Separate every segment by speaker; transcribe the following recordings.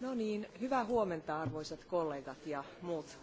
Speaker 1: No niin, hyvää huomenta arvoisat kollegat ja muut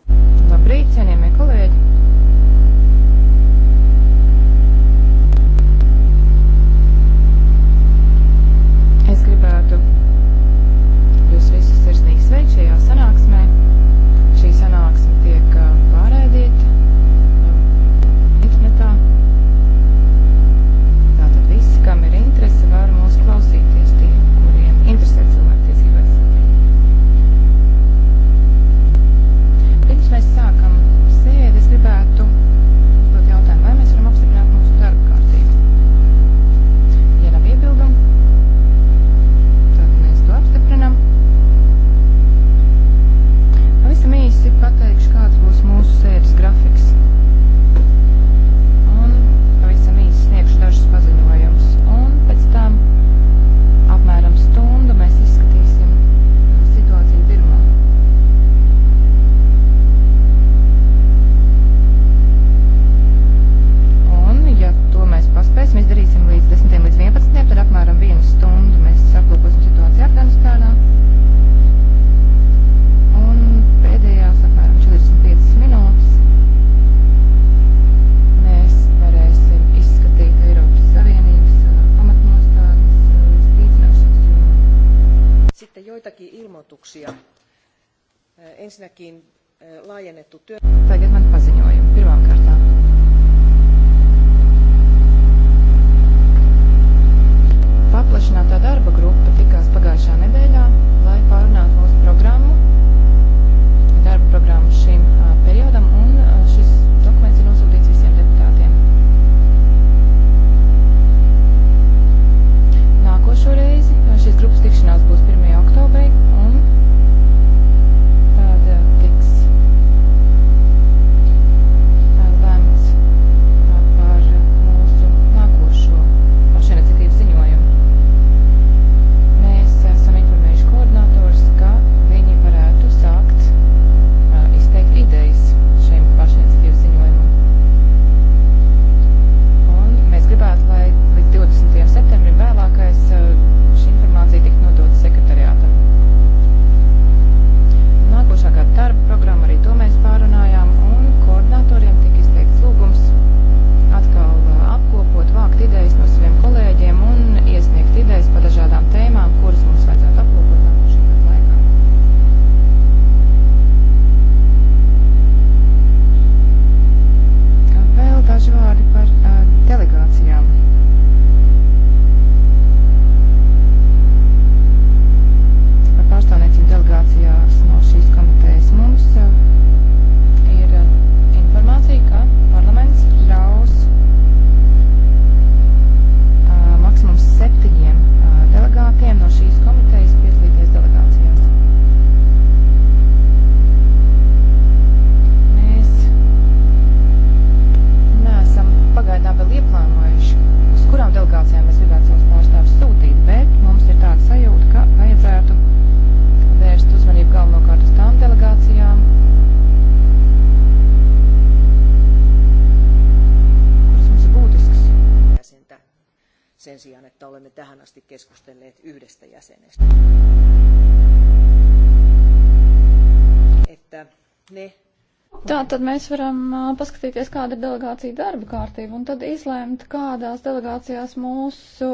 Speaker 2: tad mēs varam paskatīties, kāda ir delegācija darba kārtība, un tad izlēmt, kādās delegācijās mūsu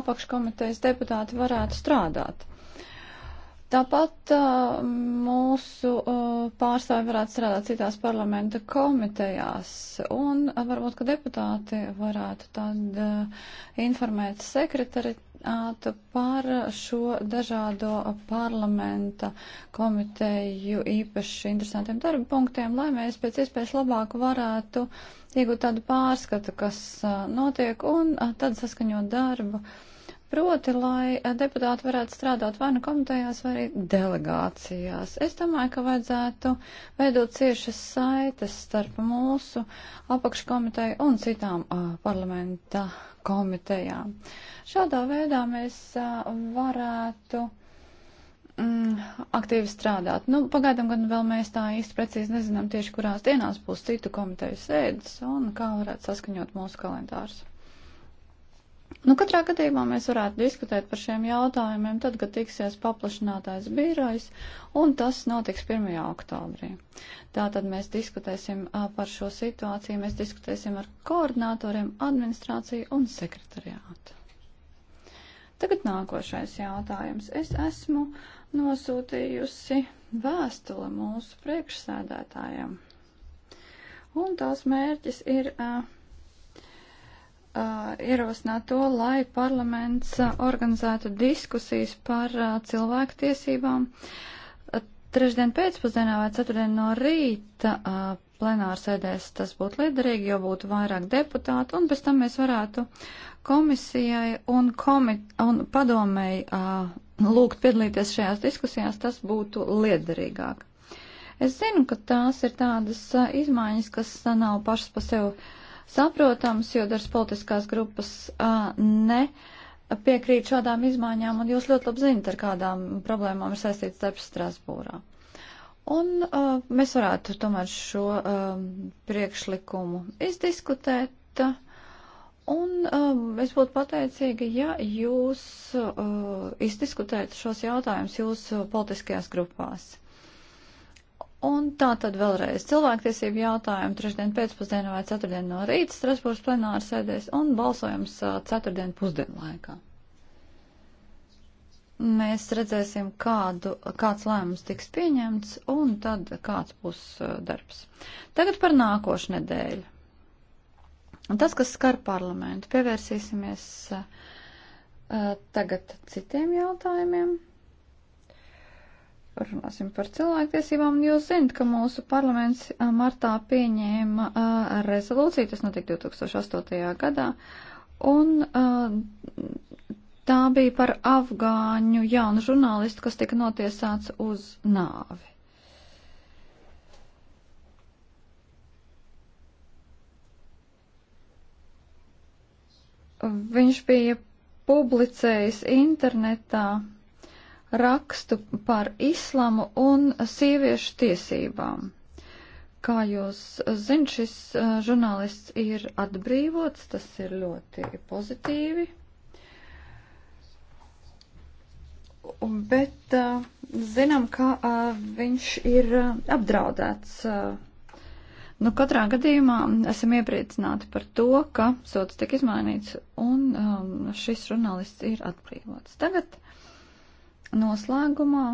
Speaker 2: apakškomitejas deputāti varētu strādāt. Tāpat mūsu pārstāvi varētu strādāt citās parlamenta komitejās, un varbūt, ka deputāti varētu tad informēt sekretaritāti par šo dažādo parlamenta komiteju īpaši interesantiem darba punktiem, lai mēs pēc iespējas labāk varētu iegūt tādu pārskatu, kas notiek, un tad saskaņot darbu. Proti, lai deputāti varētu strādāt vai nu komitejās, vai arī delegācijās. Es domāju, ka vajadzētu veidot ciešas saites starp mūsu apakškomiteju un citām uh, parlamenta uh, komitejām. Šādā veidā mēs varētu mm, aktīvi strādāt. Nu, pagaidām gan vēl mēs tā īsti precīzi nezinām tieši, kurās dienās būs citu komiteju sēdes un kā varētu saskaņot mūsu kalendārus. Nu, katrā gadījumā mēs varētu diskutēt par šiem jautājumiem, tad, kad tiksies paplašinātais birojs, un tas notiks 1. oktobrī. Tātad mēs diskutēsim par šo situāciju, mēs diskutēsim ar koordinatoriem, administrāciju un sekretariātu. Tagad nākošais jautājums. Es esmu nosūtījusi vēstuli mūsu priekšsēdētājiem. Un tās mērķis ir uh, uh, ierosināt to, lai parlaments uh, organizētu diskusijas par uh, cilvēktiesībām. Uh, trešdien pēcpusdienā vai ceturtdien no rīta uh, plenārsēdēs tas būtu liederīgi, jo būtu vairāk deputātu, un pēc tam mēs varētu komisijai un, komit un padomēji uh, lūgt piedalīties šajās diskusijās, tas būtu liederīgāk. Es zinu, ka tās ir tādas uh, izmaiņas, kas uh, nav pašas pa sevi saprotams, jo dažas politiskās grupas uh, ne piekrīt šādām izmaiņām, un jūs ļoti labi zinat, ar kādām problēmām ir saistīts darbs Strasbūrā. Un uh, mēs varētu tomēr šo uh, priekšlikumu izdiskutēt. Uh, Un um, es būtu pateicīga, ja jūs uh, izdiskutētu šos jautājumus jūsu politiskajās grupās. Un tā tad vēlreiz cilvēktiesību jautājumu trešdien pēcpusdienā vai ceturtdien no rīta Strasbūras plenāra sēdēs un balsojums ceturtdien pusdienu laikā. Mēs redzēsim, kādu, kāds lēmums tiks pieņemts un tad kāds būs darbs. Tagad par nākošu nedēļu. Un tas, kas skar parlamentu, pievērsīsimies uh, tagad citiem jautājumiem runāsim par cilvēktiesībām. Jūs zinat, ka mūsu parlaments martā pieņēma rezolūciju, tas notika 2008. gadā, un tā bija par afgāņu jaunu žurnālistu, kas tika notiesāts uz nāvi. Viņš bija publicējis internetā rakstu par islamu un sieviešu tiesībām. Kā jūs zinat, šis uh, žurnālists ir atbrīvots, tas ir ļoti pozitīvi. Bet uh, zinām, ka uh, viņš ir apdraudēts. Nu, katrā gadījumā esam iepriecināti par to, ka sots tiek izmainīts un um, šis žurnālists ir atbrīvots. Tagad Noslēgumā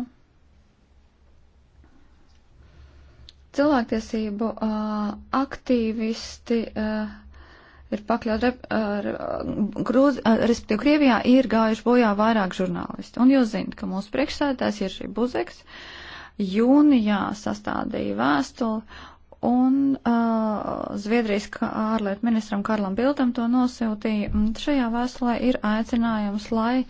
Speaker 2: cilvēktiesību uh, aktīvisti uh, ir pakļaut, uh, grūz, uh, respektīvi Krievijā ir gājuši bojā vairāk žurnālisti. Un jūs zinat, ka mūsu priekšsēdētājs ir šī buzeks. Jūnijā sastādīja vēstuli Un uh, Zviedrijas ārlietu ministram Karlam Bildam to nosūtīja. Šajā vēstulē ir aicinājums, lai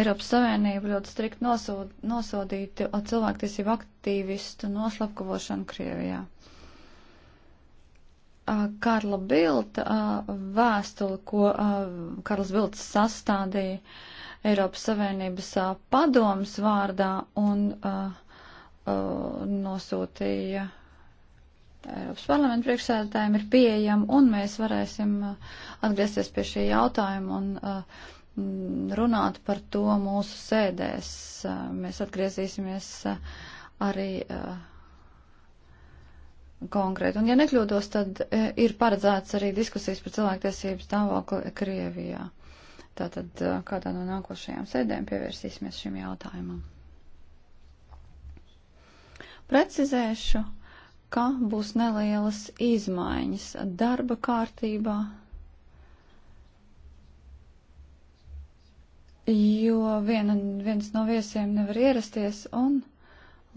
Speaker 2: Eiropas Savienība ļoti strikt nosod, nosodītu cilvēktiesību aktīvistu noslapkavošanu Krievijā. Uh, Karla Bilda uh, vēstuli, ko uh, Karls Bilds sastādīja Eiropas Savienības uh, padomas vārdā un uh, uh, nosūtīja. Uh, Eiropas parlamenta priekšsēdētājiem ir pieejama, un mēs varēsim uh, atgriezties pie šī jautājuma un uh, mm, runāt par to mūsu sēdēs. Uh, mēs atgriezīsimies arī konkrēti. Un, ja nekļūdos, tad ir paredzēts arī diskusijas par cilvēktiesības stāvokli Krievijā. Tātad kādā no nākošajām sēdēm pievērsīsimies šim jautājumam. Precizēšu ka būs nelielas izmaiņas darba kārtībā, jo viena, viens no viesiem nevar ierasties un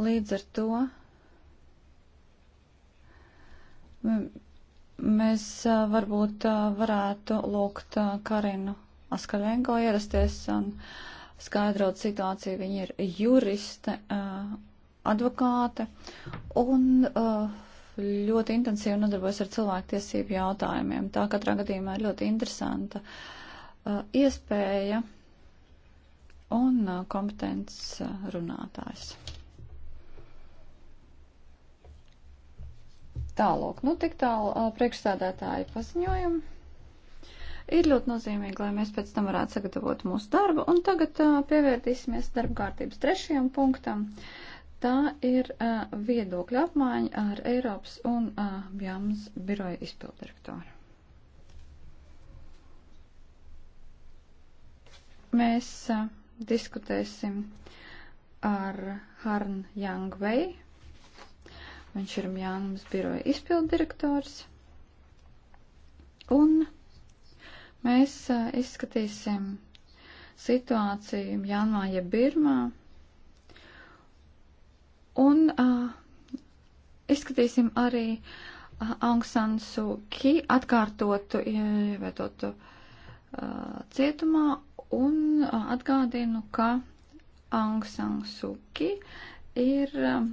Speaker 2: līdz ar to mēs varbūt varētu lūgt Karinu Askarenko ierasties un skaidrot situāciju. Viņa ir juriste. Uh, advokāte un uh, ļoti intensīvi nodarbojas ar cilvēktiesību jautājumiem. Tā katrā gadījumā ir ļoti interesanta uh, iespēja un uh, kompetents uh, runātājs. Tālāk, nu tik tālu uh, priekšsēdētāju paziņojumu. Ir ļoti nozīmīgi, lai mēs pēc tam varētu sagatavot mūsu darbu, un tagad uh, pievērsīsimies darba kārtības trešajam punktam. Uh, Tā ir uh, viedokļa apmaiņa ar Eiropas un uh, Jāmas biroja izpildirektoru. Mēs uh, diskutēsim ar Harn Jangvei. Viņš ir Jāmas biroja izpildirektors. Un mēs uh, izskatīsim situāciju Jāmā ja Birmā. Un uh, izskatīsim arī uh, Aung San Suu Kyi atkārtotu ievietotu uh, cietumā un uh, atgādinu, ka Aung San Suu Kyi ir um,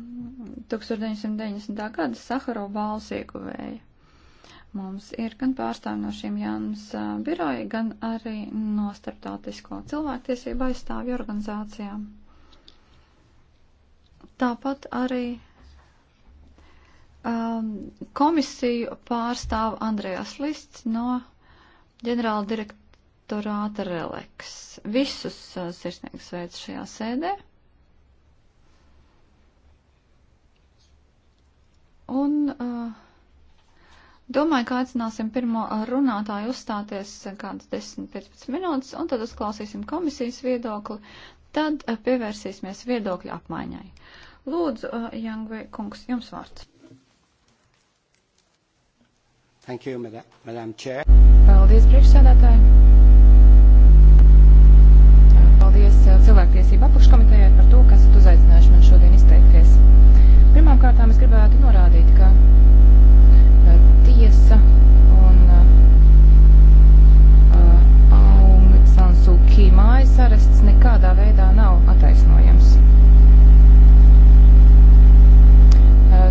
Speaker 2: 1990. gada Saharo balss ieguvēja. Mums ir gan pārstāvi no šīm jaunas uh, biroja, gan arī no starptautisko cilvēktiesību aizstāvju organizācijām. Tāpat arī um, komisiju pārstāv Andrejās Lists no ģenerāla direktorāta Releks. Visus uh, sirsnīgi sveic šajā sēdē. Un uh, Domāju, ka aicināsim pirmo runātāju uzstāties uh, kādas 10-15 minūtes, un tad uzklausīsim komisijas viedokli, tad uh, pievērsīsimies viedokļu apmaiņai. Lūdzu, uh, Jangve kungs, jums vārds.
Speaker 3: Thank you, madam, madam Chair.
Speaker 2: Paldies, priekšsēdētāji.
Speaker 4: Paldies uh, cilvēktiesību apakškomitejai par to, kas esat uzaicinājuši man šodien izteikties. Pirmkārt, es gribētu norādīt, ka uh, tiesa un uh, uh, Aung San Suu Kyi mājas arests nekādā veidā nav attaisnojams.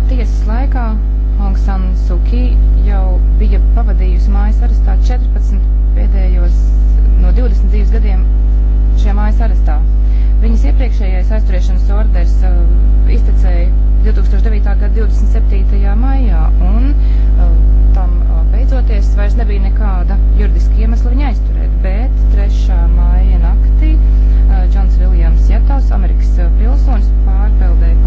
Speaker 4: tiesas laikā Aung San Suu Kyi jau bija pavadījusi mājas arestā 14 pēdējos no 20 dzīves gadiem šajā mājas arestā. Viņas iepriekšējais aizturēšanas orders uh, iztecēja 2009. gada 27. maijā, un uh, tam uh, beidzoties vairs nebija nekāda juridiska iemesla viņu aizturēt, bet 3. maija naktī uh, Džons Viljams Jetavs, Amerikas uh, pilsonis, pārpeldēja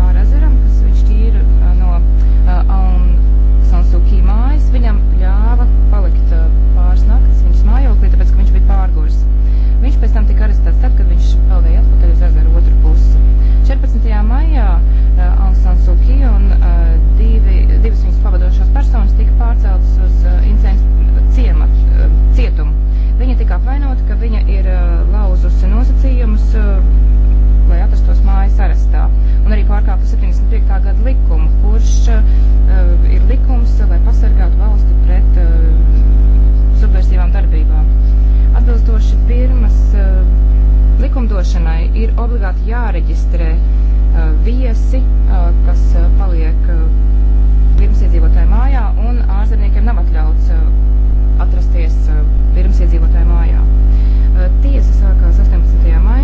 Speaker 4: Viņš pēc tam tika arestēts tad, kad viņš peldēja atpakaļ uz ezeru otru pusi. 14. maijā uh, Aung San Suu Kyi un uh, divi, divas viņas pavadošās personas tika pārceltas uz uh, eh, incidents ciemat, uh, cietumu. Viņa tika apvainota, ka viņa ir uh, lauzusi nosacījumus, uh, lai atrastos mājas arestā, un arī pārkāpa 75. gada likumu, kurš uh, ir likums, lai pasargātu valsti pret uh, ir obligāti jāreģistrē uh, viesi, uh, kas uh, paliek uh, pirms iedzīvotāju mājā, un ārzemniekiem nav atļauts uh, atrasties uh, pirms iedzīvotāju mājā. Tiesa sākās 18. maijā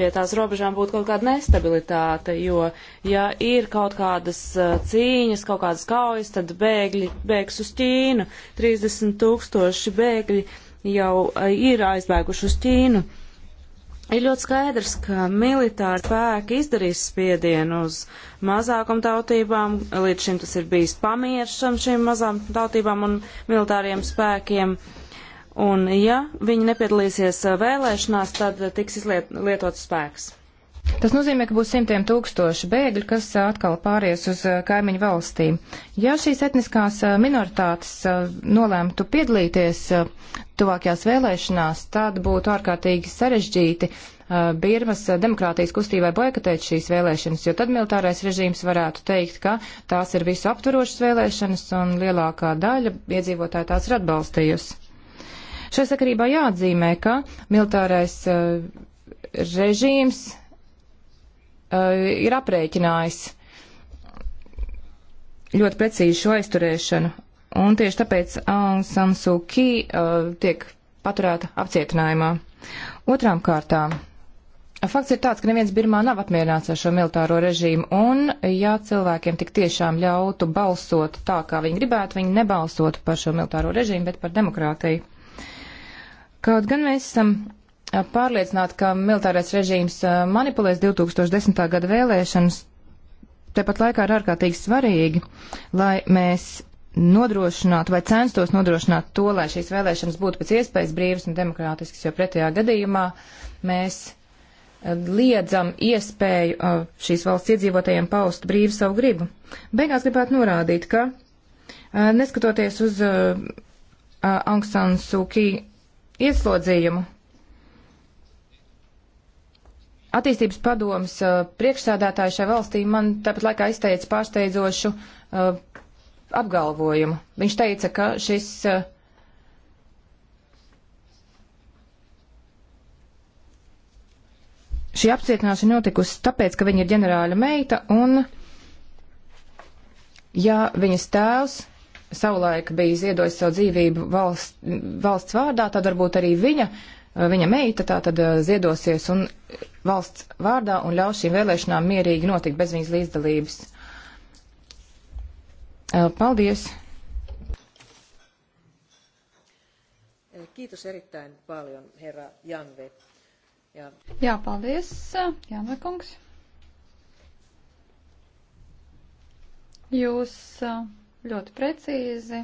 Speaker 5: pie tās robežām būtu kaut kāda nestabilitāte, jo ja ir kaut kādas cīņas, kaut kādas kaujas, tad bēgļi bēgs uz Ķīnu. 30 tūkstoši bēgļi jau ir aizbēguši uz Ķīnu. Ir ļoti skaidrs, ka militāri spēki izdarīs spiedienu uz mazākumtautībām, līdz šim tas ir bijis pamieris šīm mazām tautībām un militāriem spēkiem. Uh, un ja viņi nepiedalīsies uh, vēlēšanās, tad uh, tiks izlietots spēks.
Speaker 4: Tas nozīmē, ka būs simtiem tūkstoši bēgļu, kas uh, atkal pāries uz kaimiņu valstīm. Ja šīs etniskās minoritātes nolēmtu piedalīties tuvākajās vēlēšanās, tad būtu ārkārtīgi sarežģīti Birmas demokrātijas kustībai boikotēt šīs vēlēšanas, jo tad militārais režīms varētu teikt, ka tās ir visu aptvarošas vēlēšanas un lielākā daļa iedzīvotāji tās ir atbalstījusi. Šai sakarībā jāatzīmē, ka militārais uh, režīms uh, ir aprēķinājis ļoti precīzi šo aizturēšanu, un tieši tāpēc Aung San Suu Kyi uh, tiek paturēta apcietinājumā. Otrām kārtām. Fakts ir tāds, ka neviens Birmā nav apmierināts ar šo militāro režīmu, un ja cilvēkiem tik tiešām ļautu balsot tā, kā viņi gribētu, viņi nebalsotu par šo militāro režīmu, bet par demokrātiju. Kaut gan mēs esam pārliecināti, ka militārais režīms manipulēs 2010. gada vēlēšanas, tepat laikā ir ārkārtīgi svarīgi, lai mēs nodrošinātu vai censtos nodrošināt to, lai šīs vēlēšanas būtu pēc iespējas brīvas un demokrātiskas, jo pretējā gadījumā mēs liedzam iespēju šīs valsts iedzīvotājiem paust brīvi savu gribu. Beigās gribētu norādīt, ka neskatoties uz Aung San Suu Kyi ieslodzījumu. Attīstības padomas uh, priekšsādātāji šai valstī man tāpat laikā izteica pārsteidzošu uh, apgalvojumu. Viņš teica, ka šis uh, šī apcietināšana notikusi tāpēc, ka viņa ir ģenerāla meita un ja viņas tēvs savulaik bija ziedojis savu dzīvību valsts, valsts vārdā, tad varbūt arī viņa, viņa meita tā tad eh, ziedosies un valsts vārdā un ļaus šīm vēlēšanām mierīgi notikt bez viņas līdzdalības. Eh, paldies!
Speaker 1: Eh, kiitos erittäin paljon, herra Janve. Ja...
Speaker 2: Jā, paldies, Janve kungs. Jūs uh, ļoti precīzi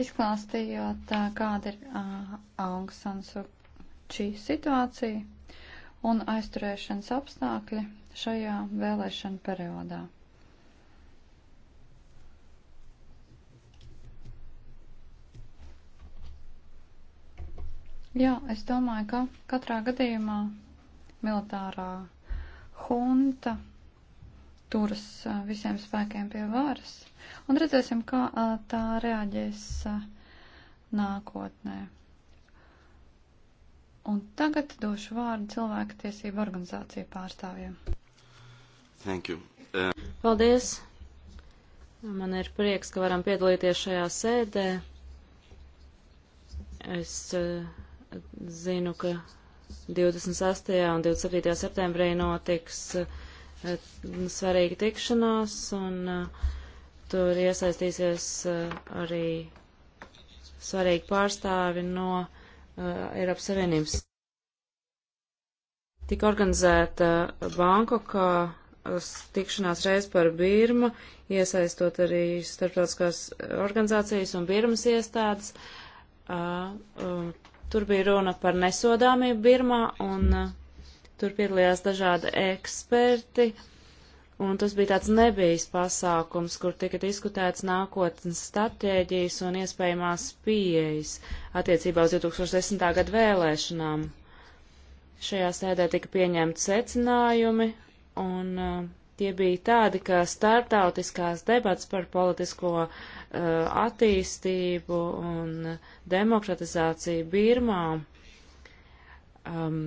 Speaker 2: izklāstījāt, kāda ir Aungsanas šī situācija un aizturēšanas apstākļi šajā vēlēšana periodā. Jā, es domāju, ka katrā gadījumā militārā hunta turas visiem spēkiem pie varas. Un redzēsim, kā tā reaģēs nākotnē. Un tagad došu vārdu cilvēku tiesību organizāciju pārstāvjiem.
Speaker 3: Thank you. Uh...
Speaker 5: Paldies. Man ir prieks, ka varam piedalīties šajā sēdē. Es uh, zinu, ka 26. un 27. septembrī notiks uh, Eh, svarīga tikšanās, un eh, tur iesaistīsies eh, arī svarīgi pārstāvi no Eiropas Savienības. Tika organizēta Bankokā tikšanās reiz par Birmu, iesaistot arī starptautiskās organizācijas un Birmas iestādes. Uh, uh, tur bija runa par nesodāmību Birmā, un uh, Tur piedalījās dažādi eksperti, un tas bija tāds nebijis pasākums, kur tika diskutēts nākotnes stratēģijas un iespējamās pieejas attiecībā uz 2010. gadu vēlēšanām. Šajā sēdē tika pieņemti secinājumi, un uh, tie bija tādi, ka startautiskās debats par politisko uh, attīstību un demokratizāciju Birmā um,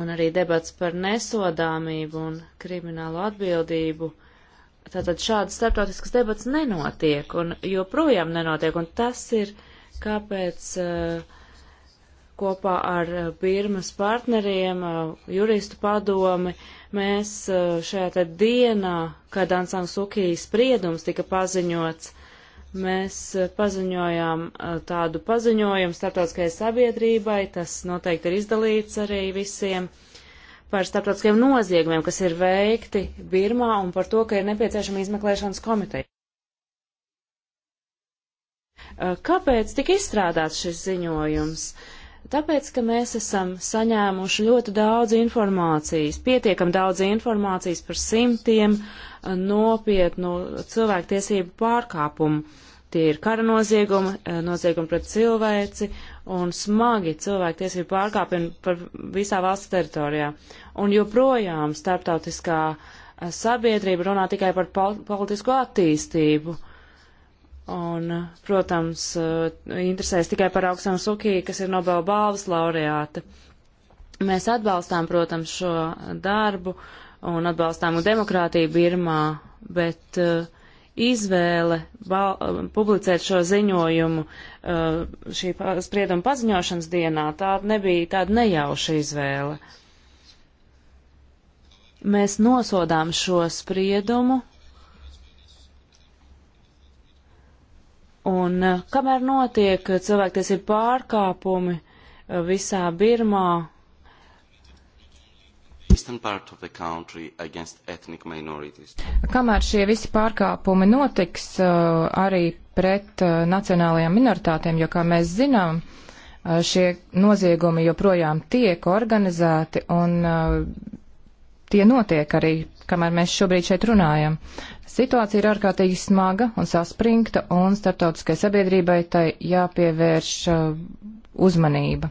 Speaker 5: un arī debats par nesodāmību un kriminālu atbildību. Tātad šādas starptautiskas debats nenotiek un joprojām nenotiek, un tas ir kāpēc eh, kopā ar eh, Birmas partneriem, eh, juristu padomi, mēs šajā te dienā, kad Ansang Sukijas spriedums tika paziņots, Mēs eh, paziņojām eh, tādu paziņojumu starptautiskajai sabiedrībai, tas noteikti ir izdalīts arī visiem par starptautiskiem noziegumiem, kas ir veikti Birmā un par to, ka ir nepieciešama izmeklēšanas komiteja. Eh, kāpēc tika izstrādāts šis ziņojums? Tāpēc, ka mēs esam saņēmuši ļoti daudz informācijas, pietiekam daudz informācijas par simtiem nopietnu cilvēktiesību pārkāpumu. Tie ir kara noziegumi, eh, noziegumi pret cilvēci un smagi cilvēktiesību pārkāpumi par visā valsts teritorijā. Un joprojām starptautiskā eh, sabiedrība runā tikai par pol politisko attīstību. Un, protams, eh, interesēs tikai par augstām sukī, kas ir Nobela balvas laureāte. Mēs atbalstām, protams, šo darbu un atbalstām demokrātiju Birmā, bet uh, izvēle val, um, publicēt šo ziņojumu uh, šī sprieduma paziņošanas dienā, tā nebija tāda nejauša izvēle. Mēs nosodām šo spriedumu, un uh, kamēr notiek cilvēktiesību pārkāpumi uh, visā
Speaker 4: Birmā, Kamēr šie visi pārkāpumi notiks uh, arī pret uh, nacionālajām minoritātēm, jo, kā mēs zinām, uh, šie noziegumi joprojām tiek organizēti un tie notiek arī, kamēr mēs šobrīd šeit runājam. Situācija ir ārkārtīgi smaga un saspringta, un starptautiskai sabiedrībai tai jāpievērš uzmanība.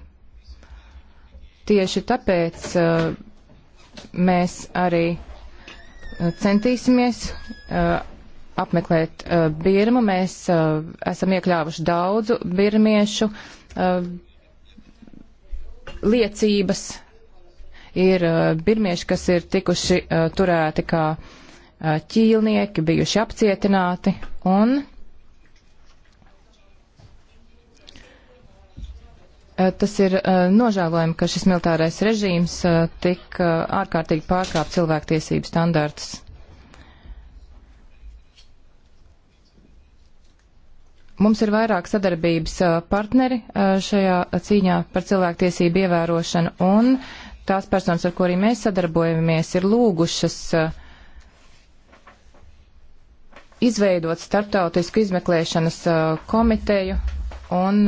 Speaker 4: Tieši tāpēc uh, mēs arī uh, centīsimies uh, apmeklēt uh, Birmu. Mēs esam iekļāvuši daudzu birmiešu liecības. Ir birmieši, kas ir tikuši turēti kā ķīlnieki, bijuši apcietināti un Eh, tas ir uh, nožēlojami, ka šis militārais režīms uh, tik uh, ārkārtīgi pārkāp cilvēktiesību standārtus. Mums ir vairāk sadarbības partneri šajā cīņā par cilvēktiesību ievērošanu, un tās personas, ar kuriem mēs sadarbojamies, ir lūgušas izveidot starptautisku izmeklēšanas komiteju un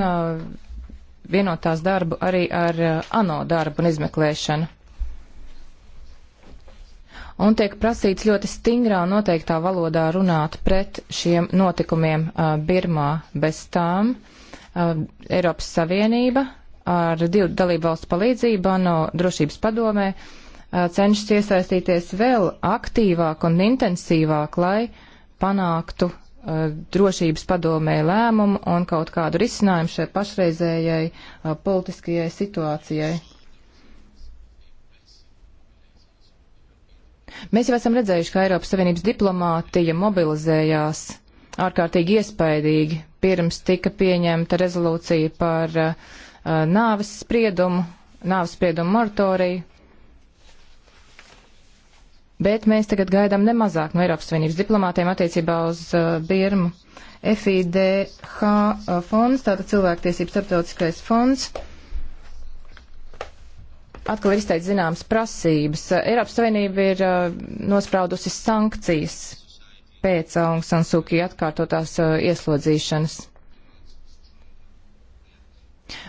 Speaker 4: vienotās darbu arī ar eh, ANO darbu un izmeklēšanu. Un tiek prasīts ļoti stingrā un noteiktā valodā runāt pret šiem notikumiem eh, Birmā. Bez tām eh, Eiropas Savienība ar divu dalību valstu palīdzību ANO drošības padomē cenšas iesaistīties vēl aktīvāk un intensīvāk, lai panāktu Eh, drošības padomē lēmumu un kaut kādu risinājumu šai pašreizējai eh, politiskajai situācijai. Mēs jau esam redzējuši, ka Eiropas Savienības diplomātija mobilizējās ārkārtīgi iespaidīgi pirms tika pieņemta rezolūcija par uh, nāves spriedumu, nāves spriedumu moratoriju, Bet mēs tagad gaidām nemazāk no Eiropas Savienības diplomātiem attiecībā uz uh, Birmu. FIDH uh, fonds, tātad cilvēktiesības starptautiskais fonds, atkal ir izteicis zināmas prasības. Uh, Eiropas Savienība ir uh, nospraudusi sankcijas pēc Aung San Suu Kyi atkārtotās uh, ieslodzīšanas.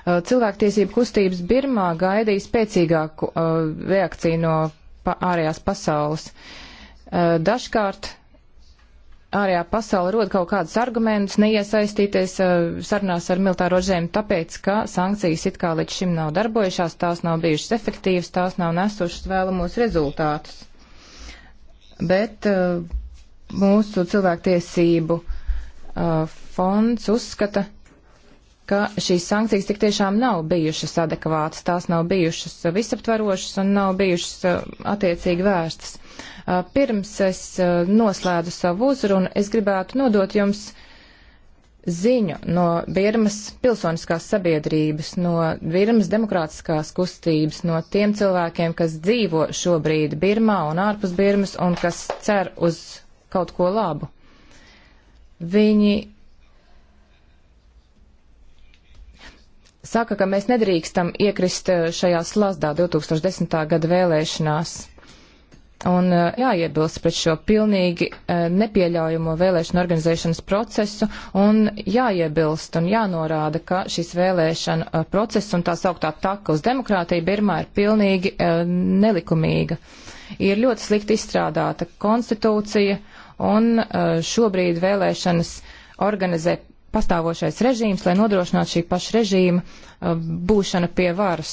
Speaker 4: Uh, cilvēktiesību kustības Birmā gaidīja spēcīgāku uh, reakciju no pa ārējās pasaules. Eh, dažkārt ārējā pasaule rod kaut kādus argumentus neiesaistīties eh, sarunās ar militāro režīmu, tāpēc, ka sankcijas it kā līdz šim nav darbojušās, tās nav bijušas efektīvas, tās nav nesušas vēlamos rezultātus. Bet eh, mūsu cilvēktiesību fonds uzskata, ka šīs sankcijas tik tiešām nav bijušas adekvātas, tās nav bijušas uh, visaptverošas un nav bijušas uh, attiecīgi vērstas. Uh, pirms es noslēdu savu uzrunu, es gribētu nodot jums ziņu no Birmas pilsoniskās sabiedrības, no Birmas demokrātiskās kustības, no tiem cilvēkiem, kas dzīvo šobrīd Birmā un ārpus Birmas un kas cer uz kaut ko labu. Viņi saka, ka mēs nedrīkstam iekrist eh, šajā slazdā 2010. gada vēlēšanās. Un eh, jāiebilst pret šo pilnīgi eh, nepieļaujamo vēlēšanu organizēšanas procesu un jāiebilst un jānorāda, ka šis vēlēšana process un tā sauktā taka uz demokrātiju Birmā ir pilnīgi nelikumīga. Ir ļoti slikti izstrādāta konstitūcija un šobrīd vēlēšanas organizē pastāvošais režīms, lai nodrošinātu šī paša režīma uh, būšana pie varas.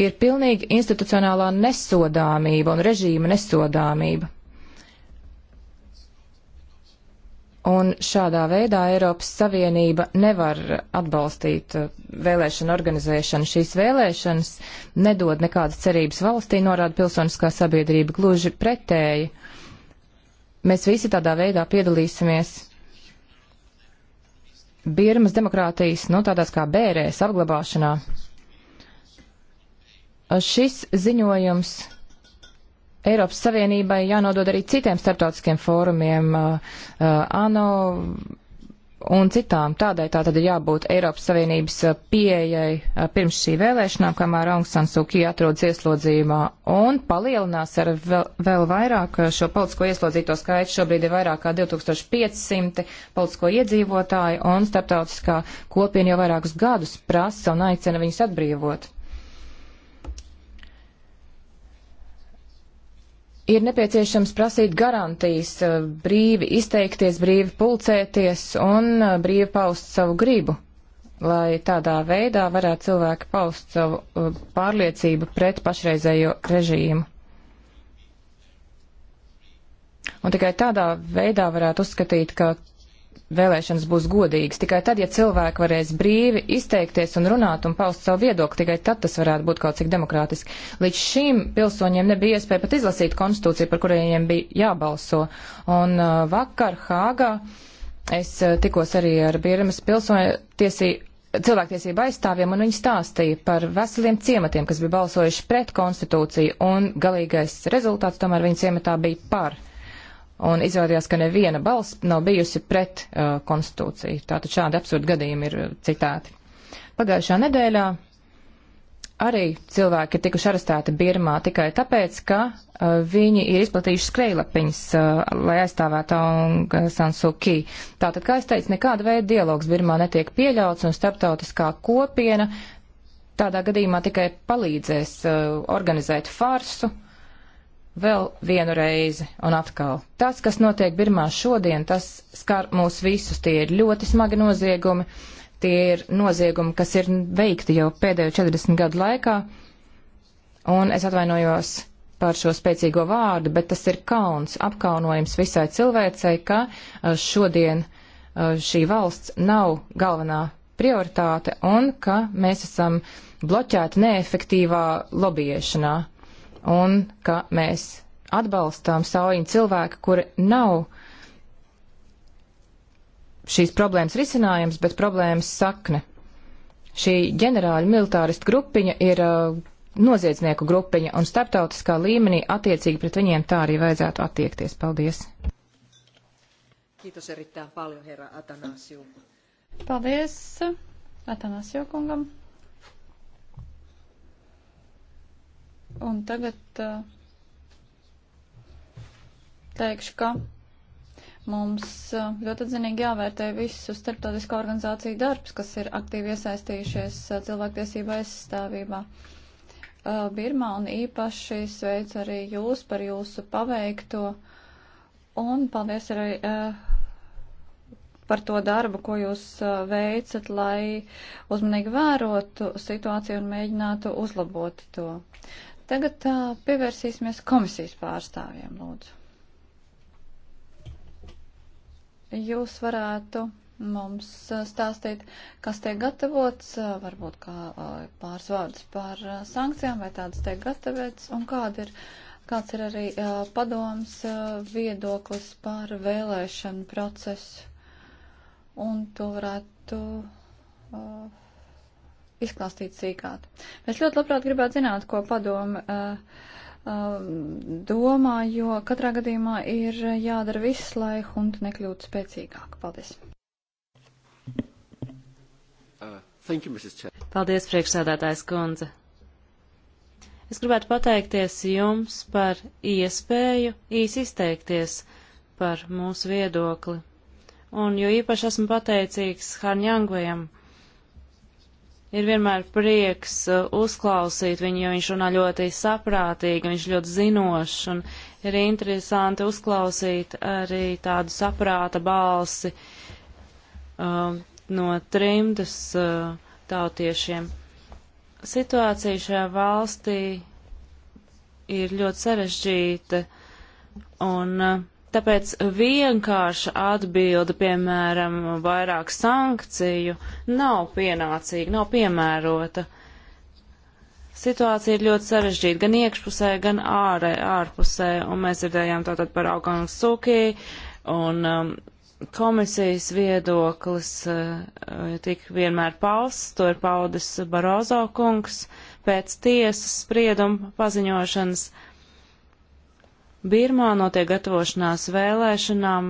Speaker 4: Ir pilnīgi institucionālā nesodāmība un režīma nesodāmība. Un šādā veidā Eiropas Savienība nevar atbalstīt uh, vēlēšanu organizēšanu. Šīs vēlēšanas nedod nekādas cerības valstī, norāda pilsoniskā sabiedrība gluži pretēji. Mēs visi tādā veidā piedalīsimies Birmas demokrātijas, nu, tādās kā bērēs apglabāšanā. Šis ziņojums Eiropas Savienībai jānodod arī citiem starptautiskiem fórumiem, uh, uh, ANO, un citām. Tādai tā tad ir jābūt Eiropas Savienības eh, pieejai eh, pirms šī vēlēšanām, kamēr Aung San Suu Kyi atrodas ieslodzījumā un palielinās ar vēl, vēl vairāk eh, šo politisko ieslodzīto skaitu. Šobrīd ir vairāk kā 2500 politisko iedzīvotāju un starptautiskā kopiena jau vairākus gadus prasa un aicina viņus atbrīvot. ir nepieciešams prasīt garantijas eh, brīvi izteikties, brīvi pulcēties un eh, brīvi paust savu gribu, lai tādā veidā varētu cilvēki paust savu eh, pārliecību pret pašreizējo režīmu. Un tikai tādā veidā varētu uzskatīt, ka vēlēšanas būs godīgas. Tikai tad, ja cilvēki varēs brīvi izteikties un runāt un paust savu viedokli, tikai tad tas varētu būt kaut cik demokrātiski. Līdz šim pilsoņiem nebija iespēja pat izlasīt konstitūciju, par kuriem bija jābalso. Un uh, vakar Hāgā es uh, tikos arī ar Birmas pilsoņu tiesību cilvēktiesību aizstāvjiem, un viņi stāstīja par veseliem ciematiem, kas bija balsojuši pret konstitūciju, un galīgais rezultāts tomēr viņa ciematā bija par. Un izrādījās, ka neviena balss nav bijusi pret uh, konstitūciju. Tātad šādi absurdi gadījumi ir uh, citāti. Pagājušā nedēļā arī cilvēki ir tikuši arestēti Birmā tikai tāpēc, ka uh, viņi ir izplatījuši skrejlapiņas, uh, lai aizstāvētu Aung San Suu Kyi. Tātad, kā es teicu, nekāda veida dialogs Birmā netiek pieļauts un starptautiskā kopiena tādā gadījumā tikai palīdzēs uh, organizēt farsu, vēl vienu reizi un atkal. Tas, kas notiek Birmā šodien, tas skar mūs visus. Tie ir ļoti smagi noziegumi. Tie ir noziegumi, kas ir veikti jau pēdējo 40 gadu laikā. Un es atvainojos par šo spēcīgo vārdu, bet tas ir kauns, apkaunojums visai cilvēcei, ka šodien šī valsts nav galvenā prioritāte un ka mēs esam bloķēti neefektīvā lobiešanā un ka mēs atbalstām saujiņu cilvēku, kuri nav šīs problēmas risinājums, bet problēmas sakne. Šī ģenerāļa militāristu grupiņa ir uh, noziedznieku grupiņa, un starptautiskā līmenī attiecīgi pret viņiem tā arī vajadzētu attiekties. Paldies!
Speaker 1: Kiitos erittäin paljon, herra Atanasio.
Speaker 2: Paldies Atanasio kungam. Un tagad uh, teikšu, ka mums uh, ļoti atzinīgi jāvērtē visu starptautisko organizāciju darbs, kas ir aktīvi iesaistījušies uh, cilvēktiesību aizstāvībā. Uh, Birmā un īpaši sveicu arī jūs par jūsu paveikto un paldies arī uh, par to darbu, ko jūs uh, veicat, lai uzmanīgi vērotu situāciju un mēģinātu uzlabot to. Tagad tā, pievērsīsimies komisijas pārstāvjiem, lūdzu. Jūs varētu mums stāstīt, kas tiek gatavots, varbūt kā pāris vārdus par sankcijām, vai tādas tiek gatavots, un kāda ir, kāds ir arī padoms viedoklis par vēlēšanu procesu. Un to varētu. Uh, izklāstīt sīkāk. Mēs ļoti labprāt gribētu zināt, ko padomu uh, eh, uh, eh, domā, jo katrā gadījumā ir jādara viss, lai hunta nekļūtu spēcīgāk. Paldies! Uh, thank you, Mrs. Chair.
Speaker 5: Paldies, priekšsēdētājs kundze. Es gribētu pateikties jums par iespēju īsi izteikties par mūsu viedokli. Un jo īpaši esmu pateicīgs Harņangvajam, Ir vienmēr prieks uh, uzklausīt viņu, jo viņš runā ļoti saprātīgi, viņš ļoti zinošs, un ir interesanti uzklausīt arī tādu saprāta balsi um, no trimdas uh, tautiešiem. Situācija šajā valstī ir ļoti sarežģīta, un uh, Tāpēc vienkārša atbilde, piemēram, vairāk sankciju, nav pienācīga, nav piemērota. Situācija ir ļoti sarežģīta gan iekšpusē, gan ārē, ārpusē, un mēs dzirdējām tātad par Auganu Sukī, un um, komisijas viedoklis uh, tik vienmēr pausts, to ir paudis Barozo kungs pēc tiesas sprieduma paziņošanas. Uh, Birmā notiek gatavošanās vēlēšanām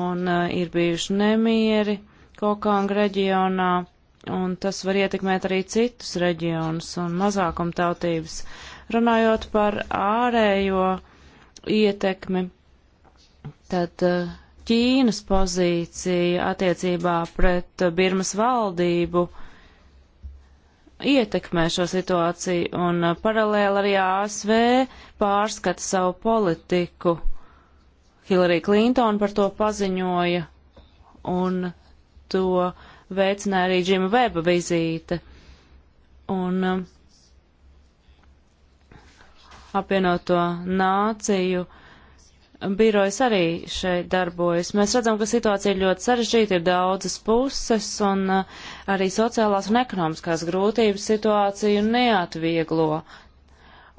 Speaker 5: un uh, ir bijuši nemieri Kokanga reģionā, un tas var ietekmēt arī citus reģionus un mazākumtautības. Runājot par ārējo ietekmi, tad uh, Ķīnas pozīcija attiecībā pret Birmas valdību uh, ietekmē šo situāciju un uh, paralēli arī ASV pārskata savu politiku. Hillary Clinton par to paziņoja un to veicināja arī Džima Veba vizīte. Un um, apvienoto nāciju uh, birojas arī šeit darbojas. Mēs redzam, ka situācija ir ļoti sarežģīta, ir daudzas puses un uh, arī sociālās un ekonomiskās grūtības situāciju neatvieglo.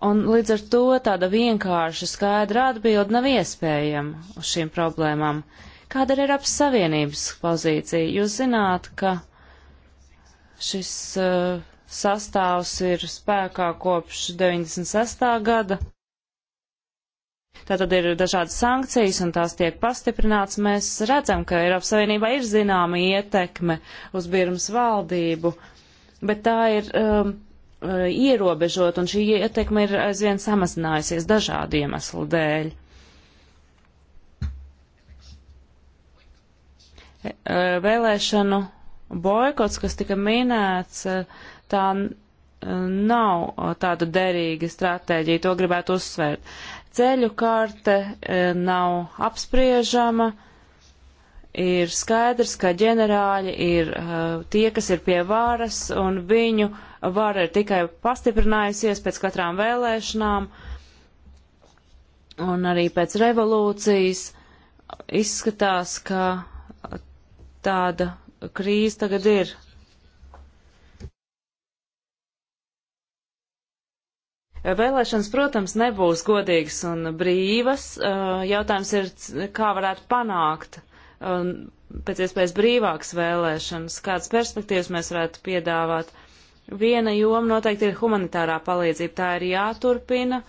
Speaker 5: Un līdz ar to tāda vienkārša, skaidra atbilde nav iespējama uz šīm problēmām. Kāda ir Eiropas Savienības pozīcija? Jūs zināt, ka šis uh, sastāvs ir spēkā kopš 96. gada. Tātad ir dažādas sankcijas un tās tiek pastiprināts. Mēs redzam, ka Eiropas Savienībā ir zināma ietekme uz Birmas valdību, bet tā ir um, uh, ierobežot un šī ietekme ir aizvien samazinājusies dažādu iemeslu dēļ. E, uh, vēlēšanu boikots, kas tika minēts, uh, tā nav tāda derīga stratēģija, to gribētu uzsvērt. Ceļu karte e, nav apspriežama. Ir skaidrs, ka ģenerāļi ir e, tie, kas ir pie varas, un viņu vara ir tikai pastiprinājusies pēc katrām vēlēšanām un arī pēc revolūcijas. Izskatās, ka tāda krīze tagad ir Vēlēšanas, protams, nebūs godīgas un brīvas. Jautājums ir, kā varētu panākt pēc iespējas brīvākas vēlēšanas, kādas perspektīvas mēs varētu piedāvāt. Viena joma noteikti ir humanitārā palīdzība, tā ir jāturpina,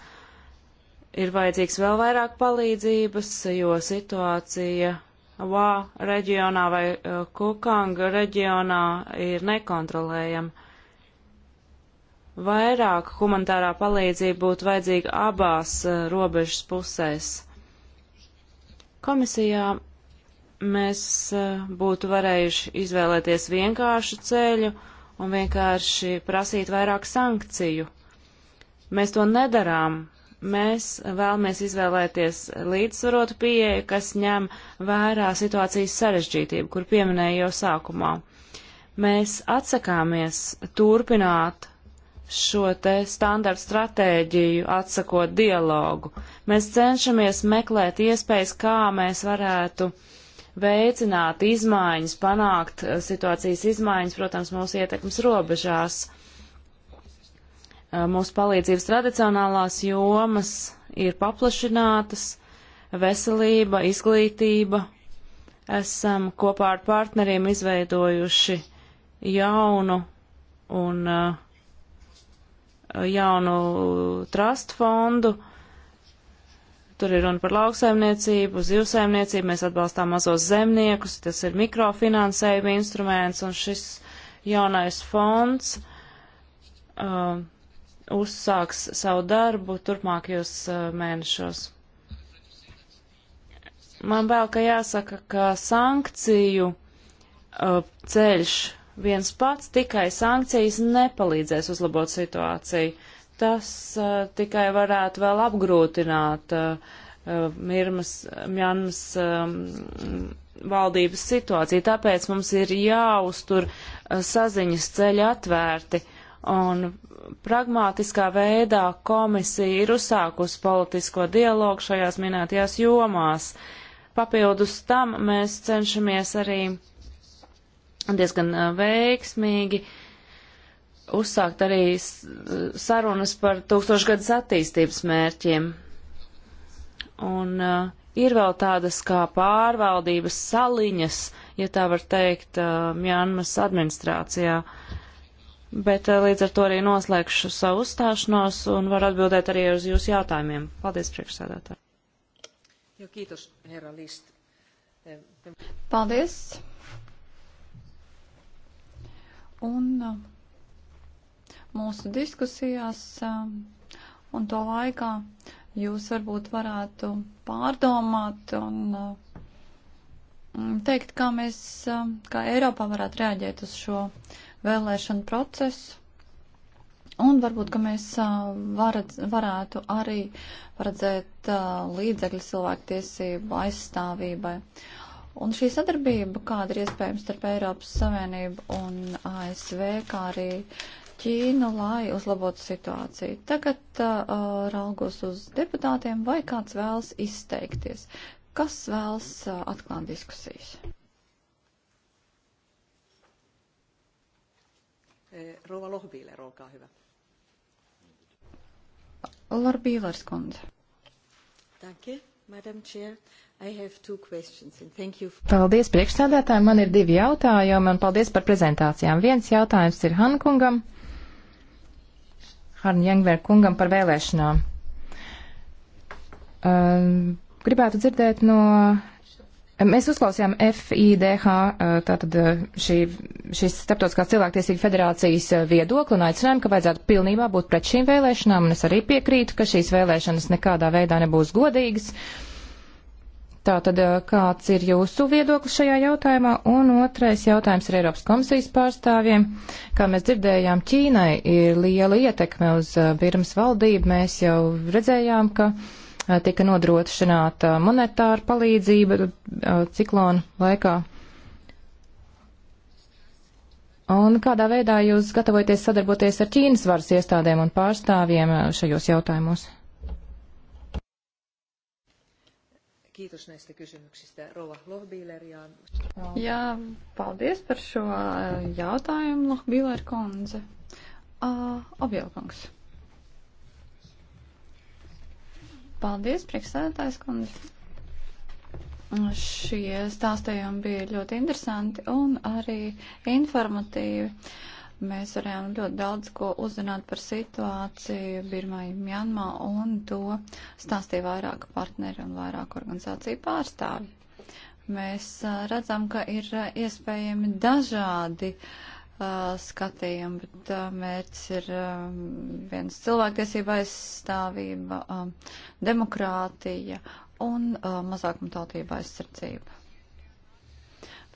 Speaker 5: ir vajadzīgs vēl vairāk palīdzības, jo situācija Vā reģionā vai Kukanga reģionā ir nekontrolējama vairāk humanitārā palīdzība būtu vajadzīga abās eh, robežas pusēs. Komisijā mēs eh, būtu varējuši izvēlēties vienkāršu ceļu un vienkārši prasīt vairāk sankciju. Mēs to nedarām. Mēs vēlamies izvēlēties līdzsvarotu pieeju, kas ņem vērā situācijas sarežģītību, kur pieminēju jau sākumā. Mēs atsakāmies turpināt šo te standartu stratēģiju, atsakot dialogu. Mēs cenšamies meklēt iespējas, kā mēs varētu veicināt izmaiņas, panākt eh, situācijas izmaiņas, protams, mūsu ietekmes robežās. Eh, mūsu palīdzības tradicionālās jomas ir paplašinātas - veselība, izglītība. Esam kopā ar partneriem izveidojuši jaunu un uh, jaunu trust fondu. Tur ir runa par lauksaimniecību, zivsaimniecību, mēs atbalstām mazos zemniekus, tas ir mikrofinansējuma instruments, un šis jaunais fonds uh, uzsāks savu darbu turpmākajos uh, mēnešos. Man vēl, ka jāsaka, ka sankciju uh, ceļš viens pats tikai sankcijas nepalīdzēs uzlabot situāciju. Tas uh, tikai varētu vēl apgrūtināt uh, uh, Mirmas, Mjanmas um, valdības situāciju. Tāpēc mums ir jāuztur uh, saziņas ceļi atvērti. Un pragmātiskā veidā komisija ir uzsākusi politisko dialogu šajās minētajās jomās. Papildus tam mēs cenšamies arī uh, diezgan veiksmīgi uzsākt arī sarunas par tūkstošgadus attīstības mērķiem. Un uh, ir vēl tādas kā pārvaldības saliņas, ja tā var teikt, uh, Mjānmas administrācijā. Bet uh, līdz ar to arī noslēgšu savu uzstāšanos un varu atbildēt arī uz jūsu jautājumiem. Paldies, priekšsēdētāji.
Speaker 2: Paldies. Un um, mūsu diskusijās um, un to laikā jūs varbūt varētu pārdomāt un um, teikt, kā mēs, kā Eiropā varētu reaģēt uz šo vēlēšanu procesu. Un varbūt, ka mēs uh, varat, varētu arī paredzēt uh, līdzekļu cilvēktiesību aizstāvībai. Un šī sadarbība, kāda ir iespējams starp Eiropas Savienību un ASV, kā arī Ķīnu, lai uzlabotu situāciju. Tagad uh, raugos uz deputātiem, vai kāds vēlas izteikties. Kas vēlas uh, atklāt diskusijas?
Speaker 1: Eh, Rova Lohbīler, olkaa hyvä.
Speaker 2: Larbīlers kundze. Danke, Madam Chair. Uh,
Speaker 4: Paldies priekšsēdētājiem, man ir divi jautājumi un paldies par prezentācijām. Viens jautājums ir Hankungam, Harn Jengver kungam par vēlēšanām. Um, gribētu dzirdēt no. Mēs uzklausījām FIDH, eh, tātad eh, šī, šīs starptautiskās cilvēktiesība federācijas eh, viedokli un aicinājumu, ka vajadzētu pilnībā būt pret šīm vēlēšanām, un es arī piekrītu, ka šīs vēlēšanas nekādā veidā nebūs godīgas. Uh, Tātad, kāds ir jūsu viedoklis šajā jautājumā? Un otrais jautājums ir Eiropas komisijas pārstāvjiem. Kā mēs dzirdējām, Ķīnai ir liela ietekme uz Birmas valdību. Mēs jau redzējām, ka tika nodrošināta monetāra palīdzība ciklona laikā. Un kādā veidā jūs gatavojaties sadarboties ar Ķīnas varas iestādēm un pārstāvjiem šajos jautājumos?
Speaker 1: Kiitos näistä kysymyksistä Rova Lohbīler. Jā. jā,
Speaker 2: paldies par šo eh, jautājumu, Lohbīler kundze. Uh, Objelkungs. Paldies, priekšsēdētājs kundze. Šie stāstījumi bija ļoti interesanti un arī informatīvi. Uh, Mēs varējām ļoti daudz ko uzzināt par situāciju Birmai, Mjanmā un to stāstīja vairāk partneri un vairāk organizāciju pārstāvi. Mēs redzam, ka ir iespējami dažādi uh, skatījumu, bet mērķis ir viens cilvēktiesība aizstāvība, demokrātija un mazākuma tautība aizsardzība.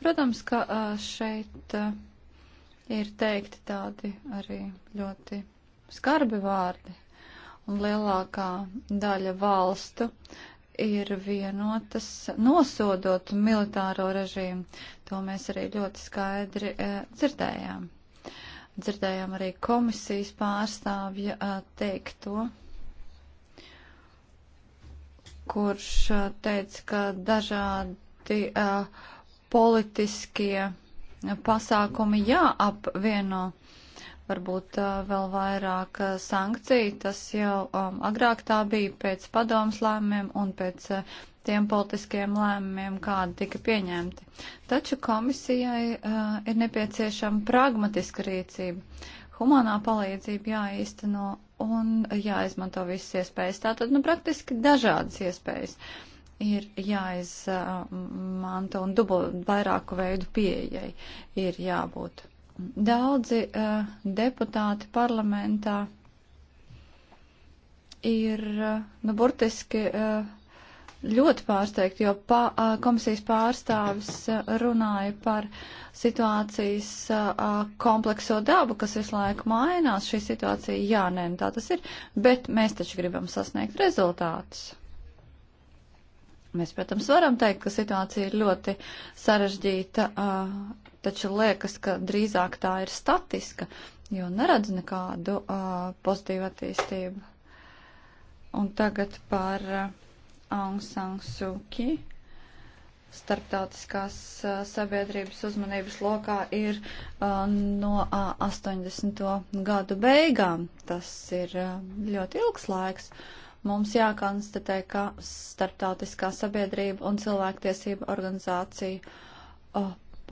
Speaker 2: Protams, ka šeit ir teikti tādi arī ļoti skarbi vārdi. Un lielākā daļa valstu ir vienotas nosodot militāro režīmu. To mēs arī ļoti skaidri e, dzirdējām. Dzirdējām arī komisijas pārstāvja e, teikto, kurš e, teica, ka dažādi e, politiskie pasākumi jāapvieno. Varbūt uh, vēl vairāk uh, sankciju, tas jau um, agrāk tā bija pēc padomas lēmumiem un pēc uh, tiem politiskiem lēmumiem, kādi tika pieņemti. Taču komisijai uh, ir nepieciešama pragmatiska rīcība. Humanā palīdzība jāīsteno un jāizmanto visas iespējas. Tātad, nu, praktiski dažādas iespējas. Uh, ir jāizmanto un dubult vairāku veidu pieejai ir jābūt. Daudzi uh, deputāti parlamentā ir, uh, nu, burtiski uh, ļoti pārsteigti, jo pa, uh, komisijas pārstāvis uh, runāja par situācijas uh, komplekso dabu, kas visu laiku mainās. Šī situācija, jā, nē, nu tā tas ir, bet mēs taču gribam sasniegt rezultātus. Mēs, protams, varam teikt, ka situācija ir ļoti sarežģīta, taču liekas, ka drīzāk tā ir statiska, jo neredz nekādu pozitīvu attīstību. Un tagad par Aung San Suu Kyi. Starptautiskās sabiedrības uzmanības lokā ir no 80. gadu beigām. Tas ir ļoti ilgs laiks. Mums jākonstatē, ka starptautiskā sabiedrība un cilvēktiesība organizācija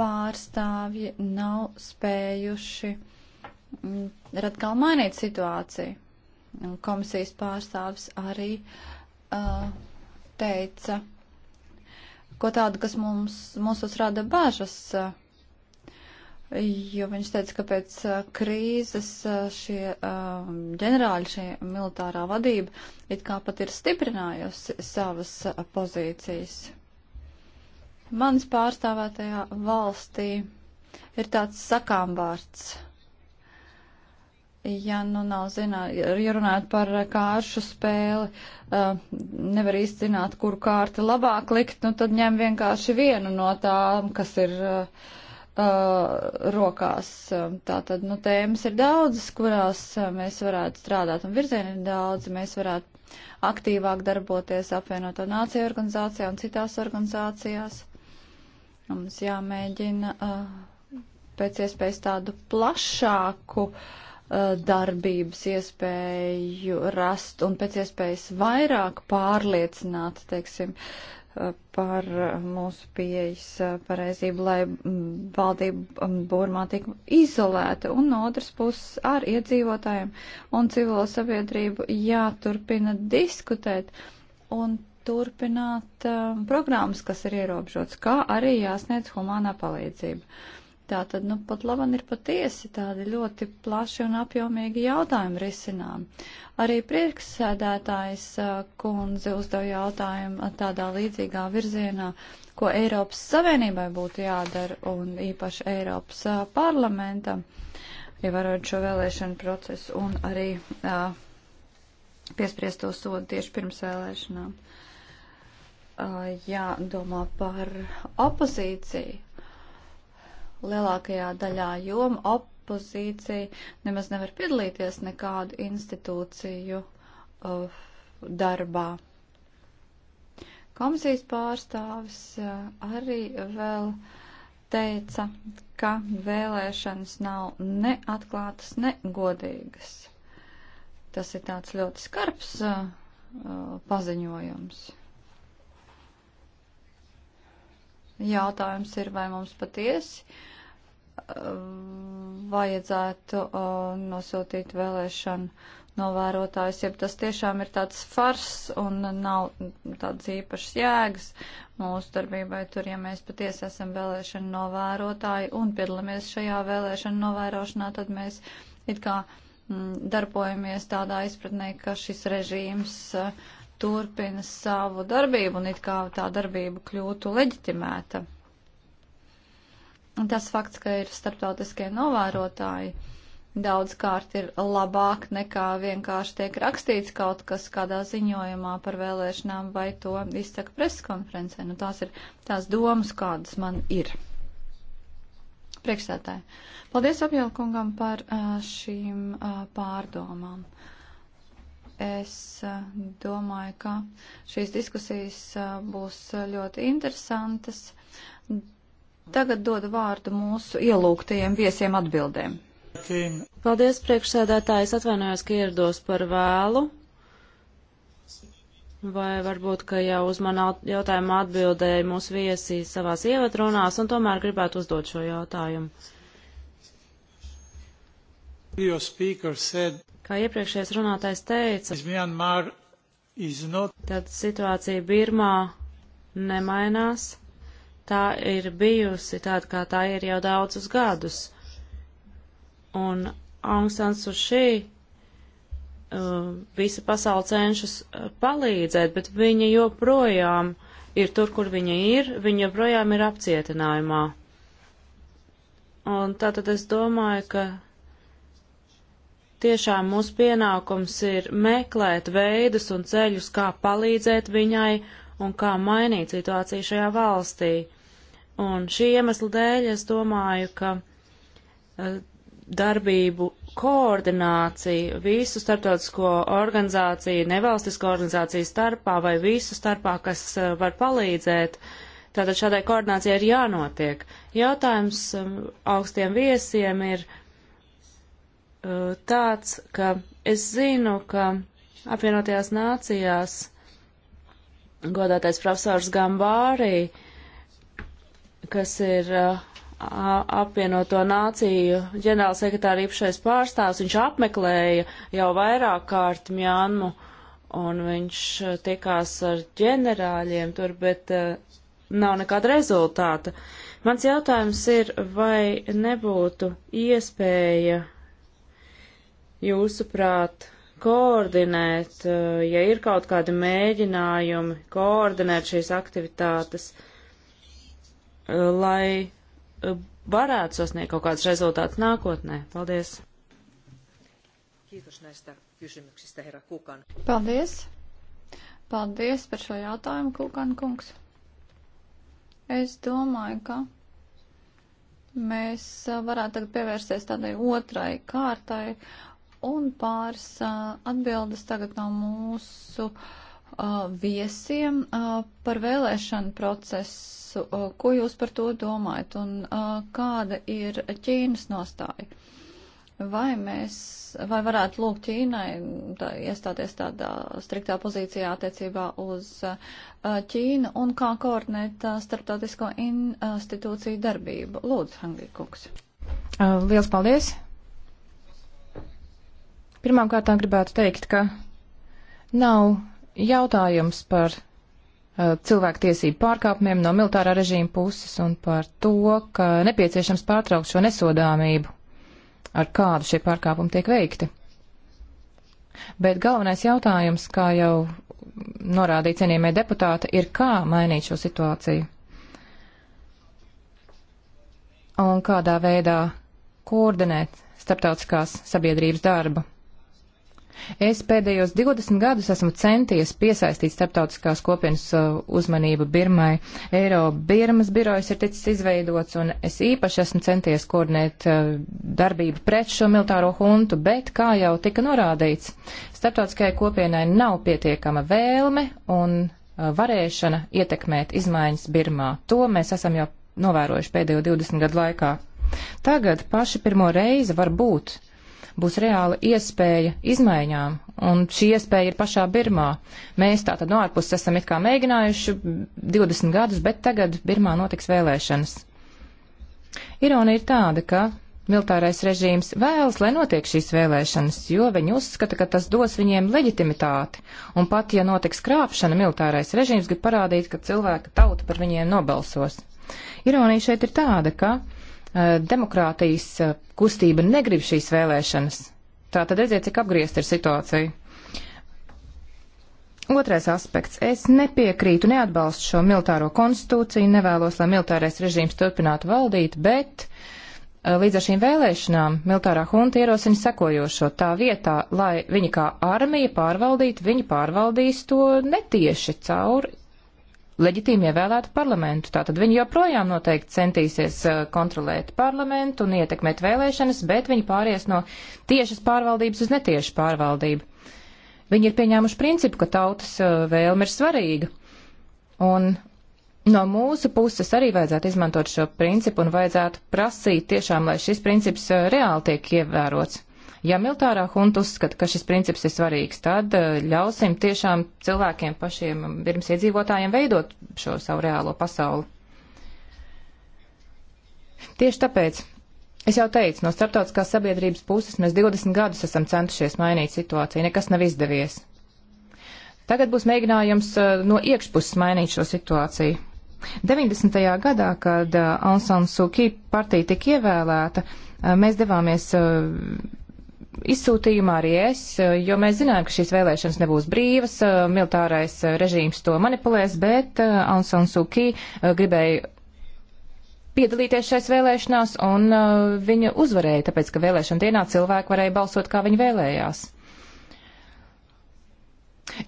Speaker 2: pārstāvji nav spējuši mm, radikāli mainīt situāciju. Komisijas pārstāvis arī uh, teica, ko tādu, kas mums, mūsos rada bažas. Uh, jo viņš teica, ka pēc krīzes šie ģenerāļi, šī militārā vadība it kā pat ir stiprinājusi savas pozīcijas. Manas pārstāvētajā valstī ir tāds sakāmvārds. Ja nu nav zināt, ja runājot par kāršu spēli, nevar īsti zināt, kuru kārti labāk likt, nu tad ņem vienkārši vienu no tām, kas ir uh, uh, rokās. Um, tātad, nu, tēmas ir daudzas, kurās uh, mēs varētu strādāt, un virzieni ir daudz, mēs varētu aktīvāk darboties apvienoto nāciju organizācijā un citās organizācijās. Mums jāmēģina uh, pēc iespējas tādu plašāku uh, darbības iespēju rast un pēc iespējas vairāk pārliecināt, teiksim, uh, par mūsu pieejas pareizību, lai valdība Burmā tika izolēta, un no otras puses ar iedzīvotājiem un civilo sabiedrību jāturpina diskutēt un turpināt uh, programmas, kas ir ierobežotas, kā arī jāsniedz humānā palīdzība. Uh, Tā tad, nu, pat labam ir patiesi tādi ļoti plaši un apjomīgi jautājumi risinām. Arī priekšsēdētājs kundze uzdev jautājumu tādā līdzīgā virzienā, ko Eiropas Savienībai būtu jādara un īpaši Eiropas parlamentam, ievarot ja šo vēlēšanu procesu un arī uh, piespriesto sodu tieši pirms vēlēšanām. Uh, jādomā par opozīciju lielākajā daļā jomu opozīcija nemaz nevar piedalīties nekādu institūciju uh, darbā. Komisijas pārstāvis uh, arī vēl teica, ka vēlēšanas nav neatklātas, negodīgas. Tas ir tāds ļoti skarbs uh, uh, paziņojums. Jautājums ir, vai mums patiesi eh, vajadzētu eh, nosūtīt vēlēšanu novērotājus, ja tas tiešām ir tāds fars un nav tāds īpašs jēgas mūsu darbībai tur, ja mēs patiesi esam vēlēšanu novērotāji un piedalāmies šajā vēlēšanu novērošanā, tad mēs it kā mm, darbojamies tādā izpratnē, ka šis režīms uh, turpina savu darbību un it kā tā darbība kļūtu leģitimēta. Un tas fakts, ka ir starptautiskie novērotāji, daudzkārt ir labāk nekā vienkārši tiek rakstīts kaut kas kādā ziņojumā par vēlēšanām vai to izsaka preskonferencē. Nu, tās ir tās domas, kādas man ir. Priekšsētāji, paldies apjēlkungam par šīm pārdomām. Es eh, domāju, ka šīs diskusijas eh, būs ļoti interesantas. Tagad dodu vārdu mūsu ielūgtajiem viesiem atbildēm. Paldies, priekšsēdētājs. Atvainojos, ka ierados par
Speaker 5: vēlu. Vai varbūt, ka jau uz manu jautājumu atbildēja mūsu viesi savās ievadrunās, un tomēr gribētu uzdot šo jautājumu. Said... Kā iepriekšējais runātais teica, not... tad situācija Birmā nemainās. Tā ir bijusi tāda, kā tā ir jau daudzus gadus. Un Aung San Suu Kyi uh, visa pasaule cenšas uh, palīdzēt, bet viņa joprojām ir tur, kur viņa ir, viņa joprojām ir apcietinājumā. Un tātad es domāju, ka Tiešām mūsu pienākums ir meklēt veidus un ceļus, kā palīdzēt viņai un kā mainīt situāciju šajā valstī. Un šī iemesla dēļ es domāju, ka e, darbību koordinācija visu starptautisko organizāciju, nevalstisko organizāciju starpā vai visu starpā, kas e, var palīdzēt. Tātad šādai koordinācijai ir jānotiek. Jautājums e, augstiem viesiem ir, tāds, ka es zinu, ka apvienotajās nācijās godātais profesors Gambārī, kas ir uh, apvienoto nāciju ģenerālsekretāra īpašais pārstāvs, viņš apmeklēja jau vairāk kārt Mjānmu un viņš uh, tikās ar ģenerāļiem tur, bet uh, nav nekāda rezultāta. Mans jautājums ir, vai nebūtu iespēja jūsuprāt, koordinēt, eh, ja ir kaut kādi mēģinājumi koordinēt šīs aktivitātes, eh, lai eh, varētu sasniegt kaut kādus rezultātus nākotnē? Paldies!
Speaker 2: Paldies! Paldies par šo jautājumu, Kukan kungs. Es domāju, ka mēs varētu tagad pievērsties tādai otrai kārtai Un pāris atbildes tagad no mūsu viesiem par vēlēšanu procesu. Ko jūs par to domājat un kāda ir Ķīnas nostāja? Vai mēs, vai varētu lūgt Ķīnai tā, iestāties tādā striktā pozīcijā attiecībā uz Ķīnu un kā koordinēt starptautisko institūciju darbību? Lūdzu, Hanglīkungs.
Speaker 4: Liels paldies! Pirmkārt, gribētu teikt, ka nav jautājums par uh, cilvēktiesību pārkāpumiem no militārā režīma puses un par to, ka nepieciešams pārtraukt šo nesodāmību, ar kādu šie pārkāpumi tiek veikti. Bet galvenais jautājums, kā jau norādīja cienījamie deputāti, ir kā mainīt šo situāciju un kādā veidā koordinēt starptautiskās sabiedrības darbu. Es pēdējos 20 gadus esmu centies piesaistīt starptautiskās kopienas uh, uzmanību Birmai. Eiro Birmas birojas ir ticis izveidots, un es īpaši esmu centies koordinēt uh, darbību pret šo militāro huntu, bet, kā jau tika norādīts, starptautiskajai kopienai nav pietiekama vēlme un uh, varēšana ietekmēt izmaiņas Birmā. To mēs esam jau novērojuši pēdējo 20 gadu laikā. Tagad paši pirmo reizi var būt būs reāla iespēja izmaiņām, un šī iespēja ir pašā Birmā. Mēs tā tad no ārpuses esam it kā mēģinājuši 20 gadus, bet tagad Birmā notiks vēlēšanas. Ironija ir tāda, ka militārais režīms vēlas, lai notiek šīs vēlēšanas, jo viņi uzskata, ka tas dos viņiem leģitimitāti, un pat ja notiks krāpšana, militārais režīms grib parādīt, ka cilvēka tauta par viņiem nobalsos. Ironija šeit ir tāda, ka Eh, demokrātijas eh, kustība negrib šīs vēlēšanas. Tā tad redziet, cik apgriezt ir situācija. Otrais aspekts. Es nepiekrītu, neatbalstu šo militāro konstitūciju, nevēlos, lai militārais režīms turpinātu valdīt, bet eh, līdz ar šīm vēlēšanām militārā hunta ierosina sekojošo. Tā vietā, lai viņi kā armija pārvaldītu, viņi pārvaldīs to netieši caur leģitīmi ievēlētu parlamentu. Tātad viņi joprojām noteikti centīsies uh, kontrolēt parlamentu un ietekmēt vēlēšanas, bet viņi pāries no tiešas pārvaldības uz netiešu pārvaldību. Viņi ir pieņēmuši principu, ka tautas uh, vēlme ir svarīga. Un no mūsu puses arī vajadzētu izmantot šo principu un vajadzētu prasīt tiešām, lai šis princips uh, reāli tiek ievērots. Ja militārā hunta uzskata, ka šis princips ir svarīgs, tad eh, ļausim tiešām cilvēkiem pašiem um, pirms iedzīvotājiem veidot šo savu reālo pasauli. Tieši tāpēc Es jau teicu, no starptautiskās sabiedrības puses mēs 20 gadus esam centušies mainīt situāciju, nekas nav izdevies. Tagad būs mēģinājums eh, no iekšpuses mainīt šo situāciju. 90. gadā, kad eh, Aung San Suu Kyi partija tika ievēlēta, mēs devāmies izsūtījumā arī es, jo mēs zinājām, ka šīs vēlēšanas nebūs brīvas, militārais režīms to manipulēs, bet Aung San Suu Kyi gribēja piedalīties šais vēlēšanās un viņa uzvarēja, tāpēc ka vēlēšana dienā cilvēki varēja balsot, kā viņi vēlējās.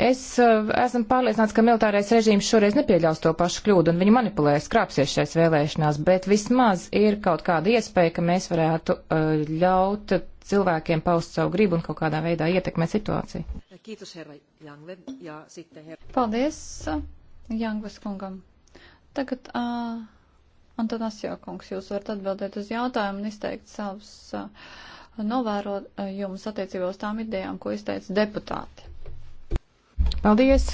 Speaker 4: Es esmu pārliecināts, ka militārais režīms šoreiz nepieļaus to pašu kļūdu un viņi manipulēs, krāpsies šais vēlēšanās, bet vismaz ir kaut kāda iespēja, ka mēs varētu ļaut cilvēkiem paust savu gribu un kaut kādā veidā ietekmēt situāciju.
Speaker 2: Paldies uh, Jāngves kungam. Tagad uh, Antonas Jākungs, jūs varat atbildēt uz jautājumu un izteikt savus uh, novērojumus uh, attiecībā uz tām idejām, ko izteica deputāti.
Speaker 4: Paldies!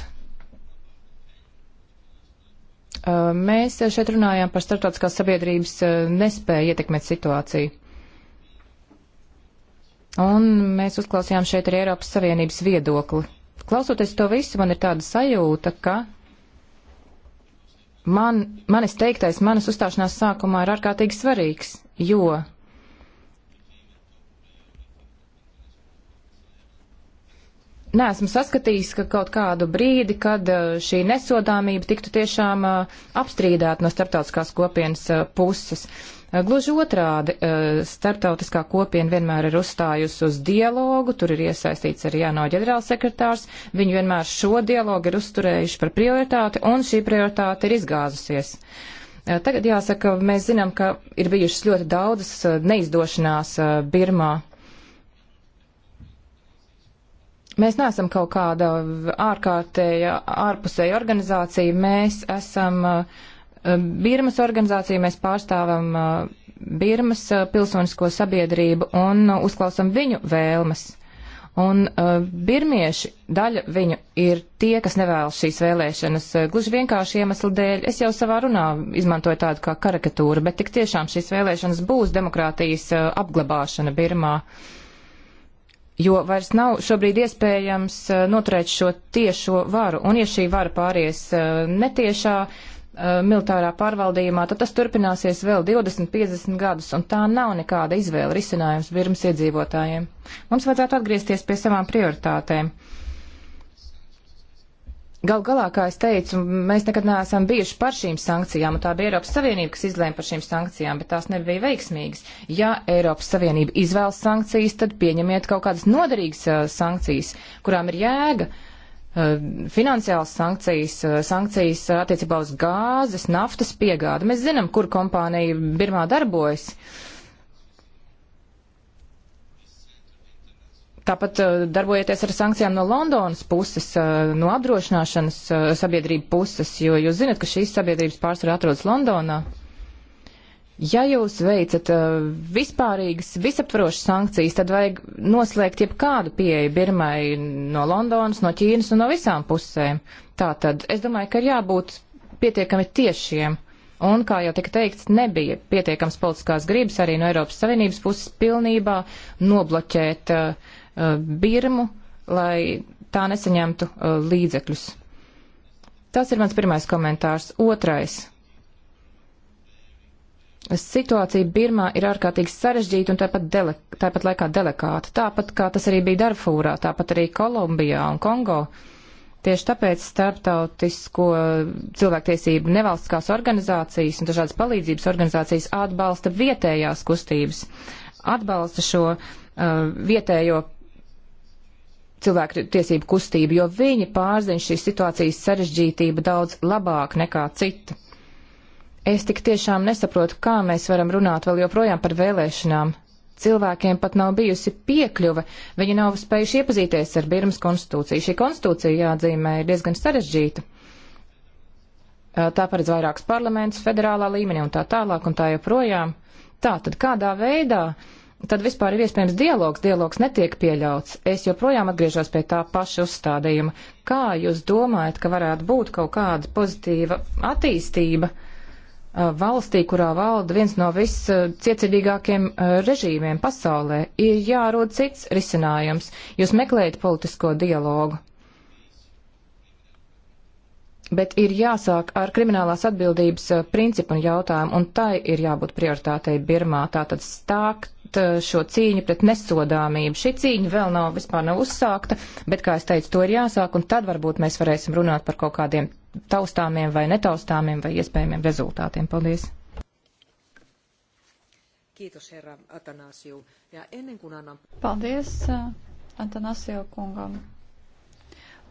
Speaker 4: Uh, mēs šeit runājām par starptautiskās sabiedrības uh, nespēju ietekmēt situāciju. Un mēs uzklausījām šeit arī Eiropas Savienības viedokli. Klausoties to visu, man ir tāda sajūta, ka man, manis teiktais, manas uzstāšanās sākumā ir ārkārtīgi svarīgs, jo neesmu saskatījis, ka kaut kādu brīdi, kad uh, šī nesodāmība tiktu tiešām uh, apstrīdēta no starptautiskās kopienas uh, puses. Uh, Eh, gluži otrādi, eh, starptautiskā kopiena vienmēr ir uzstājusi uz dialogu, tur ir iesaistīts arī ANO ģenerālsekretārs, viņi vienmēr šo dialogu ir uzturējuši par prioritāti, un šī prioritāte ir izgāzusies. Eh, tagad jāsaka, mēs zinām, ka ir bijušas ļoti daudzas neizdošanās Birmā. Mēs neesam kaut kāda ārkārtēja, ārpusēja organizācija, mēs esam uh, Um, Birmas organizāciju mēs pārstāvam uh, Birmas uh, pilsonisko sabiedrību un uh, uzklausam viņu vēlmes. Un uh, birmieši, daļa viņu ir tie, kas nevēlas šīs vēlēšanas, gluži vienkārši iemeslu dēļ. Es jau savā runā izmantoju tādu kā karikatūru, bet tik tiešām šīs vēlēšanas būs demokrātijas uh, apglabāšana Birmā. Jo vairs nav šobrīd iespējams uh, noturēt šo tiešo varu, un ja šī vara pāries uh, netiešā, uh, Uh, militārā pārvaldījumā, tad tas turpināsies vēl 20, 50 gadus, un tā nav nekāda izvēle risinājums Birmas iedzīvotājiem. Mums vajadzētu atgriezties pie savām prioritātēm. Gal galā, kā es teicu, mēs nekad neesam bijuši par šīm sankcijām, un tā bija Eiropas Savienība, kas izlēma par šīm sankcijām, bet tās nebija veiksmīgas. Ja Eiropas Savienība izvēlas sankcijas, tad pieņemiet kaut kādas noderīgas uh, sankcijas, kurām ir jēga. Uh, Eh, finansiālas sankcijas, eh, sankcijas attiecībā uz gāzes, naftas piegādi. Mēs zinām, kur kompānija Birmā darbojas. Tāpat eh, darbojieties ar sankcijām no Londonas puses, no apdrošināšanas sabiedrību puses, jo jūs zinat, ka šīs sabiedrības pārsvarā atrodas Londonā. Uh, Ja jūs veicat uh, vispārīgas, visaptvarošas sankcijas, tad vajag noslēgt jebkādu pieeju Birmai no Londonas, no Ķīnas un no visām pusēm. Tātad es domāju, ka ir jābūt pietiekami tiešiem. Un, kā jau tika teikts, nebija pietiekams politiskās gribas arī no Eiropas Savienības puses pilnībā nobloķēt uh, uh Birmu, lai tā nesaņemtu uh, līdzekļus. Tas ir mans pirmais komentārs. Otrais Situācija Birmā ir ārkārtīgi sarežģīta un tāpat, dele, tāpat laikā delikāta, tāpat kā tas arī bija Darfūrā, tāpat arī Kolumbijā un Kongo. Tieši tāpēc starptautisko cilvēktiesību nevalstiskās organizācijas un dažādas palīdzības organizācijas atbalsta vietējās kustības, atbalsta šo uh, vietējo cilvēku tiesību kustību, jo viņi pārziņ šīs situācijas sarežģītību daudz labāk nekā citi. Es tik tiešām nesaprotu, kā mēs varam runāt vēl joprojām par vēlēšanām. Cilvēkiem pat nav bijusi piekļuve, viņi nav spējuši iepazīties ar Birmas konstitūciju. Šī konstitūcija, jāatzīmē, ir diezgan sarežģīta. Tā paredz vairākus parlamentus federālā līmenī un tā tālāk un tā joprojām. Tā tad kādā veidā tad vispār ir iespējams dialogs, dialogs netiek pieļauts. Es joprojām atgriežos pie tā paša uzstādījuma. Kā jūs domājat, ka varētu būt kaut kāda pozitīva attīstība? Uh, Uh, valstī, kurā valda viens no viscietsirdīgākiem uh, režīmiem pasaulē, ir jārod cits risinājums. Jūs meklējat politisko dialogu. Bet ir jāsāk ar kriminālās atbildības uh, principu un jautājumu, un tai ir jābūt prioritātei Birmā. Tātad stākt šo cīņu pret nesodāmību. Šī cīņa vēl nav vispār nav uzsākta, bet, kā es teicu, to ir jāsāk, un tad varbūt mēs varēsim runāt par kaut kādiem taustāmiem vai netaustāmiem vai iespējamiem rezultātiem. Paldies!
Speaker 1: Kiitos, herra Atanasiju. Ja ennen kuin annan...
Speaker 2: Paldies eh, Atanasiju kungam.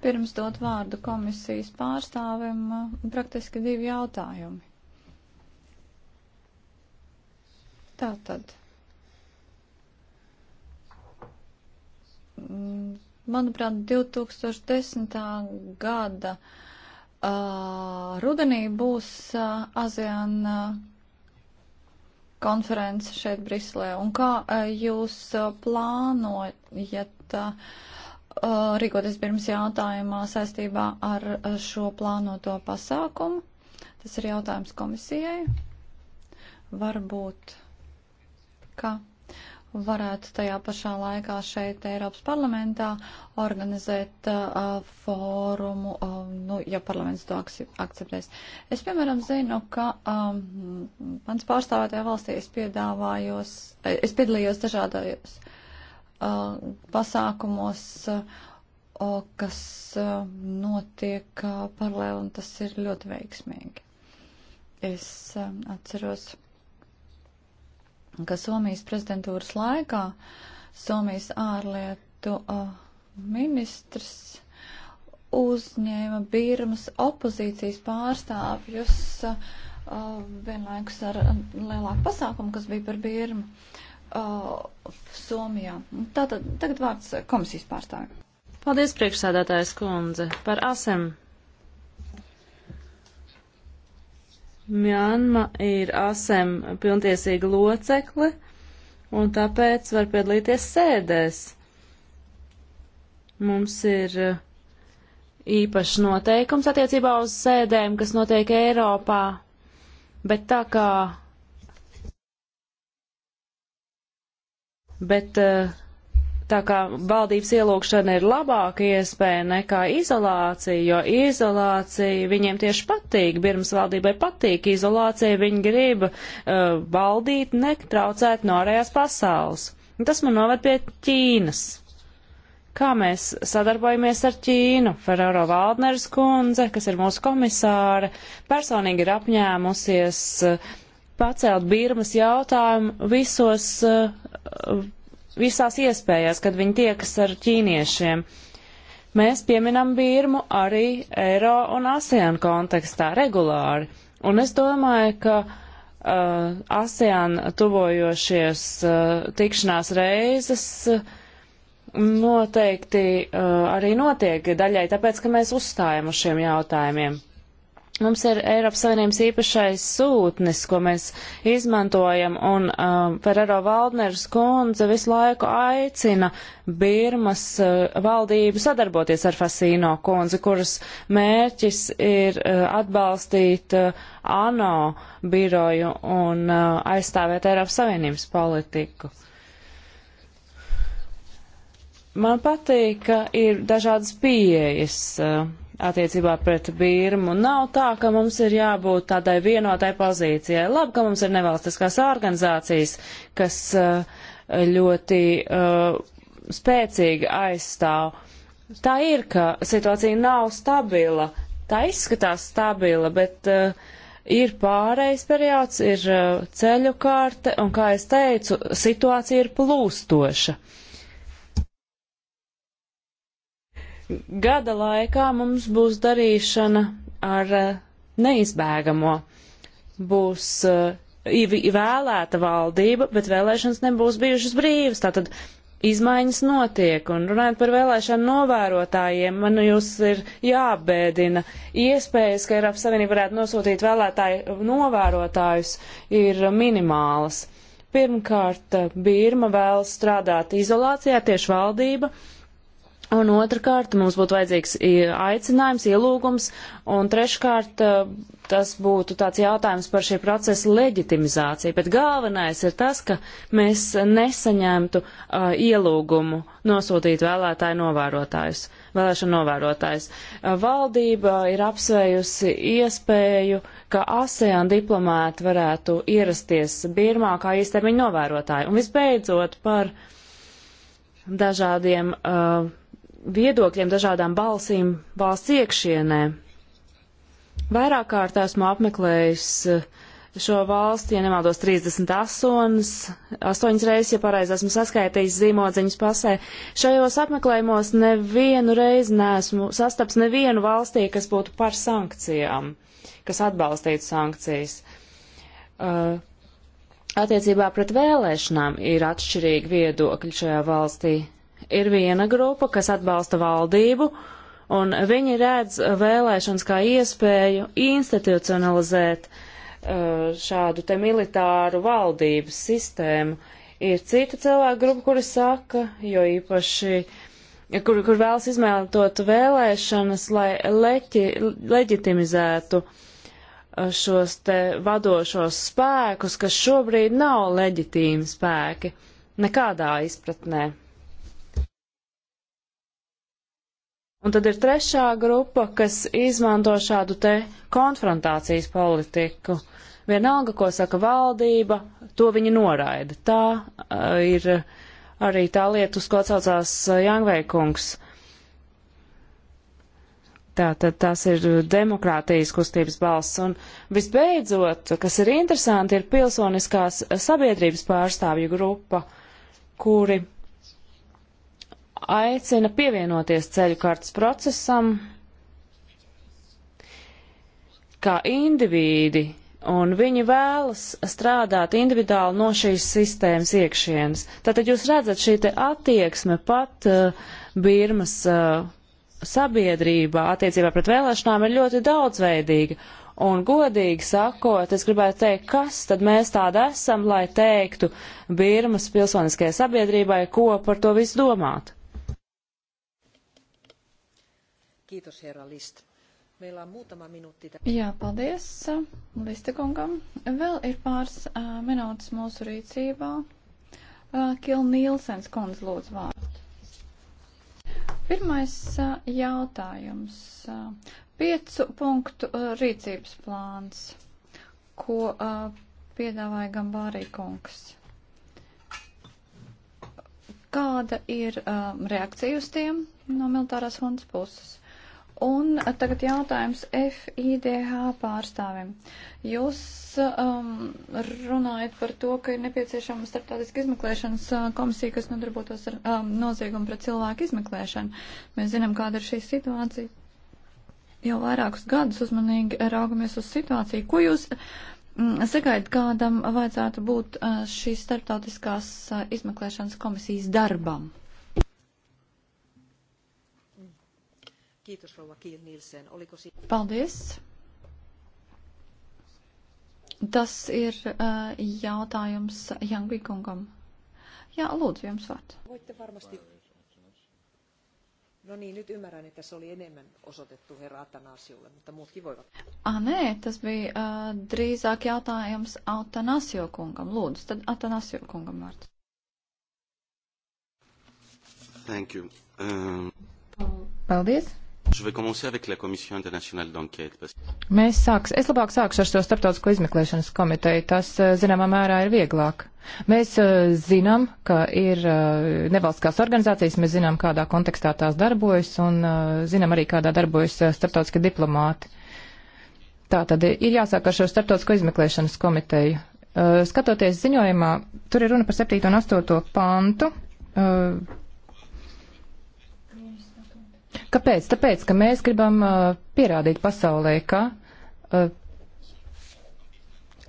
Speaker 2: Pirms dot vārdu komisijas pārstāvim, eh, praktiski divi jautājumi. Tātad. Mm, manuprāt, 2010. gada uh, Uh, rudenī būs uh, ASEAN uh, konference šeit Briselē. Un kā uh, jūs uh, plānojat uh, uh rīkoties pirms jautājumā saistībā ar uh, šo plānoto pasākumu? Tas ir jautājums komisijai. Varbūt, ka varētu tajā pašā laikā šeit Eiropas parlamentā organizēt uh, fórumu, uh, nu, ja parlaments to akceptēs. Es, piemēram, zinu, ka um, mans pārstāvētajā valstī es piedāvājos, es piedalījos dažādajos uh, pasākumos, uh, kas uh, notiek uh, paralēli, un tas ir ļoti veiksmīgi. Es uh, atceros ka Somijas prezidentūras laikā Somijas ārlietu uh, ministrs uzņēma Birmas opozīcijas pārstāvjus uh, vienlaikus ar lielāku pasākumu, kas bija par Birmu uh, Somijā. Tātad tagad vārds komisijas pārstāvjiem. Paldies, priekšsādātājs
Speaker 5: kundze, par ASEM Mjanma ir ASEM pilntiesīga locekle un tāpēc var piedalīties sēdēs. Mums ir eh, īpašs noteikums attiecībā uz sēdēm, kas notiek Eiropā, bet tā kā. Bet uh, Tā kā valdības ielūgšana ir labāka iespēja nekā izolācija, jo izolācija viņiem tieši patīk, Birmas valdībai patīk izolācija, viņi grib uh, valdīt, netraucēt no ārējās pasaules. Un tas man noved pie Ķīnas. Kā mēs sadarbojamies ar Ķīnu? Ferrero Valdneres kundze, kas ir mūsu komisāra, personīgi ir apņēmusies uh, pacelt Birmas jautājumu visos uh, visās iespējās, kad viņi tiekas ar ķīniešiem. Mēs pieminam Birmu arī Eiro un ASEAN kontekstā regulāri. Un es domāju, ka uh, ASEAN tuvojošies uh, tikšanās reizes uh, noteikti uh, arī notiek daļai tāpēc, ka mēs uzstājam uz šiem jautājumiem. Mums ir Eiropas Savienības īpašais sūtnis, ko mēs izmantojam, un um, Ferrero Valdneres kundze visu laiku aicina Birmas uh, valdību sadarboties ar Fasīno kundzi, kuras mērķis ir uh, atbalstīt uh, ANO biroju un uh, aizstāvēt Eiropas Savienības politiku. Man patīk, ka ir dažādas pieejas. Uh, attiecībā pret Birmu. Nav tā, ka mums ir jābūt tādai vienotai pozīcijai. Labi, ka mums ir nevalstiskās organizācijas, kas uh, ļoti uh, spēcīgi aizstāv. Tā ir, ka situācija nav stabila. Tā izskatās stabila, bet uh, ir pārējais periods, ir uh, ceļu kārte, un, kā es teicu, situācija ir plūstoša. Uh, Gada laikā mums būs darīšana ar eh, neizbēgamo. Būs eh, vēlēta valdība, bet vēlēšanas nebūs bijušas brīvas. Tātad izmaiņas notiek, un runājot par vēlēšanu novērotājiem, man jūs ir jābēdina. Iespējas, ka Eiropas Savienība varētu nosūtīt vēlētāju novērotājus, ir minimālas. Pirmkārt, Birma vēlas strādāt izolācijā, tieši valdība, Un otrkārt, mums būtu vajadzīgs aicinājums, ielūgums, un treškārt, e, tas būtu tāds jautājums par šī procesa leģitimizāciju. Bet galvenais ir tas, ka mēs nesaņemtu uh, ielūgumu nosūtīt vēlētāju novērotājus, vēlēšanu novērotājus. Uh, valdība ir apsvējusi iespēju, ka ASEAN diplomāti varētu ierasties Birmā kā īstermiņu novērotāji. Un visbeidzot par dažādiem. Uh, viedokļiem, dažādām balsīm valsts iekšienē. Vairāk kārt esmu apmeklējis eh, šo valsti, ja nemaldos 38, 8 reizes, ja pareizi esmu saskaitījis zīmodziņas pasē. Šajos apmeklējumos nevienu reizi neesmu sastaps nevienu valstī, kas būtu par sankcijām, kas atbalstītu sankcijas. Uh, attiecībā pret vēlēšanām ir atšķirīgi viedokļi šajā valstī. Ir viena grupa, kas atbalsta valdību, un viņi redz vēlēšanas kā iespēju institucionalizēt uh, šādu te militāru valdības sistēmu. Ir cita cilvēka grupa, kuri saka, jo īpaši, kur, kur vēlas izmantot vēlēšanas, lai leķi, leģitimizētu uh, šos te vadošos spēkus, kas šobrīd nav leģitīmi spēki nekādā izpratnē. Un tad ir trešā grupa, kas izmanto šādu te konfrontācijas politiku. Vienalga, ko saka valdība, to viņi noraida. Tā uh, ir arī tā lieta, uz ko atsaucās eh, Jāngveikungs. Tātad tas ir demokrātijas kustības balss. Un visbeidzot, kas ir interesanti, ir pilsoniskās sabiedrības pārstāvju grupa, kuri aicina pievienoties ceļu kartas procesam kā indivīdi, un viņi vēlas strādāt individuāli no šīs sistēmas iekšienes. Tātad jūs redzat šī te attieksme pat uh, Birmas uh, sabiedrībā attiecībā pret vēlēšanām ir ļoti daudzveidīga. Un godīgi sakot, es gribētu teikt, kas tad mēs tāda esam, lai teiktu Birmas pilsoniskajai sabiedrībai, ko par to visu domāt.
Speaker 1: Kiitos, herra List. Meillä on muutama minūti. Jā, paldies
Speaker 2: Listekungam. Vēl ir pāris uh, minūtes mūsu rīcībā. Uh, Kil Nīlsens kundze lūdzu vārdu. Pirmais uh, jautājums. Uh, piecu punktu uh, rīcības plāns, ko uh, piedāvāja Gambārī kungs. Kāda ir uh, reakcija uz tiem no militārās hundas puses? Un tagad jautājums FIDH pārstāvim. Jūs um, runājat par to, ka ir nepieciešama starptautiska izmeklēšanas uh, komisija, kas nodarbotos ar um, noziegumu pret cilvēku izmeklēšanu. Mēs zinām, kāda ir šī situācija. Jau vairākus gadus uzmanīgi raugamies uz situāciju. Ko jūs mm, sagaidat, kādam vajadzētu būt uh, šīs starptautiskās uh, izmeklēšanas komisijas darbam?
Speaker 1: Kiitos rouva Kiil Nielsen. Oliko si
Speaker 2: Paldies. Tas ir uh, jautājums Jangvikungam. Jā, lūdzu, jums vārds.
Speaker 1: Voitte varmasti... No niin, nyt ymmärrän, että se oli enemmän osoitettu herra Atanasiolle, mutta muutkin voivat.
Speaker 2: Ah, nē, tas bija uh, drīzāk jautājums Atanasio kungam. Lūdzu, tad Atanasio kungam vārds.
Speaker 3: Thank you. Um...
Speaker 4: Paldies. Mēs sāks, es labāk sākšu ar šo starptautisko izmeklēšanas komiteju, tas eh, zināmā mērā ir vieglāk. Mēs eh, zinām, ka ir eh, nevalstiskās organizācijas, mēs zinām, kādā kontekstā tās darbojas un zinām arī, kādā darbojas starptautiskie diplomāti. Tā tad ir jāsāk ar šo starptautisko izmeklēšanas komiteju. Skatoties ziņojumā, tur ir runa par 7. un 8. pantu Kāpēc? Tāpēc, ka mēs gribam uh, pierādīt pasaulē, ka uh,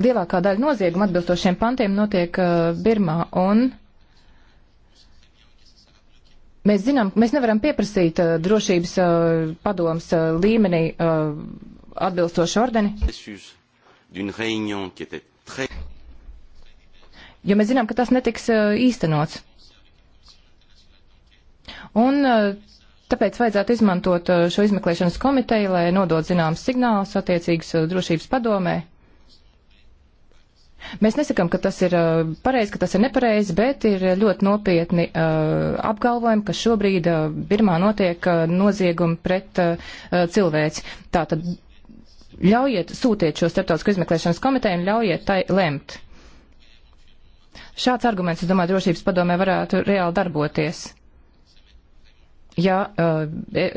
Speaker 4: lielākā daļa noziegumu atbilstošiem pantiem notiek uh, Birmā. Un mēs zinām, mēs nevaram pieprasīt uh, drošības uh, padomas uh, līmenī uh, atbilstošu ordeni. Jo mēs zinām, ka tas netiks uh, īstenots. Un uh, Tāpēc vajadzētu izmantot uh, šo izmeklēšanas komiteju, lai nodot zināmas signālus attiecīgas uh, drošības padomē. Mēs nesakām, ka tas ir uh, pareizi, ka tas ir nepareizi, bet ir ļoti nopietni apgalvojumi, ka šobrīd Birmā notiek noziegumi pret cilvēci. Tātad ļaujiet sūtiet šo starptautisko izmeklēšanas komiteju un ļaujiet tai lemt. Šāds arguments, es domāju, drošības padomē varētu reāli darboties ja uh,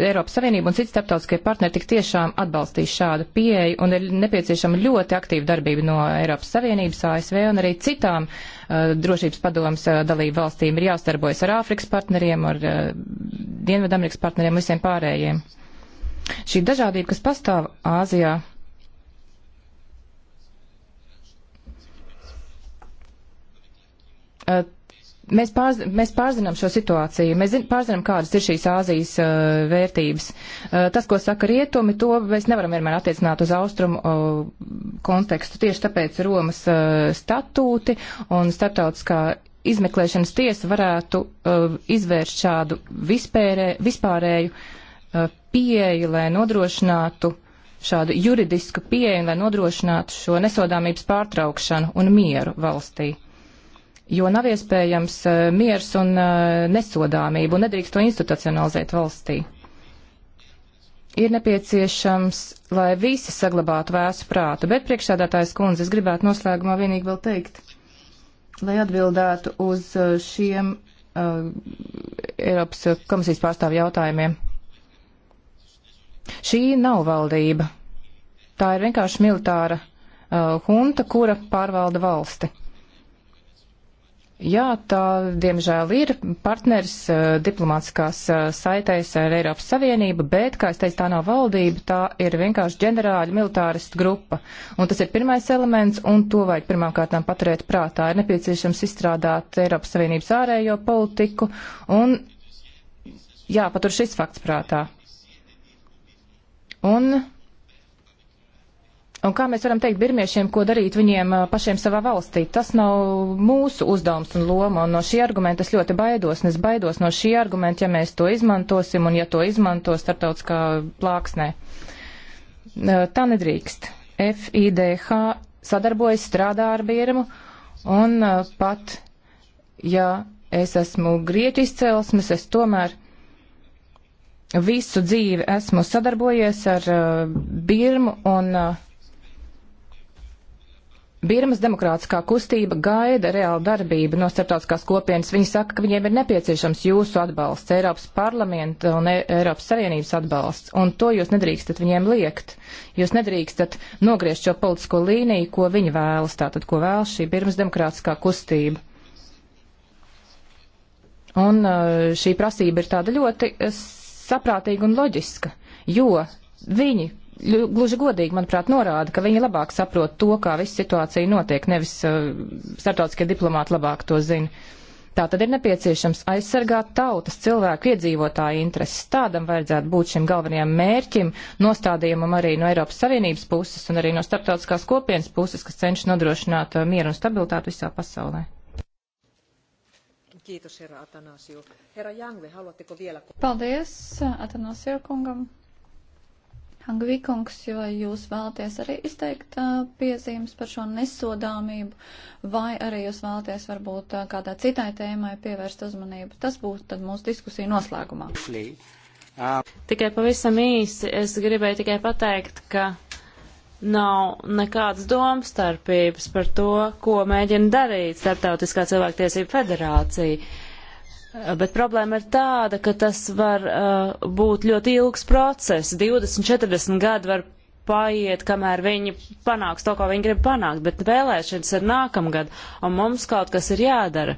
Speaker 4: Eiropas Savienība un citi starptautiskie partneri tik tiešām atbalstīs šādu pieeju un ir nepieciešama ļoti aktīva darbība no Eiropas Savienības, ASV un arī citām uh, drošības padomas uh, dalību valstīm ir jāstarbojas ar Āfrikas partneriem, ar uh, Dienvedamerikas partneriem un visiem pārējiem. Šī dažādība, kas pastāv Āzijā, uh, Mēs, pārz, mēs pārzinām šo situāciju, mēs zin, pārzinām, kādas ir šīs Āzijas uh, vērtības. Uh, tas, ko saka rietumi, to mēs nevaram vienmēr attiecināt uz austrumu uh, kontekstu. Tieši tāpēc Romas uh, statūti un starptautiskā izmeklēšanas tiesa varētu uh, izvērst šādu vispērē, vispārēju uh, pieeju, lai nodrošinātu šādu juridisku pieeju, lai nodrošinātu šo nesodāmības pārtraukšanu un mieru valstī. Uh, jo nav iespējams eh, miers un eh, nesodāmība, un nedrīkst to institucionalizēt valstī. Ir nepieciešams, lai visi saglabātu vēsu prātu, bet priekšsēdētājs kundze, es gribētu noslēgumā vienīgi vēl teikt, lai atbildētu uz eh, šiem uh, Eiropas komisijas pārstāvju jautājumiem. Šī nav valdība. Tā ir vienkārši militāra uh, hunta, kura pārvalda valsti. Jā, tā diemžēl ir partners eh, diplomātiskās eh, saitēs ar Eiropas Savienību, bet, kā es teicu, tā nav valdība, tā ir vienkārši ģenerāļa militāristu grupa. Un tas ir pirmais elements, un to vajag pirmām kārtām paturēt prātā. Ir nepieciešams izstrādāt Eiropas Savienības ārējo politiku, un jāpatur šis fakts prātā. Un Un kā mēs varam teikt birmiešiem, ko darīt viņiem uh, pašiem savā valstī? Tas nav mūsu uzdevums un loma, un no šī argumenta es ļoti baidos, un es baidos no šī argumenta, ja mēs to izmantosim, un ja to izmanto starptautiskā plāksnē. Uh, tā nedrīkst. FIDH sadarbojas, strādā ar Birmu, un uh, pat, ja es esmu grieķu izcelsmes, es tomēr visu dzīvi esmu sadarbojies ar Birmu, un Birmas demokrātiskā kustība gaida reāla darbība no starptautiskās kopienas. Viņi saka, ka viņiem ir nepieciešams jūsu atbalsts, Eiropas parlamenta un e- Eiropas Savienības atbalsts, un to jūs nedrīkstat viņiem liekt. Jūs nedrīkstat nogriezt šo politisko līniju, ko viņi vēlas, tātad, ko vēlas šī Birmas demokrātiskā kustība. Un e, šī prasība ir tāda ļoti e, saprātīga un loģiska, jo viņi gluži godīgi, manuprāt, norāda, ka viņi labāk saprot to, kā viss situācija notiek, nevis uh, startautiskie diplomāti labāk to zina. Tā tad ir nepieciešams aizsargāt tautas, cilvēku, iedzīvotāju intereses. Tādam vajadzētu būt šim galvenajam mērķim, nostādījumam arī no Eiropas Savienības puses un arī no starptautiskās kopienas puses, kas cenšas nodrošināt uh, mieru un stabilitātu visā pasaulē.
Speaker 1: Kiitos, herra Atanasio. Herra Jangve, haluatteko vielä...
Speaker 2: Paldies, Atanasio kungam. Hangvikungs, vai jūs vēlaties arī izteikt uh, piezīmes par šo nesodāmību, vai arī jūs vēlaties varbūt uh, kādā citai tēmai pievērst uzmanību? Tas būtu tad mūsu diskusija noslēgumā.
Speaker 5: Tikai pavisam īsi es gribēju tikai pateikt, ka nav nekādas domstarpības par to, ko mēģina darīt Startautiskā cilvēktiesība federācija. Bet problēma ir tāda, ka tas var uh, būt ļoti ilgs process. 20, 40 gadi var paiet, kamēr viņi panāks to, ko viņi grib panākt, bet vēlēšanas ir nākamgad, un mums kaut kas ir jādara.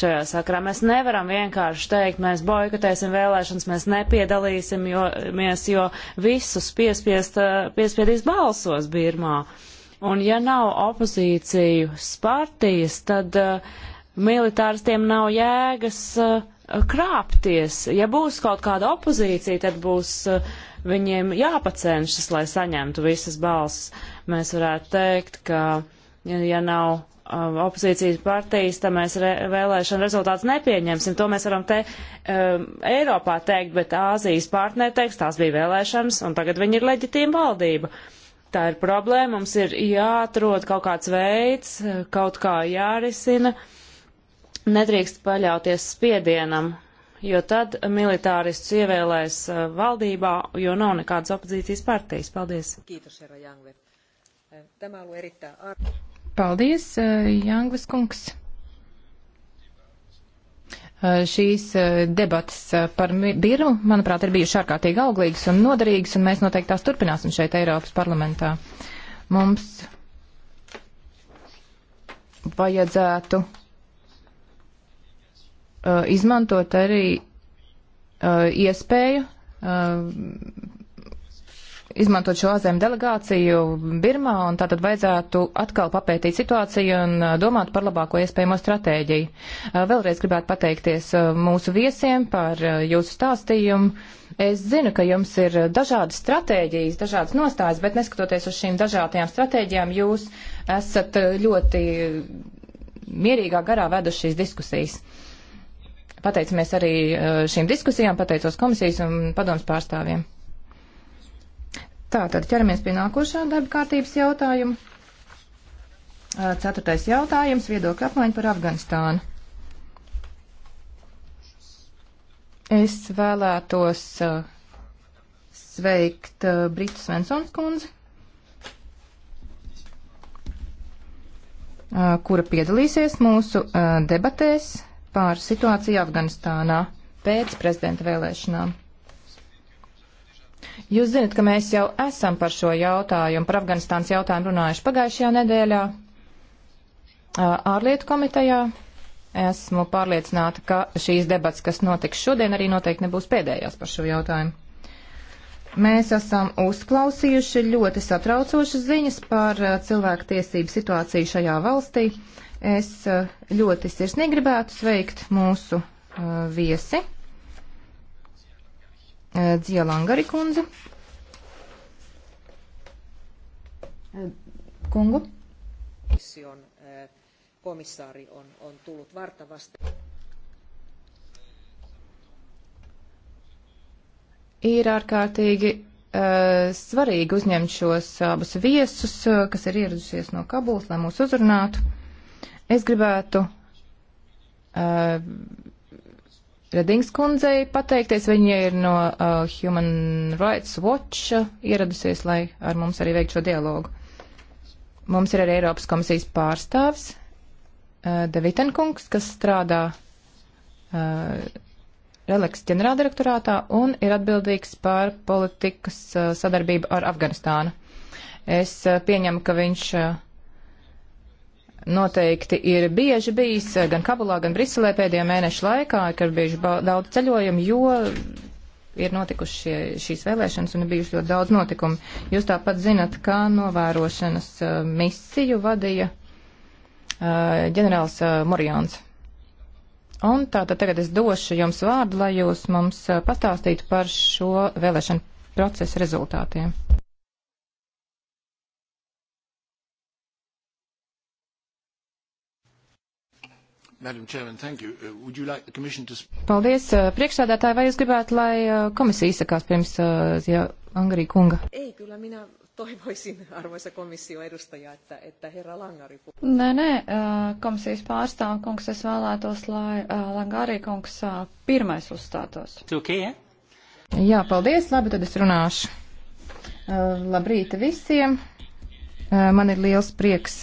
Speaker 5: Šajā sakrā mēs nevaram vienkārši teikt, mēs boikotēsim vēlēšanas, mēs nepiedalīsim, jo mēs jo visus piespiest, uh, piespiedīs balsos Birmā. Un ja nav opozīciju partijas, tad uh, militāristiem nav jēgas eh, krāpties. Ja būs kaut kāda opozīcija, tad būs eh, viņiem jāpacenšas, lai saņemtu visas balsis. Mēs varētu teikt, ka ja nav eh, opozīcijas partijas, tad mēs re vēlēšana rezultātus nepieņemsim. To mēs varam te um, Eiropā teikt, bet Āzijas partneri teiks, tās bija vēlēšanas, un tagad viņi ir leģitīma valdība. Tā ir problēma, mums ir jāatrod kaut kāds veids, kaut kā jārisina. Uh, nedrīkst paļauties spiedienam, jo tad militārists ievēlēs eh, valdībā, jo nav nekādas opozīcijas partijas. Paldies!
Speaker 1: Eh,
Speaker 4: Paldies, eh, Jāngvis kungs! šīs debatas par biru, manuprāt, ir bijušas ārkārtīgi auglīgas un noderīgas, un mēs noteikti tās turpināsim šeit Eiropas parlamentā. Mums vajadzētu uh, izmantot arī uh, iespēju uh, izmantot šo ārzemju delegāciju Birmā, un tātad vajadzētu atkal papētīt situāciju un uh, domāt par labāko iespējamo stratēģiju. Uh, vēlreiz gribētu pateikties mūsu viesiem par jūsu stāstījumu. Es zinu, ka jums ir dažādas stratēģijas, dažādas nostājas, bet neskatoties uz šīm dažādajām stratēģijām, jūs esat ļoti mierīgā garā veduši šīs diskusijas. Pateicamies arī eh, šīm diskusijām, pateicos komisijas un padomas pārstāvjiem. Tā, tad ķeramies pie nākošā darba kārtības jautājuma. Eh, ceturtais jautājums - viedokļa apmaiņa par Afganistānu. Es vēlētos eh, sveikt Britu Svensons kundzi, kura piedalīsies mūsu debatēs pār situāciju Afganistānā pēc prezidenta vēlēšanām. Jūs zinat, ka mēs jau esam par šo jautājumu, par Afganistānas jautājumu runājuši pagājušajā nedēļā ārlietu komitejā. Esmu pārliecināta, ka šīs debats, kas notiks šodien, arī noteikti nebūs pēdējās par šo jautājumu. Mēs esam uzklausījuši ļoti satraucošas ziņas par cilvēku tiesību situāciju šajā valstī. Uh, Es eh, ļoti sirsnīgi gribētu sveikt mūsu eh, viesi, eh, Dzija Langari kundzi. Kungu.
Speaker 1: Komission komissaari on, on tullut vartavasti.
Speaker 4: Ir ārkārtīgi uh, svarīgi uzņemt šos abus viesus, uh, kas ir ieradušies no Kabulas, lai mūs uzrunātu. Es gribētu uh, Redings kundzei pateikties, viņa ir no uh, Human Rights Watch uh, ieradusies, lai ar mums arī veiktu šo dialogu. Mums ir arī Eiropas komisijas pārstāvs uh, Devitenkungs, kas strādā uh, Releks ģenerāldirektorātā un ir atbildīgs par politikas uh, sadarbību ar Afganistānu. Es uh, pieņemu, ka viņš. Uh, noteikti ir bieži bijis gan Kabulā, gan Briselē pēdējo mēnešu laikā, kad bieži daudz ceļojumu, jo ir notikuši šie, šīs vēlēšanas un ir bijuši ļoti daudz notikumu. Jūs tāpat zinat, kā novērošanas uh, misiju vadīja uh, ģenerālis uh, Morjāns. Un tātad tagad es došu jums vārdu, lai jūs mums uh, pastāstītu par šo vēlēšanu procesu rezultātiem. Uh, paldies, uh, priekšsādātāji, vai jūs gribētu, lai uh, komisija izsakās pirms ja Angari kunga? Ei, kyllä
Speaker 2: minä
Speaker 1: toivoisin,
Speaker 2: arvoisa komissio
Speaker 1: edustaja, että,
Speaker 3: että herra Langari
Speaker 2: puhuu. Nē, nē, komisijas pārstāv kungs, es vēlētos, lai Langari kungs pirmais uzstātos. Okay, yeah? Jā, paldies, labi,
Speaker 4: tad es runāšu. Labrīt visiem, man ir liels prieks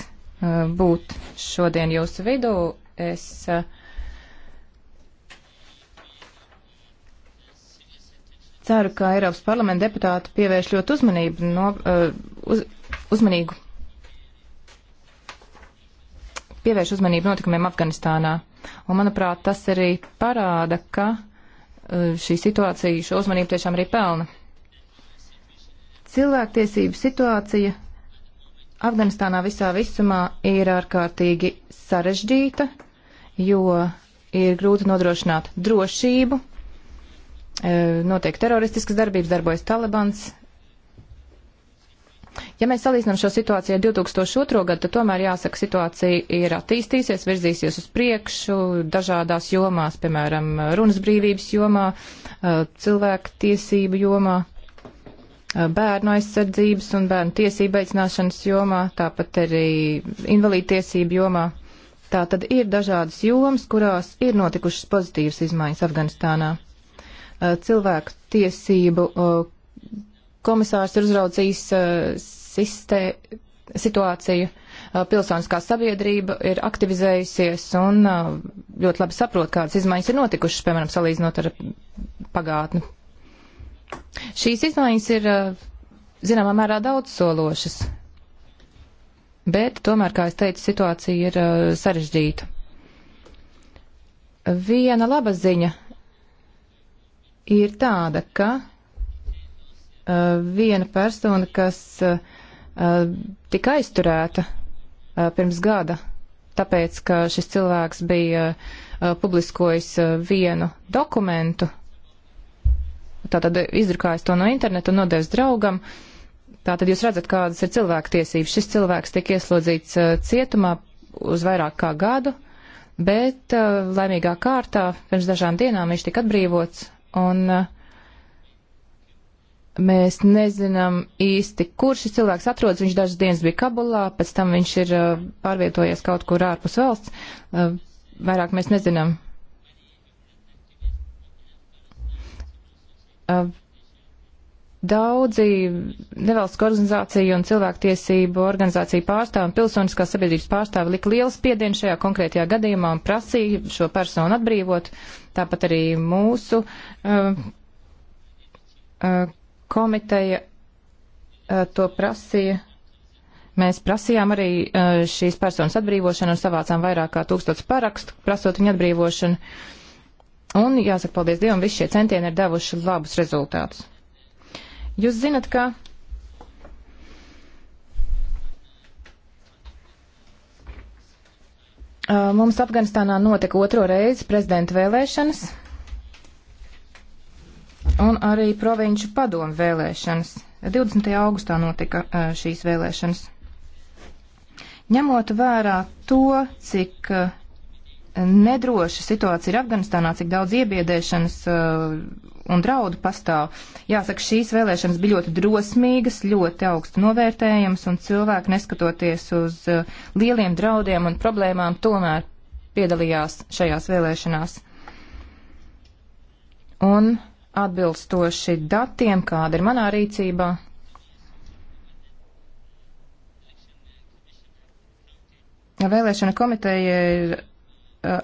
Speaker 4: būt šodien jūsu vidū es eh, ceru, ka Eiropas parlamenta deputāti pievērš ļoti uzmanību, no, eh, uz, uzmanīgu, pievērš uzmanību notikumiem Afganistānā. Un, manuprāt, tas arī parāda, ka eh, šī situācija šo uzmanību tiešām arī pelna. Cilvēktiesību situācija Afganistānā visā visumā ir ārkārtīgi sarežģīta jo ir grūti nodrošināt drošību, e, notiek teroristiskas darbības, darbojas Talibans. Ja mēs salīdzinām šo situāciju ar 2002. gadu, tad tomēr jāsaka, situācija ir attīstīsies, virzīsies uz priekšu dažādās jomās, piemēram, runas brīvības jomā, e, cilvēku tiesību jomā, e, bērnu aizsardzības un bērnu tiesību aicināšanas jomā, tāpat arī invalīdu tiesību jomā. Tā tad ir dažādas jomas, kurās ir notikušas pozitīvas izmaiņas Afganistānā. Eh, cilvēku tiesību eh, komisārs ir uzraudzījis eh, sistē, situāciju. Pilsoniskā sabiedrība ir aktivizējusies un ļoti labi saprot, kādas izmaiņas ir notikušas, piemēram, salīdzinot ar pagātni. Šīs izmaiņas ir zināmā mērā daudz sološas bet tomēr, kā es teicu, situācija ir uh, sarežģīta. Viena laba ziņa ir tāda, ka uh, viena persona, kas uh, uh, tika aizturēta uh, pirms gada, tāpēc, ka šis cilvēks bija uh, publiskojis uh, vienu dokumentu, tātad izrukājis to no interneta un nodevis draugam, uh, Tātad jūs redzat, kādas ir cilvēktiesības. Šis cilvēks tiek ieslodzīts uh, cietumā uz vairāk kā gadu, bet uh, laimīgā kārtā pirms dažām dienām viņš tika atbrīvots un uh, mēs nezinām īsti, kur šis cilvēks atrodas. Viņš dažas dienas bija Kabulā, pēc tam viņš ir pārvietojies kaut kur ārpus valsts. Vairāk mēs nezinām. Daudzi nevalstiskā organizācija un cilvēktiesību organizācija pārstāvi un pilsoniskās sabiedrības pārstāvi lika lielu spiedienu šajā konkrētajā gadījumā un prasīja šo personu atbrīvot. Tāpat arī mūsu uh, uh, komiteja uh, to prasīja. Mēs prasījām arī uh, šīs personas atbrīvošanu un savācām vairāk kā tūkstots parakstu, prasot viņu atbrīvošanu. Un jāsaka, paldies Dievam, visi šie centieni ir devuši labus rezultātus. Jūs zinat, ka mums Afganistānā notika otro reizi prezidenta vēlēšanas un arī provinču padomu vēlēšanas. 20. augustā notika šīs vēlēšanas. Ņemot vērā to, cik nedroša situācija ir Afganistānā, cik daudz iebiedēšanas un draudu pastāv. Jāsaka, šīs vēlēšanas bija ļoti drosmīgas, ļoti augstu novērtējamas, un cilvēki, neskatoties uz uh, lieliem draudiem un problēmām, tomēr piedalījās šajās vēlēšanās. Un atbilstoši datiem, kāda ir manā rīcībā, vēlēšana komiteja ir uh,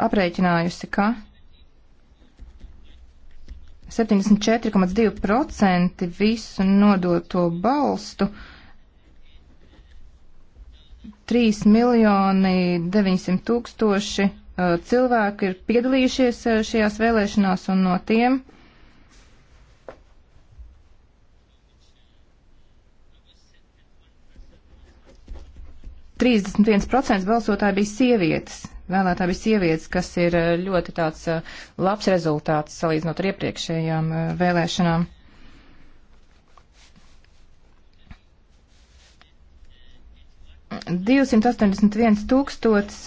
Speaker 4: aprēķinājusi, ka 74,2% visu nodoto balstu 3 miljoni 900 tūkstoši uh, cilvēki ir piedalījušies uh, šajās vēlēšanās un no tiem Trīsdesmit viens procents balsotāji bija sievietes vēlētāju sievietes, kas ir eh, ļoti tāds eh, labs rezultāts salīdzinot ar iepriekšējām eh, vēlēšanām. Divsimt astoņdesmit viens tūkstots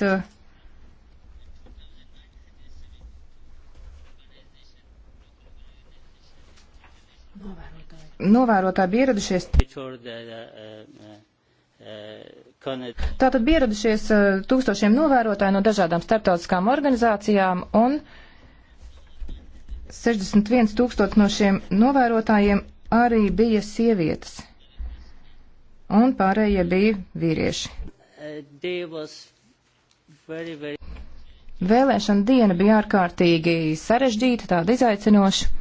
Speaker 4: novērotāji bija ieradušies.
Speaker 3: Tātad
Speaker 4: bija ieradušies eh, tūkstošiem novērotāju no dažādām starptautiskām organizācijām un 61 tūkstoši no šiem novērotājiem arī bija sievietes un pārējie bija vīrieši. Vēlēšana diena bija ārkārtīgi sarežģīta, tāda izaicinoša.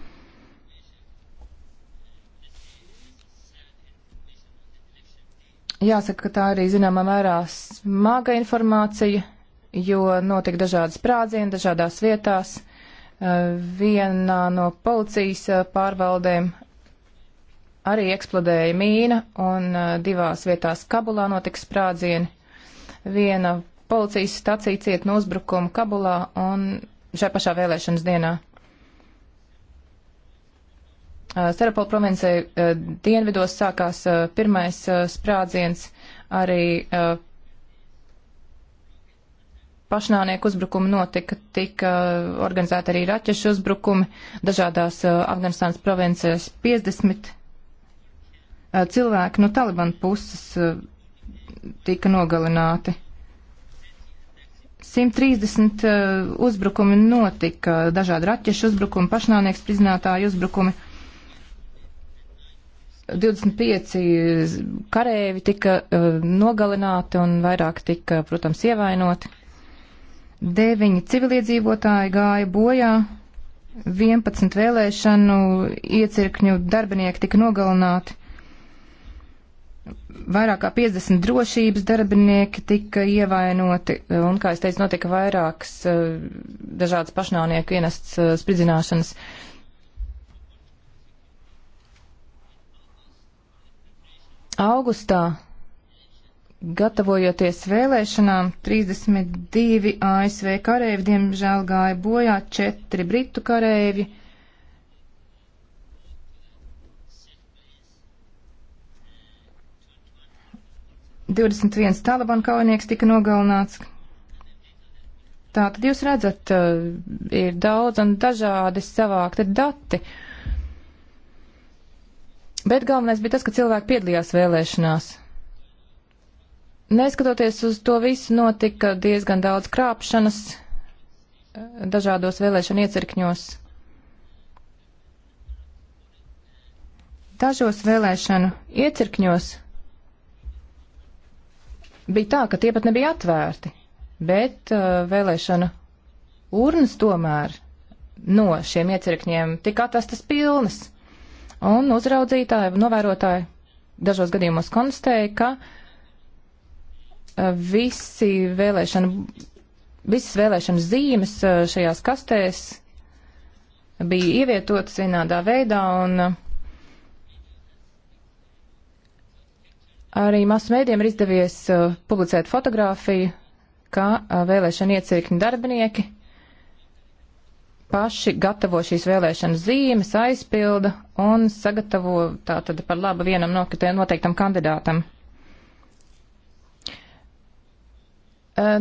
Speaker 4: Jāsaka, ka tā arī zināmā mērā smaga informācija, jo notika dažādas sprādzieni dažādās vietās. Eh, vienā no policijas eh, pārvaldēm arī eksplodēja mīna un eh, divās vietās Kabulā notika sprādzieni. Viena policijas stacija ciet no uzbrukuma Kabulā un šai pašā vēlēšanas dienā. Uh, Sarapola provincē uh, dienvidos sākās uh, pirmais sprādziens, arī pašnāvnieku uzbrukumi notika, tika organizēta arī raķešu uzbrukumi dažādās Afganistānas provincēs 50 cilvēki no Taliban puses tika nogalināti. 130 uzbrukumi notika, dažādi raķešu uzbrukumi, pašnāvnieks prizinātāju uzbrukumi. 25 karēvi tika uh, nogalināti un vairāk tika, protams, ievainoti. Deviņi civiliedzīvotāji gāja bojā, 11 vēlēšanu iecirkņu darbinieki tika nogalināti, vairāk kā 50 drošības darbinieki tika ievainoti, eh, un, kā es teicu, notika vairākas uh, dažādas pašnāvnieku ienests uh, spridzināšanas. Uh, augustā, gatavojoties vēlēšanām, 32 ASV karēvi, diemžēl, gāja bojā, 4 britu karēvi. Divdesmit viens Taliban kaujinieks tika nogalināts, Tā tad jūs redzat, eh, ir daudz un dažādi savākti dati, Bet galvenais bija tas, ka cilvēki piedalījās vēlēšanās. Neskatoties uz to visu, notika diezgan daudz krāpšanas eh, dažādos vēlēšana iecirkņos. Dažos vēlēšanu iecirkņos bija tā, ka tie pat nebija atvērti, bet uh, vēlēšana urnas tomēr no šiem iecirkņiem tika atvestas pilnas. Un uzraudzītāji, novērotāji dažos gadījumos konstatēja, ka eh, visi vēlēšana, visas vēlēšana zīmes eh, šajās kastēs bija ievietotas vienādā veidā un eh, arī masu mēdiem ir izdevies publicēt fotografiju, kā vēlēšana iecirkņu darbinieki paši gatavo šīs vēlēšanas zīmes, aizpilda un sagatavo tātad par labu vienam noteiktam kandidātam.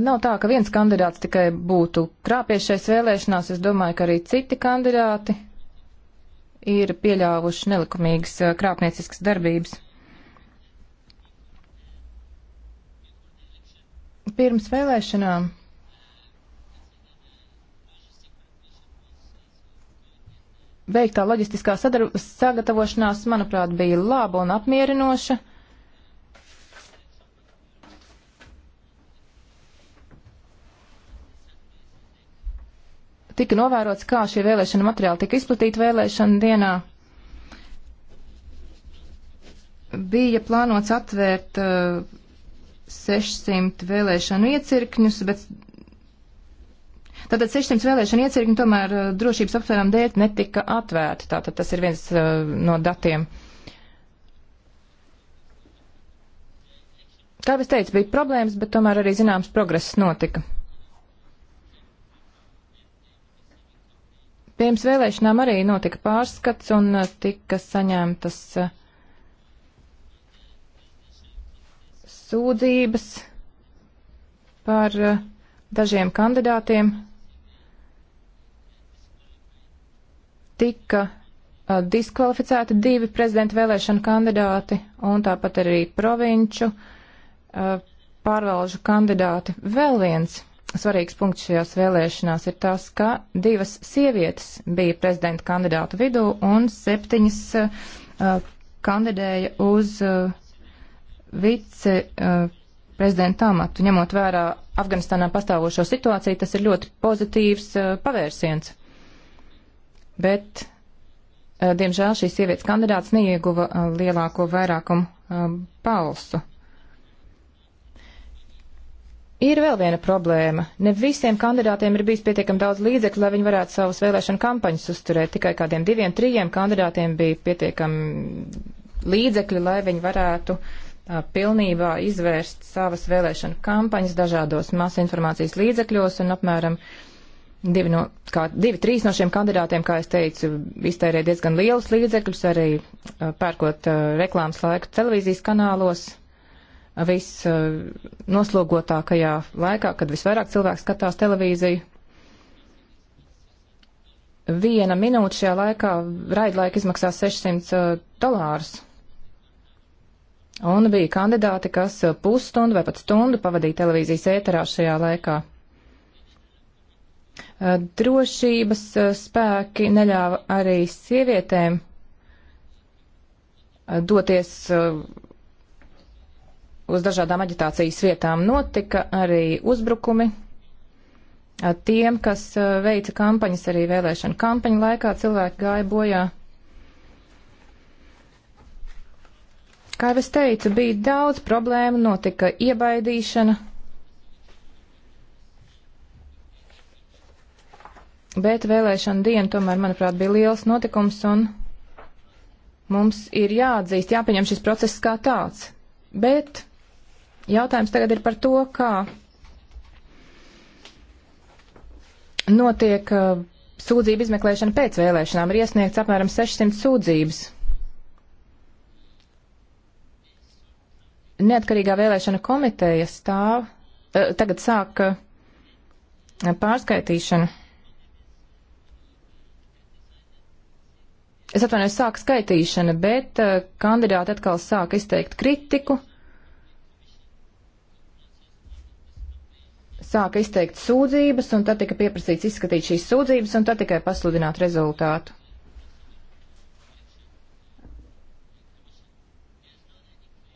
Speaker 4: Nav tā, ka viens kandidāts tikai būtu krāpies šais vēlēšanās. Es domāju, ka arī citi kandidāti ir pieļāvuši nelikumīgas krāpnieciskas darbības. Pirms vēlēšanām veiktā loģistiskā sagatavošanās, manuprāt, bija laba un apmierinoša. Tika novērots, kā šie vēlēšana materiāli tika izplatīti vēlēšana dienā. Bija plānots atvērt uh, 600 vēlēšanu iecirkņus, bet Tātad 600 vēlēšana iecirkņi tomēr eh, drošības apsvērumu dēļ netika atvērti. Tātad tas ir viens eh, no datiem. Kā es teicu, bija problēmas, bet tomēr arī zināms progress notika. Pirms vēlēšanām arī notika pārskats un eh, tika saņemtas sūdzības par dažiem kandidātiem, tika diskvalificēti divi prezidenta vēlēšana kandidāti un tāpat arī provinču pārvalžu kandidāti. Vēl viens svarīgs punkts šajās vēlēšanās ir tas, ka divas sievietes bija prezidenta kandidātu vidū un septiņas uh, kandidēja uz uh, vice uh, prezidenta amatu. Ņemot vērā Afganistānā pastāvošo situāciju, tas ir ļoti pozitīvs pavērsiens bet, eh, diemžēl, šīs sievietes kandidāts neieguva eh, lielāko vairākumu eh, balsu. Ir vēl viena problēma. Ne visiem kandidātiem ir bijis pietiekami daudz līdzekļu, lai viņi varētu savus vēlēšanu kampaņas uzturēt. Tikai kādiem diviem, trījiem kandidātiem bija pietiekami līdzekļi, lai viņi varētu tā, pilnībā izvērst savas vēlēšanu kampaņas dažādos masinformācijas līdzekļos un apmēram uh, Divi, no, kā, divi, trīs no šiem kandidātiem, kā es teicu, iztērēja diezgan lielus līdzekļus, arī uh, pērkot uh, reklāmas laiku televīzijas kanālos. Uh, viss uh, noslogotākajā laikā, kad visvairāk cilvēks skatās televīziju. Viena minūte šajā laikā raidlaika izmaksā 600 uh, dolārus. Un bija kandidāti, kas uh, pusstundu vai pat stundu pavadīja televīzijas ēterā šajā laikā. Eh, drošības eh, spēki neļāva arī sievietēm eh, doties uz dažādām aģitācijas vietām. Notika arī uzbrukumi tiem, kas veica kampaņas arī vēlēšana kampaņu laikā, cilvēki gāja bojā. Kā jau es teicu, bija daudz problēmu, notika iebaidīšana Bet vēlēšana diena tomēr, manuprāt, bija liels notikums un mums ir jāatzīst, jāpieņem šis process kā tāds. Bet jautājums tagad ir par to, kā notiek uh, sūdzību izmeklēšana pēc vēlēšanām. Ir iesniegts apmēram 600 sūdzības. Neatkarīgā vēlēšana komiteja stāv, uh, tagad sāk uh, pārskaitīšanu. es atvainojos, sāka skaitīšana, bet uh, kandidāti atkal sāka izteikt kritiku, sāka izteikt sūdzības, un tad tika pieprasīts izskatīt šīs sūdzības, un tad tikai pasludināt rezultātu.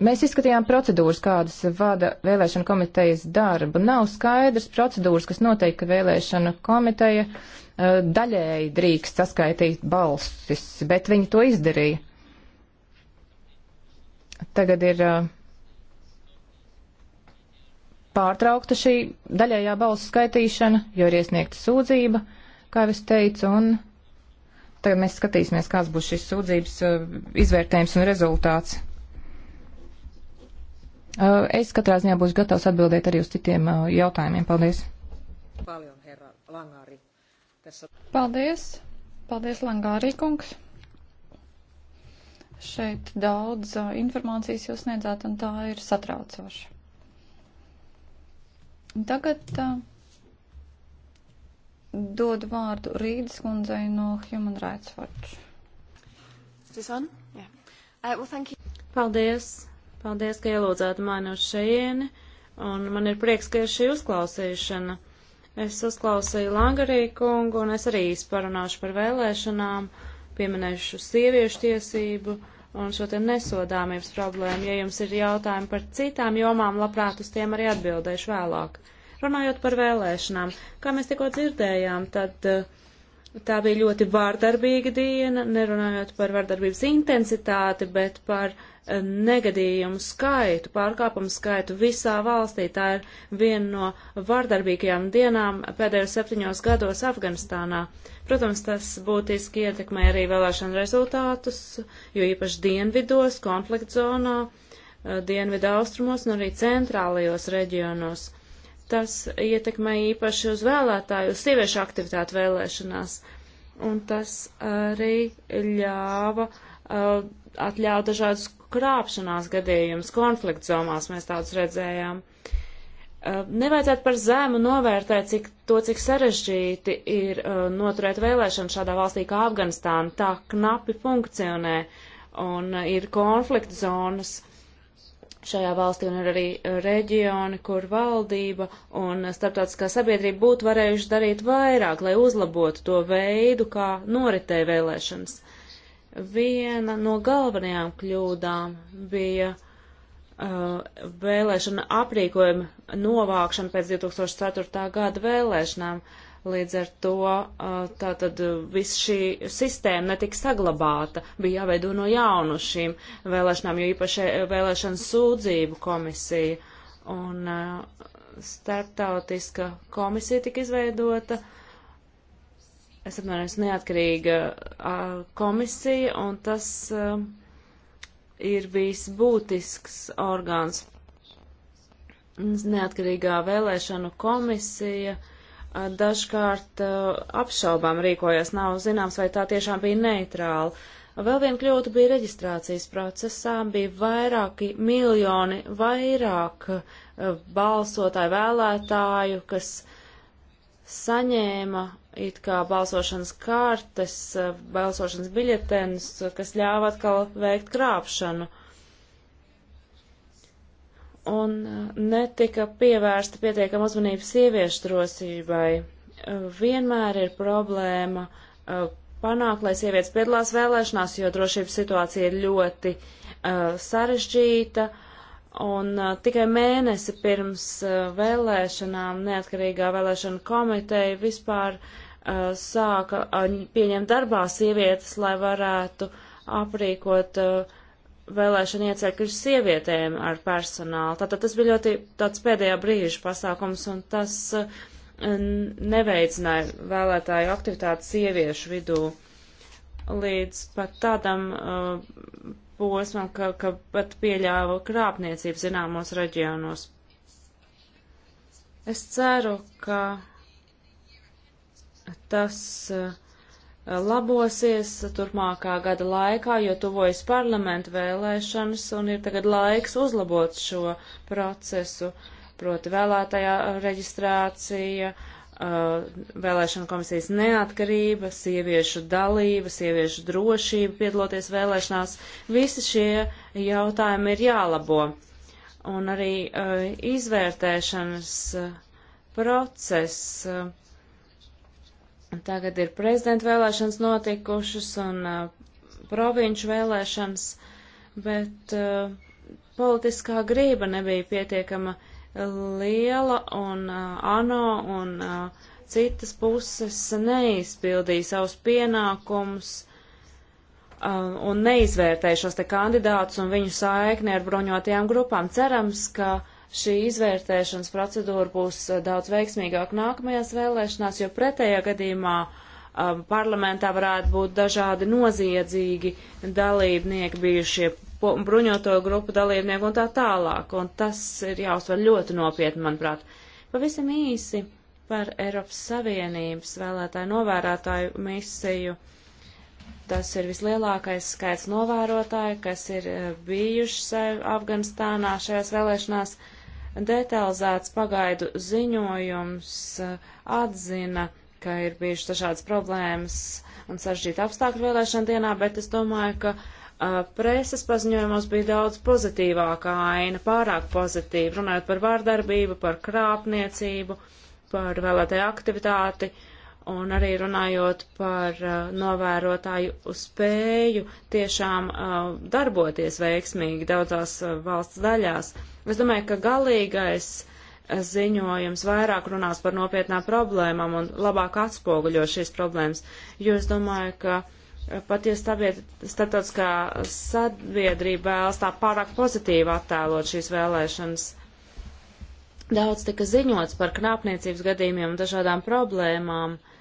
Speaker 4: Mēs izskatījām procedūras, kādas vada vēlēšana komitejas darbu. Nav skaidrs procedūras, kas noteikti, ka vēlēšana komiteja uh, daļēji drīkst saskaitīt balsis, bet viņi to izdarīja. Tagad ir uh, pārtraukta šī daļējā balsu skaitīšana, jo ir iesniegta sūdzība, kā jau es teicu, un tagad mēs skatīsimies, kāds būs šis sūdzības uh, izvērtējums un rezultāts. Eh, es katrā ziņā būšu gatavs atbildēt arī uz citiem eh, jautājumiem. Paldies!
Speaker 2: Paldies! Paldies, Langārī kungs! Šeit daudz eh, informācijas jūs sniedzāt, un tā ir satraucoša. Tagad uh, dodu vārdu Rīdas kundzei no Human Rights Watch. Yeah. Uh,
Speaker 5: well, Paldies! Paldies, ka ielūdzāt mani uz šajieni, un man ir prieks, ka ir šī uzklausīšana. Es uzklausīju Langarī kungu, un es arī parunāšu par vēlēšanām, pieminēšu sieviešu tiesību un šo te nesodāmības problēmu. Ja jums ir jautājumi par citām jomām, labprāt uz tiem arī atbildēšu vēlāk. Runājot par vēlēšanām, kā mēs tikko dzirdējām, tad uh, Tā bija ļoti vārdarbīga diena, nerunājot par vārdarbības intensitāti, bet par eh, negadījumu skaitu, pārkāpumu skaitu visā valstī. Tā ir viena no vārdarbīgajām dienām pēdējos septiņos gados Afganistānā. Protams, tas būtiski ietekmē arī vēlēšanu rezultātus, jo īpaši dienvidos, konflikt zonā, eh, dienvidu austrumos un arī centrālajos reģionos Tas ietekmē īpaši uz vēlētāju, uz sieviešu aktivitātu vēlēšanās. Un tas arī ļāva uh, atļaut dažādus krāpšanās gadījumus, konflikts zomās mēs tādus redzējām. Uh, nevajadzētu par zēmu novērtēt cik, to, cik sarežģīti ir uh, noturēt vēlēšanu šādā valstī kā Afganistāna. Tā knapi funkcionē un uh, ir konflikta zonas. Uh, šajā valstī un ir arī e, reģioni, kur valdība un starptautiskā sabiedrība būtu varējuši darīt vairāk, lai uzlabotu to veidu, kā noritē vēlēšanas. Viena no galvenajām kļūdām bija uh, vēlēšana aprīkojuma novākšana pēc 2004. gada vēlēšanām. Uh, Līdz ar to tā tad viss šī sistēma netika saglabāta, bija jāveido no jaunu šīm vēlēšanām, jo īpaši vēlēšana sūdzību komisija un starptautiska komisija tika izveidota. Es atvainojos, neatkarīga komisija, un tas ir bijis būtisks orgāns. Neatkarīgā vēlēšanu komisija uh, dažkārt uh, apšaubām rīkojas, nav zināms, vai tā tiešām bija neitrāla. Vēl viena kļūda bija reģistrācijas procesā, bija vairāki miljoni vairāk uh, balsotāju vēlētāju, kas saņēma it kā balsošanas kartes, uh, balsošanas biļetenus, kas ļāva atkal veikt krāpšanu. Uh, un uh, netika pievērsta pietiekama uzmanība sieviešu drosībai. Uh, vienmēr ir problēma uh, panākt, lai sievietes piedalās vēlēšanās, jo drošības situācija ir ļoti sarežģīta. Un uh, tikai mēnesi pirms uh, vēlēšanām neatkarīgā vēlēšana komiteja vispār uh, sāka uh, pieņemt darbā sievietes, lai varētu aprīkot uh, vēlēšana iecēkļus sievietēm ar personālu. Tātad tas bija ļoti tāds pēdējā brīža pasākums, un tas eh, neveicināja vēlētāju aktivitāti sieviešu vidū līdz pat tādam uh, posmam, ka, ka pat pieļāva krāpniecību zināmos reģionos. Es ceru, ka tas uh, labosies turpmākā gada laikā, jo tuvojas parlamentu vēlēšanas un ir tagad laiks uzlabot šo procesu, proti vēlētajā reģistrācija, uh, vēlēšana komisijas neatkarība, sieviešu dalība, sieviešu drošība piedaloties vēlēšanās. Visi šie jautājumi ir jālabo. Un arī uh, izvērtēšanas uh, process Tagad ir prezidenta vēlēšanas notikušas un uh, provinču vēlēšanas, bet uh, politiskā grība nebija pietiekama liela un uh, ANO un uh, citas puses neizpildīja savus pienākumus uh, un neizvērtēja šos te kandidātus un viņu saikni ar bruņotajām grupām. Cerams, ka uh, šī izvērtēšanas procedūra būs eh, daudz veiksmīgāka nākamajās vēlēšanās, jo pretējā gadījumā um, parlamentā varētu būt dažādi noziedzīgi dalībnieki, bijušie bruņoto grupu dalībnieki un tā tālāk. Un tas ir jāuztver ļoti nopietni, manuprāt. Pavisam īsi par Eiropas Savienības vēlētāju novērētāju misiju. Tas ir vislielākais skaits novērotāju, kas ir eh, bijuši Afganistānā šajās vēlēšanās. Uh, Detalizēts pagaidu ziņojums eh, atzina, ka ir bijušas dažādas problēmas un sažģīta apstākļu vēlēšana dienā, bet es domāju, ka uh, preses paziņojumos bija daudz pozitīvāka aina, pārāk pozitīva, runājot par vārdarbību, par krāpniecību, par vēlētāju aktivitāti un arī runājot par uh, novērotāju spēju tiešām uh, darboties veiksmīgi daudzās uh, valsts daļās. Es domāju, ka galīgais eh, ziņojums vairāk runās par nopietnām problēmām un labāk atspoguļo šīs problēmas, jo es domāju, ka eh, patiesi starptautiskā sabiedrība vēlas tā pārāk pozitīvi attēlot šīs vēlēšanas. Daudz tika ziņots par knāpniecības gadījumiem un dažādām problēmām. Uh,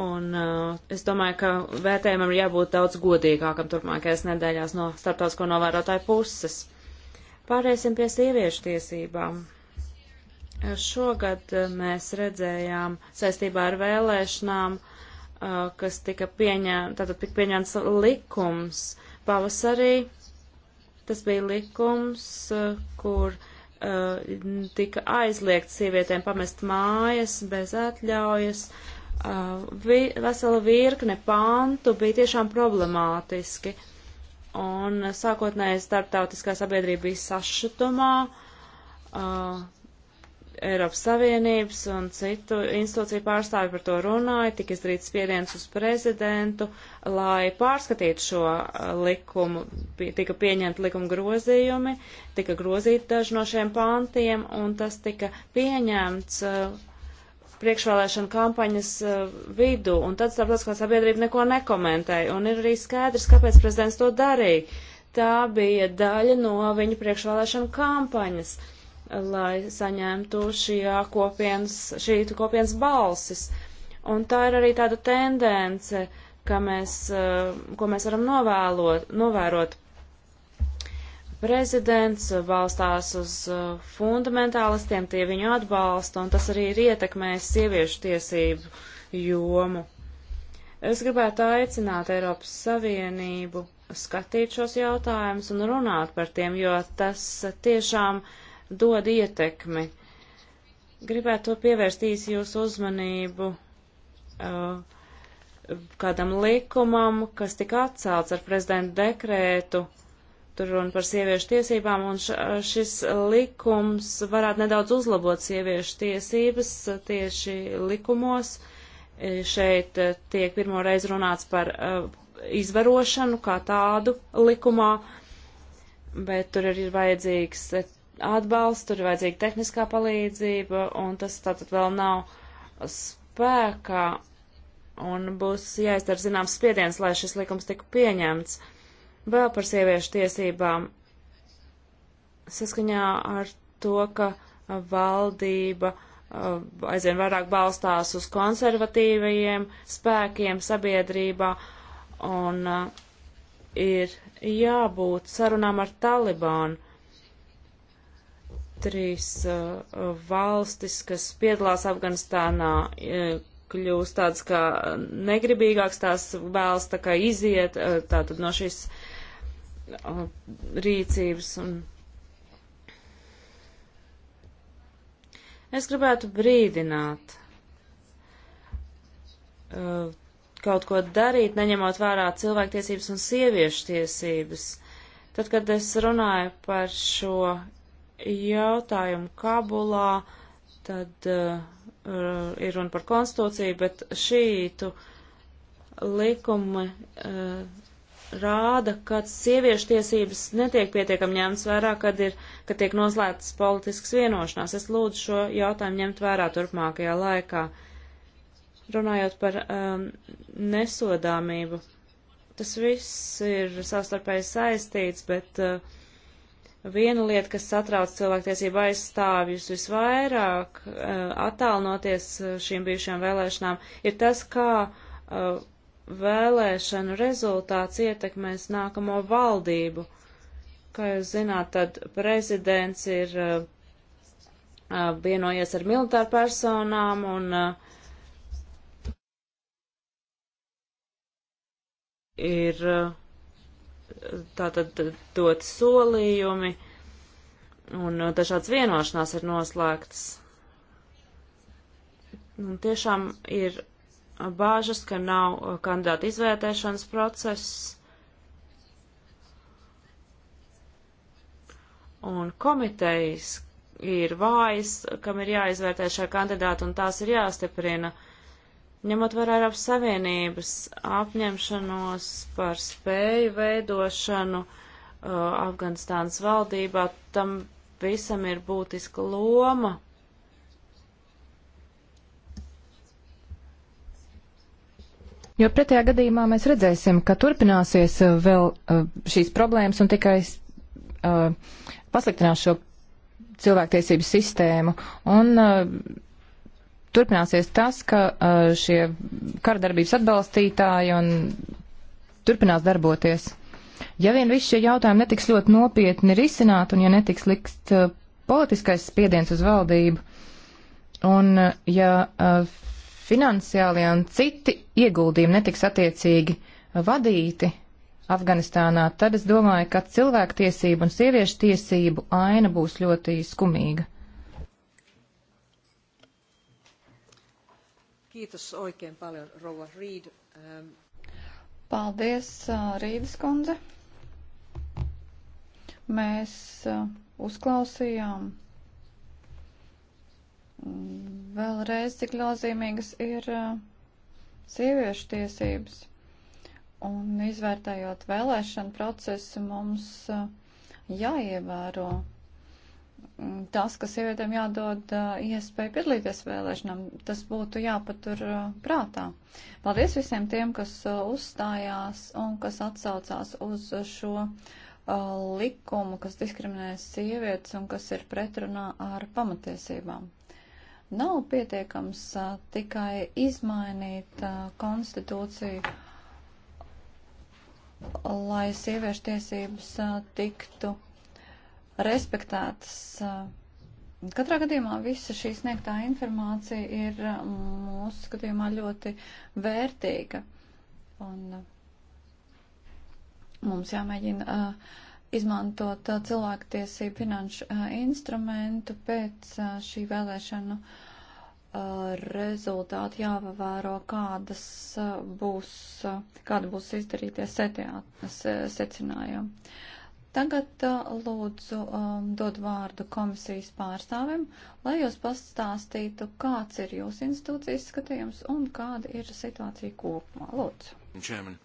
Speaker 5: Un uh, es domāju, ka vērtējumam ir jābūt daudz godīgākam turpmākajās nedēļās no starptautisko novērotāju puses. Pāriesim pie sieviešu tiesībām. Šogad uh, mēs redzējām saistībā ar vēlēšanām, uh, kas tika pieņēmts, tātad tika pieņēmts likums pavasarī. Tas bija likums, uh, kur uh, tika aizliegts sievietēm pamest mājas bez atļaujas. Uh, vi, vesela virkne pantu bija tiešām problemātiski. Un sākotnēji starptautiskā sabiedrība bija sašutumā, uh, Eiropas Savienības un citu institūciju pārstāvi par to runāja, tika izdarīts spiediens uz prezidentu, lai pārskatītu šo likumu, tika pieņemti likuma grozījumi, tika grozīti daži no šiem pantiem, un tas tika pieņemts uh, priekšvēlēšana kampaņas uh, eh, vidū, un tad starptautiskā sabiedrība neko nekomentēja, un ir arī skaidrs, kāpēc prezidents to darīja. Tā bija daļa no viņa priekšvēlēšana kampaņas, lai saņemtu kopienas, šī kopienas balsis. Un tā ir arī tāda tendence, ka mēs, uh, ko mēs varam novēlot, novērot prezidents balstās uz uh, fundamentālistiem, tie viņu atbalsta, un tas arī ir ietekmējis sieviešu tiesību jomu. Es gribētu aicināt Eiropas Savienību skatīt šos jautājumus un runāt par tiem, jo tas tiešām dod ietekmi. Gribētu to pievērst īsi jūsu uzmanību uh, kādam likumam, kas tika atcelts ar prezidenta dekrētu Tur runa par sieviešu tiesībām, un šis likums varētu nedaudz uzlabot sieviešu tiesības tieši likumos. E, šeit e, tiek pirmo reizi runāts par e, izvarošanu kā tādu likumā, bet tur ir vajadzīgs atbalsts, tur ir vajadzīga tehniskā palīdzība, un tas tātad vēl nav spēkā, un būs jāizdara zināms spiediens, lai šis likums tiku pieņemts. Vēl par sieviešu tiesībām. Saskaņā ar to, ka valdība aizvien vairāk balstās uz konservatīvajiem spēkiem sabiedrībā un ir jābūt sarunām ar Talibānu. Trīs valstis, kas piedalās Afganistānā, kļūst tādas kā negribīgākas, tās vēlas tā kā iziet tātad no šīs uh, rīcības. Un es gribētu brīdināt uh, kaut ko darīt, neņemot vērā cilvēktiesības un sieviešu tiesības. Tad, kad es runāju par šo jautājumu Kabulā, tad uh, ir runa par konstitūciju, bet šītu likumi uh, rāda, ka sieviešu tiesības netiek pietiekam ņemts vērā, kad, ir, kad tiek noslēgts politisks vienošanās. Es lūdzu šo jautājumu ņemt vērā turpmākajā laikā. Runājot par um, nesodāmību, tas viss ir savstarpēji saistīts, bet uh, viena lieta, kas satrauc cilvēktiesību aizstāvjus visvairāk, uh, attālinoties uh, šīm bijušajām vēlēšanām, ir tas, kā uh, vēlēšanu rezultāts ietekmēs nākamo valdību. Kā jūs zināt, tad prezidents ir uh, uh, vienojies ar militāru personām un uh, ir tātad dot solījumi un dažādas vienošanās ir noslēgtas. Un tiešām ir bāžas, ka nav uh, kandidāta izvērtēšanas process. Un komitejas ir vājas, kam ir jāizvērtē šie kandidāti, un tās ir jāstiprina. Ņemot vērā Eiropas Savienības apņemšanos par spēju veidošanu uh, Afganistānas valdībā, tam visam ir būtiska loma
Speaker 4: Jo pretējā gadījumā mēs redzēsim, ka turpināsies uh, vēl uh, šīs problēmas un tikai uh, pasliktinās šo cilvēktiesību sistēmu. Un turpināsies tas, ka šie karadarbības atbalstītāji un turpinās darboties. Ja vien visi šie jautājumi netiks ļoti nopietni risināt un ja netiks likt politiskais spiediens uz valdību, un ja uh, finansiālie un citi ieguldījumi netiks attiecīgi vadīti Afganistānā, tad es domāju, ka cilvēktiesību un sieviešu tiesību aina būs ļoti skumīga.
Speaker 1: Kītos oikein paljon, Rova Rīd. Um... Ähm,
Speaker 2: Paldies, Rīdas kundze. Mēs uzklausījām vēlreiz, cik nozīmīgas ir uh, sieviešu tiesības. Un izvērtējot vēlēšanu procesu, mums uh, jāievēro mm, tas, ka sievietēm jādod uh, iespēja piedalīties vēlēšanām. Tas būtu jāpatur prātā. Paldies visiem tiem, kas uzstājās un kas atsaucās uz šo likumu, kas diskriminē sievietes un kas ir pretrunā ar pamatiesībām. Nav pietiekams tikai izmainīt konstitūciju, lai sieviešu tiesības tiktu respektētas. Katrā gadījumā visa šī sniegtā informācija ir mūsu skatījumā ļoti vērtīga. Un mums jāmēģina uh, izmantot uh, cilvēktiesību finanšu uh, instrumentu pēc uh, šī vēlēšanu rezultāti jāvēro, kādas būs, kāda būs izdarītie secinājumi. Tagad lūdzu um, dod vārdu komisijas pārstāvim, lai jūs pastāstītu, kāds ir jūsu institūcijas skatījums un kāda ir situācija kopumā. Lūdzu.
Speaker 1: Chairman.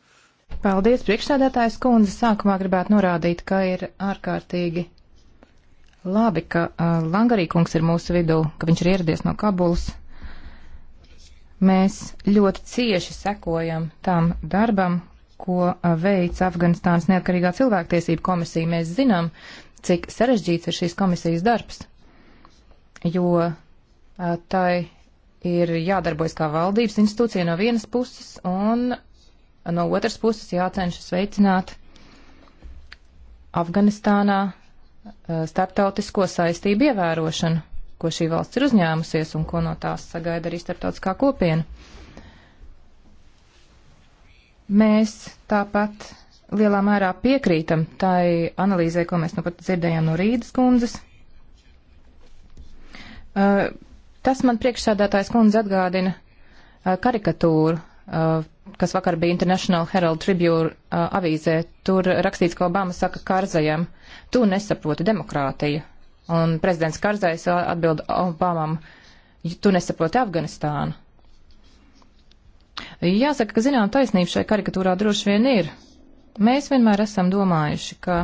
Speaker 4: Paldies, priekšsēdētājs kundze. Sākumā gribētu norādīt, ka ir ārkārtīgi labi, ka uh, Langarīkungs ir mūsu vidū, ka viņš ir ieradies no Kabulas. Mēs ļoti cieši sekojam tam darbam, ko uh, veic Afganistānas neatkarīgā cilvēktiesība komisija. Mēs zinām, cik sarežģīts ir šīs komisijas darbs, jo uh, tai ir jādarbojas kā valdības institūcija no vienas puses un no otras puses jācenšas veicināt Afganistānā starptautisko saistību ievērošanu, ko šī valsts ir uzņēmusies un ko no tās sagaida arī starptautiskā kopiena. Mēs tāpat lielā mērā piekrītam tai analīzē, ko mēs nu pat dzirdējām no Rīdas kundzes. Tas man priekšsēdētājs kundze atgādina karikatūru Uh, kas vakar bija International Herald Tribune uh, avīzē. Tur rakstīts, ka Obama saka Karzajam, tu nesaproti demokrātiju. Un prezidents Karzais atbild Obamam, tu nesaproti Afganistānu. Jāsaka, ka zinām taisnība šai karikatūrā droši vien ir. Mēs vienmēr esam domājuši, ka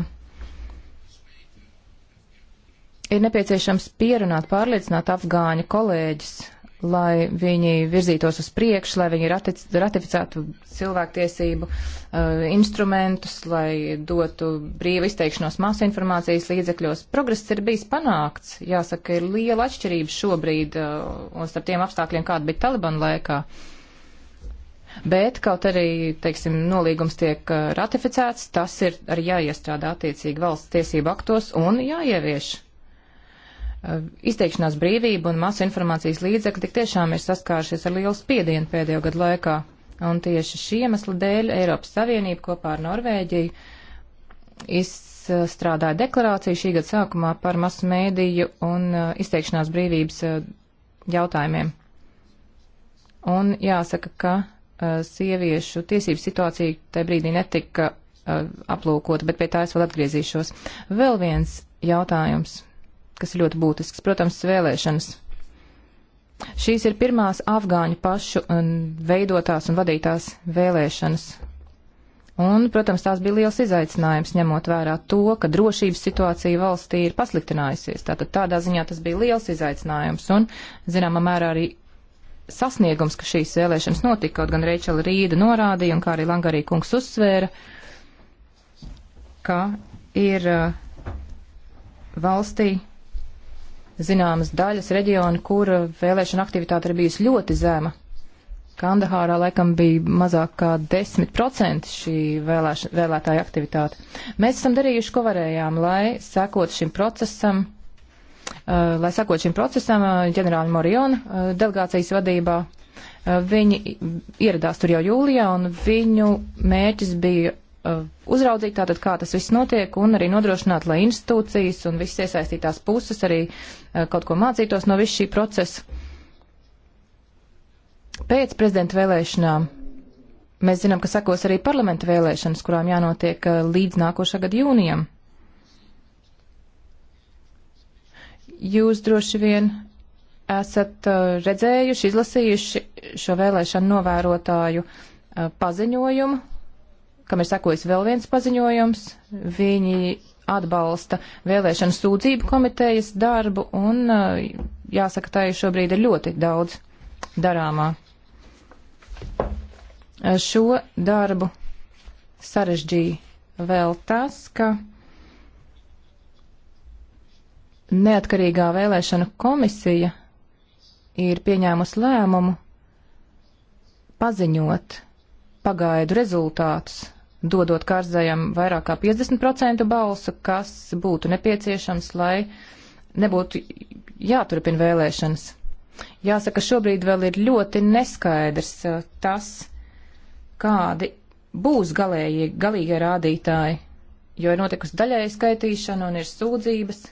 Speaker 4: ir nepieciešams pierunāt, pārliecināt afgāņu kolēģis lai viņi virzītos uz priekšu, lai viņi ratificētu cilvēktiesību uh, instrumentus, lai dotu brīvu izteikšanos masu informācijas līdzekļos. Progress ir bijis panākts. Jāsaka, ir liela atšķirība šobrīd uh, un starp tiem apstākļiem, kāda bija Taliban laikā. Bet, kaut arī, teiksim, nolīgums tiek uh, ratificēts, tas ir arī jāiestrādā attiecīgi valsts tiesību aktos un jāievieš Eh, izteikšanās brīvība un masu informācijas līdzekļi tik tiešām ir saskāršies ar lielu spiedienu pēdējo gadu laikā. Un tieši šī iemesla dēļ Eiropas Savienība kopā ar Norvēģiju izstrādāja deklarāciju šī gada sākumā par masu mēdīju un eh, izteikšanās brīvības eh, jautājumiem. Un jāsaka, ka sieviešu tiesību situācija tajā brīdī netika aplūkota, bet pie tā es vēl atgriezīšos. Vēl viens jautājums kas ir ļoti būtisks, protams, vēlēšanas. Šīs ir pirmās afgāņu pašu un um, veidotās un vadītās vēlēšanas. Un, protams, tās bija liels izaicinājums, ņemot vērā to, ka drošības situācija valstī ir pasliktinājusies. Tātad tādā ziņā tas bija liels izaicinājums un, zināmā mērā, arī sasniegums, ka šīs vēlēšanas notika, kaut gan Reičela Rīda norādīja un kā arī Langarī kungs uzsvēra, ka ir uh, valstī zināmas daļas reģiona, kur vēlēšana aktivitāte ir bijusi ļoti zema. Kandahārā laikam bija mazāk kā 10% šī vēlēša, vēlētāja aktivitāte. Mēs esam darījuši, ko varējām, lai sekot šim procesam, uh, lai sekot šim procesam uh, ģenerāla Moriona uh, delegācijas vadībā. Viņi ieradās tur jau jūlijā, un viņu mērķis bija Uh, uzraudzīt tātad, kā tas viss notiek un arī nodrošināt, lai institūcijas un visas iesaistītās puses arī uh, kaut ko mācītos no visu šī procesa. Pēc prezidenta vēlēšanām mēs zinām, ka sekos arī parlamenta vēlēšanas, kurām jānotiek uh, līdz nākošā gada jūnijam. Jūs droši vien esat redzējuši, izlasījuši šo vēlēšanu novērotāju paziņojumu kam ir sakojis vēl viens paziņojums. Viņi atbalsta vēlēšanu sūdzību komitejas darbu un, uh, jāsaka, tai šobrīd ir ļoti daudz darāmā. Uh, šo darbu sarežģīja vēl tas, ka neatkarīgā vēlēšana komisija ir pieņēmusi lēmumu paziņot pagaidu rezultātus dodot Kārzējam vairāk kā 50% balsu, kas būtu nepieciešams, lai nebūtu jāturpina vēlēšanas. Jāsaka, šobrīd vēl ir ļoti neskaidrs uh, tas, kādi būs galējie, galīgie rādītāji, jo ir notikusi daļai skaitīšana un ir sūdzības.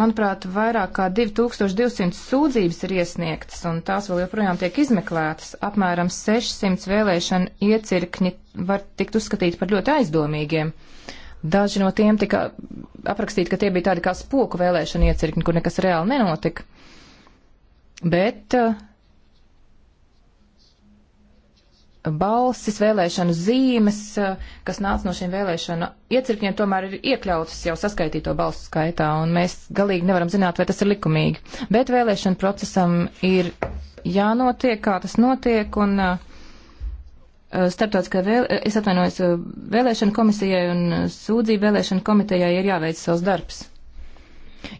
Speaker 4: Manuprāt, vairāk kā 2200 sūdzības ir iesniegtas, un tās vēl joprojām tiek izmeklētas. Apmēram 600 vēlēšana iecirkņi var tikt uzskatīti par ļoti aizdomīgiem. Daži no tiem tika aprakstīti, ka tie bija tādi kā spoku vēlēšana iecirkņi, kur nekas reāli nenotika. Bet uh, balsis, vēlēšanu zīmes, eh, kas nāca no šiem vēlēšanu iecirkņiem, tomēr ir iekļautas jau saskaitīto balsu skaitā, un mēs galīgi nevaram zināt, vai tas ir likumīgi. Bet vēlēšanu procesam ir jānotiek, kā tas notiek, un eh, starptautiskā vēl, es atvainojos eh, vēlēšanu komisijai un sūdzību vēlēšanu komitejai ir jāveic savs darbs.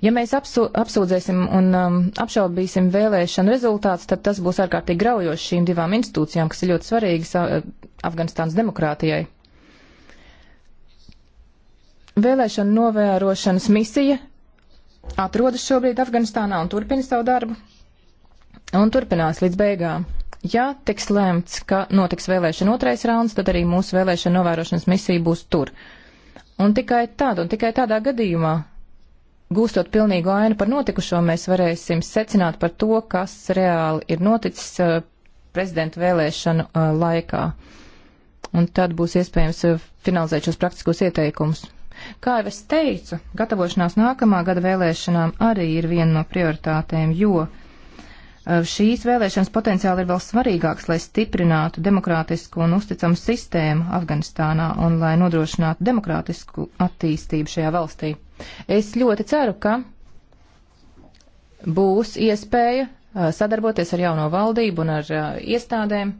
Speaker 4: Ja mēs apsu, apsūdzēsim un um, apšaubīsim vēlēšanu rezultātus, tad tas būs ārkārtīgi graujoši šīm divām institūcijām, kas ir ļoti svarīgas Afganistānas demokrātijai. Vēlēšana novērošanas misija atrodas šobrīd Afganistānā un turpina savu darbu un turpinās līdz beigām. Ja tiks lēmts, ka notiks vēlēšana otrais rauns, tad arī mūsu vēlēšana novērošanas misija būs tur. Un tikai tādā, un tikai tādā gadījumā Gūstot pilnīgu ainu par notikušo, mēs varēsim secināt par to, kas reāli ir noticis uh, prezidenta vēlēšanu uh, laikā. Un tad būs iespējams uh, finalizēt šos praktiskos ieteikumus. Kā jau es teicu, gatavošanās nākamā gada vēlēšanām arī ir viena no prioritātēm, jo uh, šīs vēlēšanas potenciāli ir vēl svarīgāks, lai stiprinātu demokrātisku un uzticamu sistēmu Afganistānā un lai nodrošinātu demokrātisku attīstību šajā valstī. Es ļoti ceru, ka būs iespēja uh, sadarboties ar jauno valdību un ar uh, iestādēm,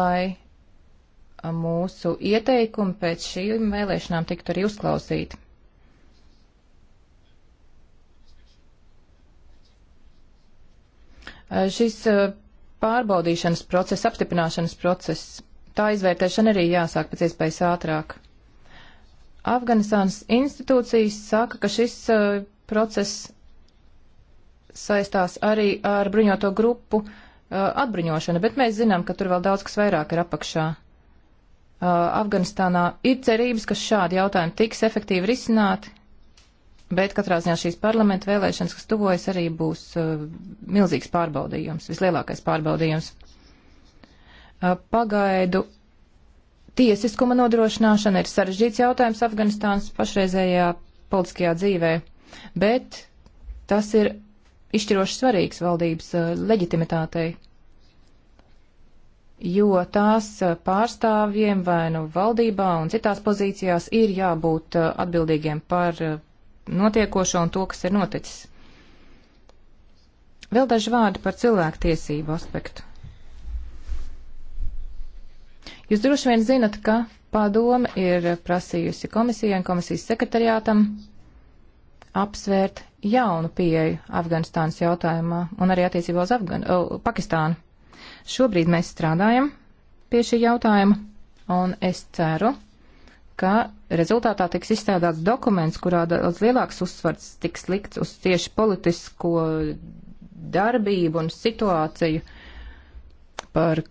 Speaker 4: lai uh, mūsu ieteikumi pēc šīm vēlēšanām tiktu arī uzklausīti. Šis pārbaudīšanas process, apstiprināšanas process, tā izvērtēšana arī jāsāk pēc iespējas ātrāk. Afganistānas institūcijas saka, ka šis uh, process saistās arī ar bruņoto grupu uh, atbruņošanu, bet mēs zinām, ka tur vēl daudz kas vairāk ir apakšā. Uh, Afganistānā ir cerības, ka šādi jautājumi tiks efektīvi risināti, bet katrā ziņā šīs parlamenta vēlēšanas, kas tuvojas, arī būs uh, milzīgs pārbaudījums, vislielākais pārbaudījums. Uh, pagaidu tiesiskuma nodrošināšana ir sarežģīts jautājums Afganistānas pašreizējā politiskajā dzīvē, bet tas ir izšķiroši svarīgs valdības eh, leģitimitātei, jo tās eh, pārstāvjiem vai nu valdībā un citās pozīcijās ir jābūt eh, atbildīgiem par notiekošo un to, kas ir noticis. Vēl daži vārdi par cilvēktiesību aspektu. Jūs droši vien zinat, ka padome ir prasījusi komisijai un komisijas sekretariātam apsvērt jaunu pieeju Afganistānas jautājumā un arī attiecībā uz Afgan o, Pakistānu. Šobrīd mēs strādājam pie šī jautājuma, un es ceru, ka rezultātā tiks izstrādāts dokuments, kurā daudz lielāks uzsvars tiks likts uz tieši politisko darbību un situāciju, par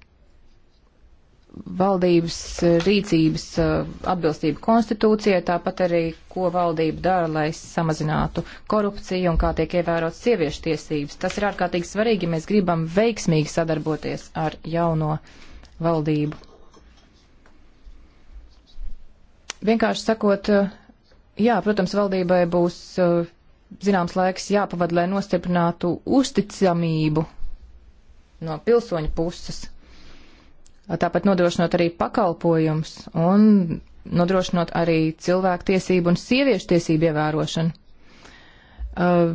Speaker 4: valdības eh, rīcības eh, atbilstību konstitūcijai, tāpat arī, ko valdība dara, lai samazinātu korupciju un kā tiek ievērotas sieviešu tiesības. Tas ir ārkārtīgi svarīgi, ja mēs gribam veiksmīgi sadarboties ar jauno valdību. Vienkārši sakot, eh, jā, protams, valdībai būs zināms laiks jāpavad, lai nostiprinātu uzticamību no pilsoņu puses tāpat nodrošinot arī pakalpojums un nodrošinot arī cilvēku tiesību un sieviešu tiesību ievērošanu. Uh,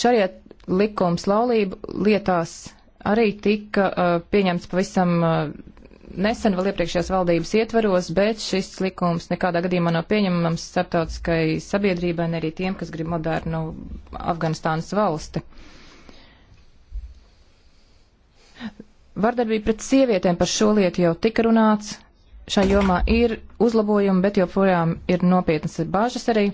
Speaker 4: šariet likums laulību lietās arī tika uh, pieņemts pavisam uh, nesen vēl iepriekšējās valdības ietvaros, bet šis likums nekādā gadījumā nav pieņemams starptautiskai sabiedrībai, ne arī tiem, kas grib modernu Afganistānas valsti. Uh, Vardarbība pret sievietēm par šo lietu jau tika runāts. Šai jomā ir uzlabojumi, bet joprojām ir nopietnas bāžas arī.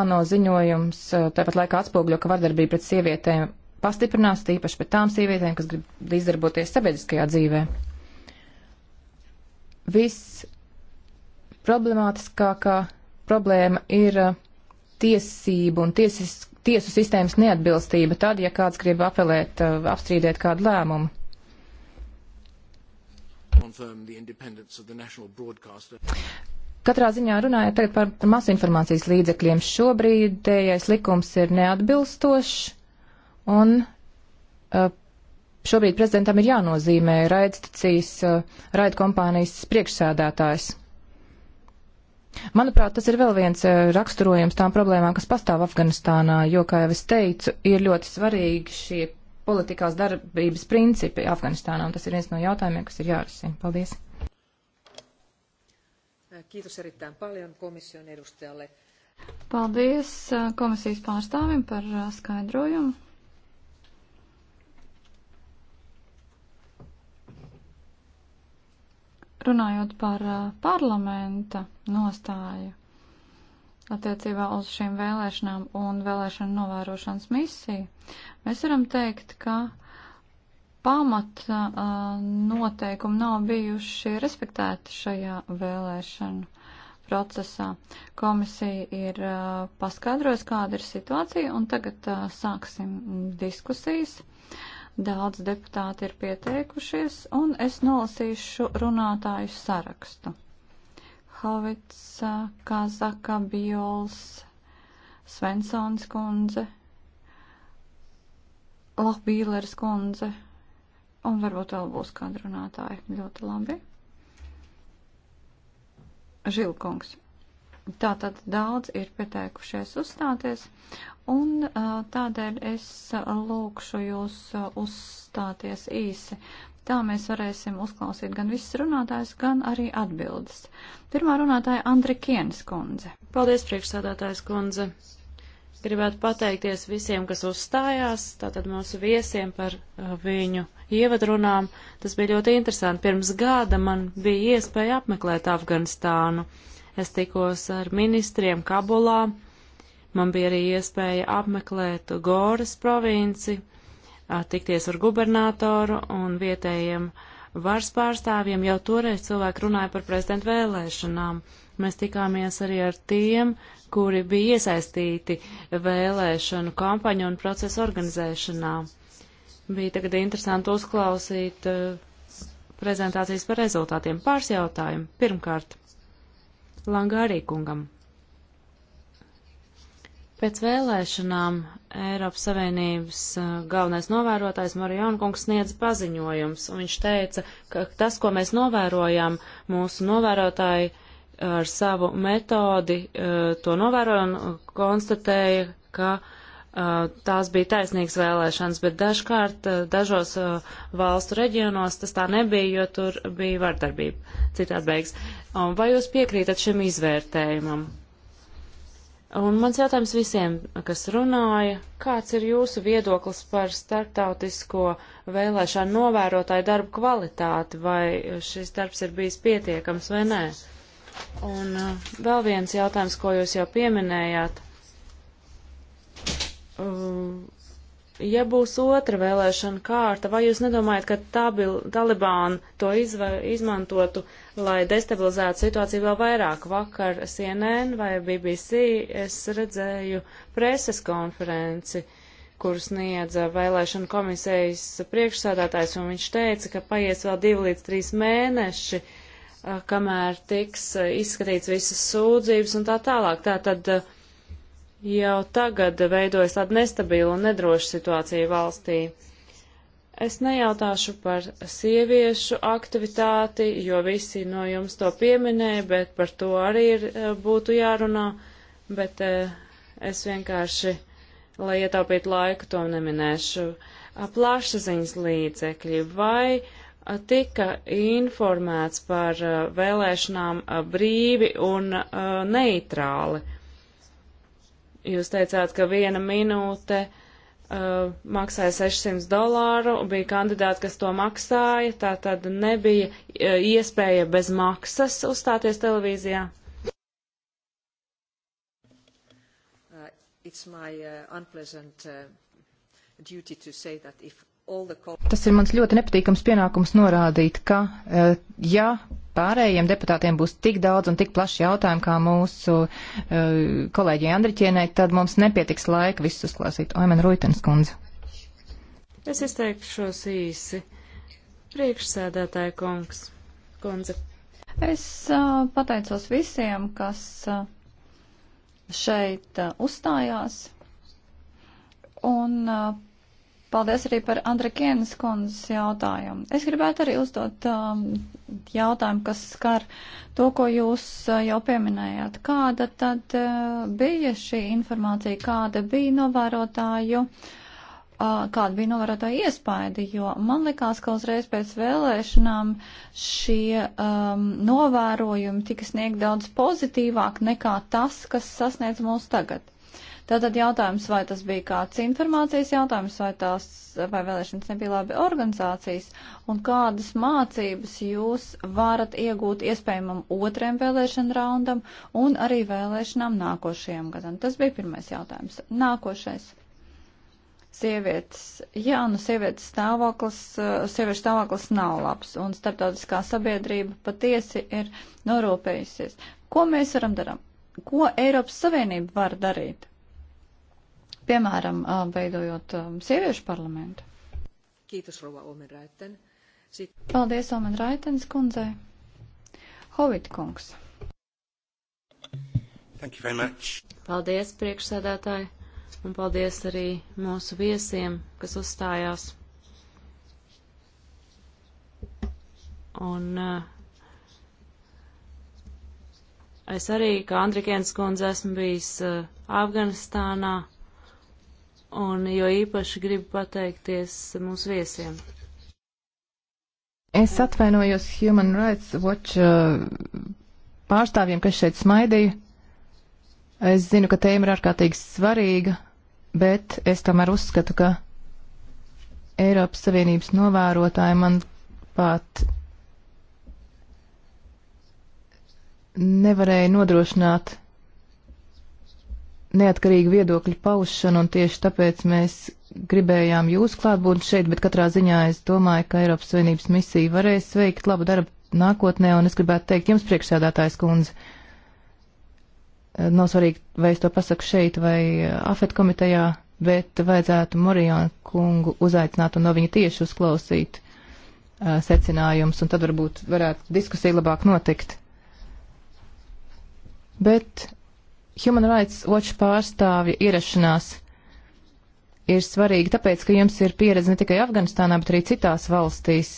Speaker 4: ANO ziņojums tāpat laikā atspogļo, ka vardarbība pret sievietēm pastiprinās, tīpaši pret tām sievietēm, kas grib izdarboties sabiedriskajā dzīvē. Viss problemātiskākā problēma ir tiesību un tiesis, tiesu sistēmas neatbilstība tad, ja kāds grib apelēt, apstrīdēt kādu lēmumu. Katrā ziņā runājot tagad par, par masinformācijas līdzekļiem. Šobrīd dējais likums ir neatbilstošs un uh, šobrīd prezidentam ir jānozīmē raidstacijas uh, raidkompānijas priekšsēdētājs. Manuprāt, tas ir vēl viens uh, raksturojums tām problēmām, kas pastāv Afganistānā, jo, kā jau es teicu, ir ļoti svarīgi šie politikās darbības principi Afganistānā, un tas ir viens no jautājumiem, kas ir jārisina. Paldies!
Speaker 1: Kiitos erittäin paljon komission edustajalle.
Speaker 2: Paldies eh, komisijas pārstāvim par eh, skaidrojumu. Runājot par eh, parlamenta nostāju attiecībā uz šīm vēlēšanām un vēlēšanu novērošanas misiju, mēs varam teikt, ka pamat noteikumi nav bijuši respektēti šajā vēlēšanu procesā. Komisija ir paskaidrojusi, kāda ir situācija, un tagad sāksim diskusijas. Daudz deputāti ir pieteikušies, un es nolasīšu runātāju sarakstu. Hovits, Kazaka, Biols, Svensons kundze, Lohbīlers kundze, un varbūt vēl būs kāda runātāja. Ļoti labi. Žilkungs. Tātad daudz ir pieteikušies uzstāties, un tādēļ es lūkšu jūs uzstāties īsi. Tā mēs varēsim uzklausīt gan visus runātājus, gan arī atbildes. Pirmā runātāja Andri Kienas kundze.
Speaker 5: Paldies, priekšsādātājs kundze. Gribētu pateikties visiem, kas uzstājās, tātad mūsu viesiem par uh, viņu ievadrunām. Tas bija ļoti interesanti. Pirms gada man bija iespēja apmeklēt Afganistānu. Es tikos ar ministriem Kabulā. Man bija arī iespēja apmeklēt Goras provinci tikties ar gubernatoru un vietējiem varas pārstāvjiem. Jau toreiz cilvēki runāja par prezidentu vēlēšanām. Mēs tikāmies arī ar tiem, kuri bija iesaistīti vēlēšanu kampaņu un procesu organizēšanā. Bija tagad interesanti uzklausīt uh, prezentācijas par rezultātiem. Pāris jautājumu. Pirmkārt, Langārī kungam. Pēc vēlēšanām Eiropas Savienības uh, galvenais novērotājs Marijonkungs sniedz paziņojums, un viņš teica, ka tas, ko mēs novērojam, mūsu novērotāji uh, ar savu metodi uh, to novēroja un konstatēja, ka tās bija taisnīgas vēlēšanas, bet dažkārt dažos valstu reģionos tas tā nebija, jo tur bija vardarbība. Citādi beigas. Vai jūs piekrītat šim izvērtējumam? Un mans jautājums visiem, kas runāja, kāds ir jūsu viedoklis par starptautisko vēlēšanu novērotāju darbu kvalitāti, vai šis darbs ir bijis pietiekams vai nē? Un uh, vēl viens jautājums, ko jūs jau pieminējāt. Uh, ja būs otra vēlēšana kārta, vai jūs nedomājat, ka tabil, Talibāna to izva, izmantotu lai destabilizētu situāciju vēl vairāk. Vakar CNN vai BBC es redzēju preses konferenci, kuras sniedza vēlēšana komisijas priekšsādātājs, un viņš teica, ka paies vēl divi līdz trīs mēneši, kamēr tiks izskatīts visas sūdzības un tā tālāk. Tā tad jau tagad veidojas tāda nestabila un nedroša situācija valstī. Es nejautāšu par sieviešu aktivitāti, jo visi no jums to pieminēja, bet par to arī ir, eh, būtu jārunā. Bet eh, es vienkārši, lai ietaupītu laiku, to neminēšu. Plašsaziņas līdzekļi vai tika informēts par vēlēšanām brīvi un neitrāli? Jūs teicāt, ka viena minūte uh, uh, maksāja 600 dolāru, bija kandidāti, kas to maksāja, tā tad nebija uh, iespēja bez maksas uzstāties televīzijā.
Speaker 1: Uh, it's my uh, unpleasant uh, duty to say that if
Speaker 4: Tas ir mans ļoti nepatīkams pienākums norādīt, ka eh, ja pārējiem deputātiem būs tik daudz un tik plaši jautājumi kā mūsu eh, kolēģi Andriķienai, tad mums nepietiks laika visus uzklāsīt. Oimen Ruitens kundze.
Speaker 5: Es izteikšos īsi. Priekšsēdētāja kungs, kundze.
Speaker 2: Es uh, pateicos visiem, kas uh, šeit uh, uzstājās un uh, Paldies arī par Andrekienas kundzes jautājumu. Es gribētu arī uzdot um, jautājumu, kas skar to, ko jūs uh, jau pieminējāt. Kāda tad uh, bija šī informācija, kāda bija novērotāju, uh, kāda bija novērotāju iespaidi, jo man likās, ka uzreiz pēc vēlēšanām šie um, novērojumi tika sniegt daudz pozitīvāk nekā tas, kas sasniedz mūs tagad. Tātad jautājums, vai tas bija kāds informācijas jautājums, vai tās, vai vēlēšanas nebija labi organizācijas, un kādas mācības jūs varat iegūt iespējamam otriem vēlēšana raundam un arī vēlēšanām nākošajam gadam. Tas bija pirmais jautājums. Nākošais sievietes, jā, nu sievietes stāvoklis, eh, sieviešu stāvoklis nav labs, un starptautiskā sabiedrība patiesi ir norūpējusies. Ko mēs varam darām? Ko Eiropas Savienība var darīt? piemēram, veidojot sieviešu parlamentu.
Speaker 1: Kītus, Rova Omenraiten. Sit...
Speaker 2: Paldies, Omenraitens kundzei. Hovit kungs.
Speaker 3: Thank you very much.
Speaker 1: Paldies,
Speaker 5: priekšsēdētāji, un paldies arī mūsu viesiem, kas uzstājās. Un uh, es arī, kā Andrikēns kundze, esmu bijis uh, Afganistānā un jo īpaši gribu pateikties mūsu viesiem.
Speaker 4: Es atvainojos Human Rights Watch uh, pārstāvjiem, kas šeit smaidīja. Es zinu, ka tēma ir ārkārtīgi svarīga, bet es tomēr uzskatu, ka Eiropas Savienības novērotāji man pat nevarēja nodrošināt neatkarīgu viedokļu paušanu, un tieši tāpēc mēs gribējām jūs klātbūt šeit, bet katrā ziņā es domāju, ka Eiropas Savienības misija varēs veikt labu darbu nākotnē, un es gribētu teikt jums, priekšsēdētājs kundze, eh, nav svarīgi, vai es to pasaku šeit vai eh, AFET komitejā, bet vajadzētu Morijānu kungu uzaicināt un no viņa tieši uzklausīt uh, eh, secinājums, un tad varbūt varētu diskusija labāk notikt. Bet Human Rights Watch pārstāvja ierašanās ir svarīga tāpēc, ka jums ir pieredze ne tikai Afganistānā, bet arī citās valstīs.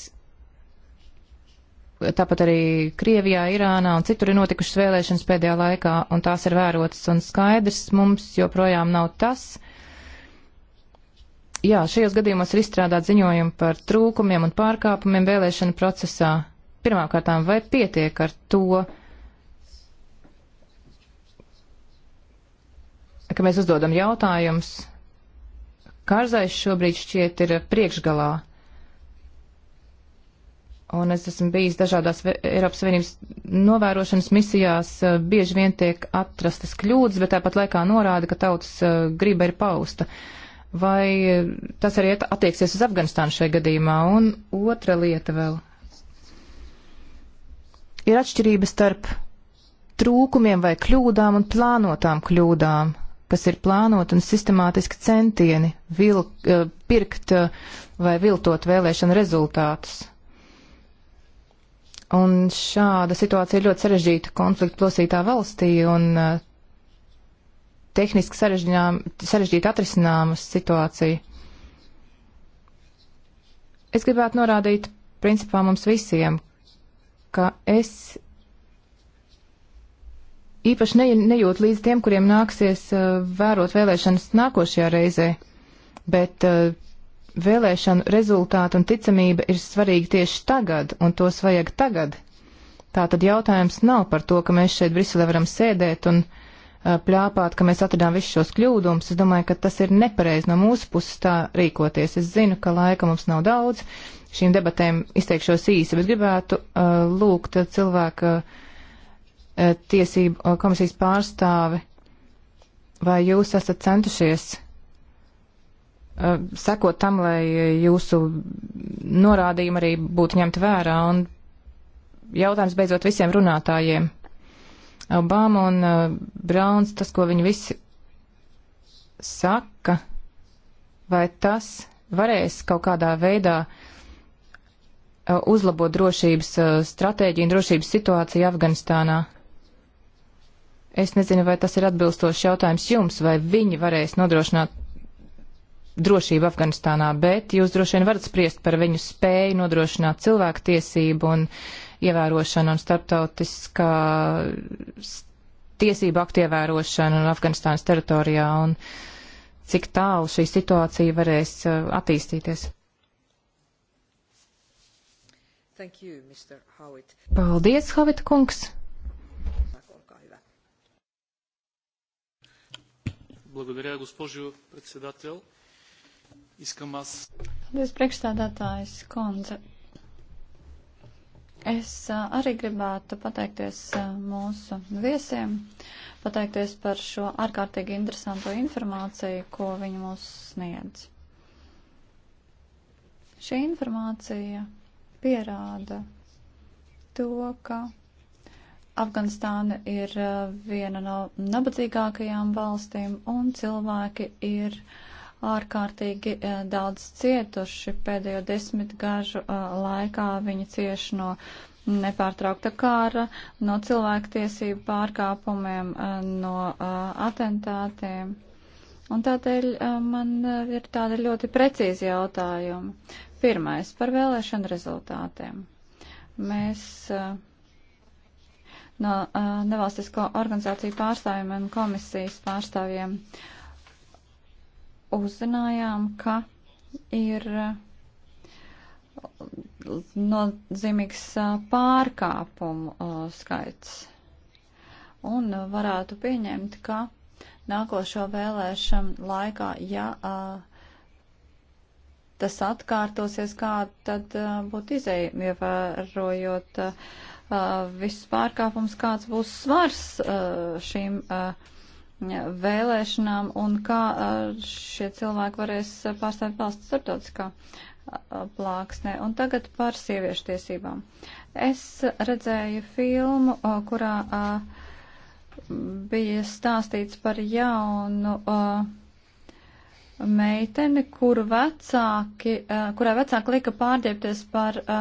Speaker 4: Tāpat arī Krievijā, Irānā un citur ir notikušas vēlēšanas pēdējā laikā, un tās ir vērotas un skaidrs mums joprojām nav tas. Jā, šajos gadījumos ir izstrādāt ziņojumi par trūkumiem un pārkāpumiem vēlēšana procesā. Pirmkārtām, vai pietiek ar to? ka mēs uzdodam jautājumus. Kārzais šobrīd šķiet ir priekšgalā. Un es esmu bijis dažādās Eiropas Savienības novērošanas misijās, bieži vien tiek atrastas kļūdas, bet tāpat laikā norāda, ka tautas griba ir pausta. Vai tas arī attieksies uz Afganistānu šajā gadījumā? Un otra lieta vēl. Ir atšķirība starp trūkumiem vai kļūdām un plānotām kļūdām kas ir plānot un sistemātiski centieni vil, eh, pirkt eh, vai viltot vēlēšanu rezultātus. Un šāda situācija ir ļoti sarežģīta konflikta plosītā valstī un eh, tehniski sarežģīta atrisināma situācija. Es gribētu norādīt principā mums visiem, ka es īpaši ne, nejūt līdz tiem, kuriem nāksies uh, vērot vēlēšanas nākošajā reizē, bet uh, vēlēšanu rezultātu un ticamība ir svarīga tieši tagad, un tos vajag tagad. Tā tad jautājums nav par to, ka mēs šeit Briselē varam sēdēt un uh, pļāpāt, ka mēs atradām visus šos kļūdumus. Es domāju, ka tas ir nepareizi no mūsu puses tā rīkoties. Es zinu, ka laika mums nav daudz. Šīm debatēm izteikšos īsi, bet gribētu uh, lūgt cilvēku uh, Eh, tiesību eh, komisijas pārstāve, vai jūs esat centušies eh, sekot tam, lai jūsu norādījumi arī būtu ņemti vērā. Un jautājums beidzot visiem runātājiem. Obama un uh, Brauns, tas, ko viņi visi saka, vai tas varēs kaut kādā veidā uh, uzlabot drošības uh, stratēģiju un drošības situāciju Afganistānā? Es nezinu, vai tas ir atbilstošs jautājums jums, vai viņi varēs nodrošināt drošību Afganistānā, bet jūs droši vien varat spriest par viņu spēju nodrošināt cilvēku tiesību un ievērošanu un starptautiskā tiesību aktu ievērošanu un Afganistānas teritorijā un cik tālu šī situācija varēs uh, attīstīties. You, Paldies, Havita kungs! Благодаря, госпожо председател. Искам аз.
Speaker 2: Paldies, priekšstādātājs Konze. Es arī gribētu pateikties mūsu viesiem, pateikties par šo ārkārtīgi interesanto informāciju, ko viņi mums sniedz. Šī informācija pierāda to, ka Afganistāna ir uh, viena no nabadzīgākajām valstīm, un cilvēki ir ārkārtīgi uh, daudz cietuši. Pēdējo desmitgažu uh, laikā viņi cieši no nepārtraukta kāra, no cilvēktiesību pārkāpumiem, no atentātiem. Un tādēļ man ir tādi ļoti precīzi jautājumi. Pirmais par vēlēšanu rezultātiem. Mēs uh, no uh, nevalstisko organizāciju pārstāvjiem un komisijas pārstāvjiem uzzinājām, ka ir uh, nozīmīgs uh, pārkāpumu uh, skaits. Un varētu pieņemt, ka nākošo vēlēšanu laikā, ja tas atkārtosies, kāda tad būtu izēja, ievērojot. Ja Uh, viss pārkāpums, kāds būs svars uh, šīm uh, vēlēšanām un kā šie cilvēki varēs pārstāvēt valsts starptautiskā plāksnē. Un tagad par sieviešu tiesībām. Es redzēju filmu, kurā bija stāstīts par jaunu uh, meiteni, kuru vecāki, eh, kurai vecāki lika pārģērbties par eh,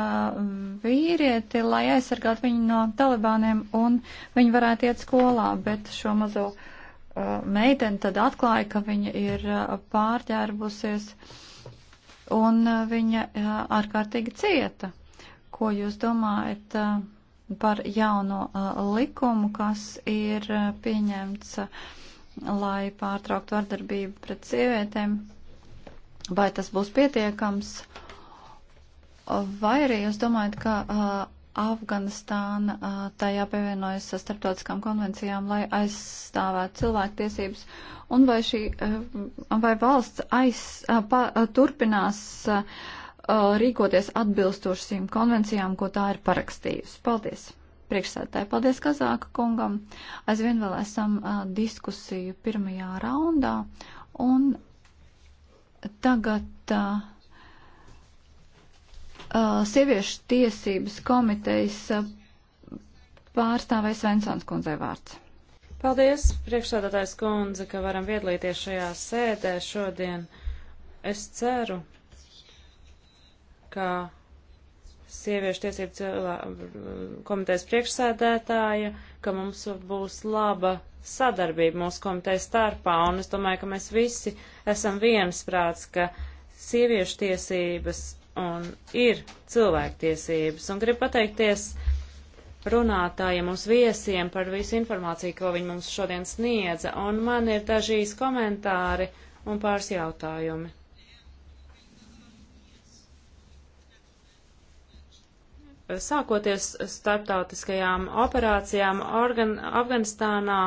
Speaker 2: vīrieti, lai aizsargātu viņu no talibāniem un viņi varētu iet skolā, bet šo mazo eh, meiteni tad atklāja, ka viņa ir pārģērbusies un viņa ārkārtīgi cieta. Ko jūs domājat par jauno likumu, kas ir pieņemts? lai pārtrauktu vardarbību pret sievietēm. Vai tas būs pietiekams? Vai arī jūs domājat, ka uh, Afganistāna uh, tajā pievienojas starptautiskām konvencijām, lai aizstāvētu cilvēktiesības, un vai šī, uh, vai valsts aiz, uh, pa, uh, turpinās uh, rīkoties atbilstoši šīm konvencijām, ko tā ir parakstījusi? Paldies! Priekšsēdētāji, paldies Kazāka kungam. Aizvien vēl esam uh, diskusiju pirmajā raundā. Un tagad uh, uh, sieviešu tiesības komitejas uh, pārstāvēs Vensons kundzei vārds.
Speaker 5: Paldies, priekšsēdētājs kundze, ka varam viedalīties šajā sēdē šodien. Es ceru, ka sieviešu tiesību mm, komitejas priekšsēdētāja, ka mums būs laba sadarbība mūsu komitejas starpā, un es domāju, ka mēs visi esam viensprāts, ka sieviešu tiesības un ir cilvēktiesības, un gribu pateikties runātājiem, mums viesiem par visu informāciju, ko viņi mums šodien sniedza, un man ir dažīs komentāri un pāris jautājumi. sākoties starptautiskajām operācijām Organ Afganistānā,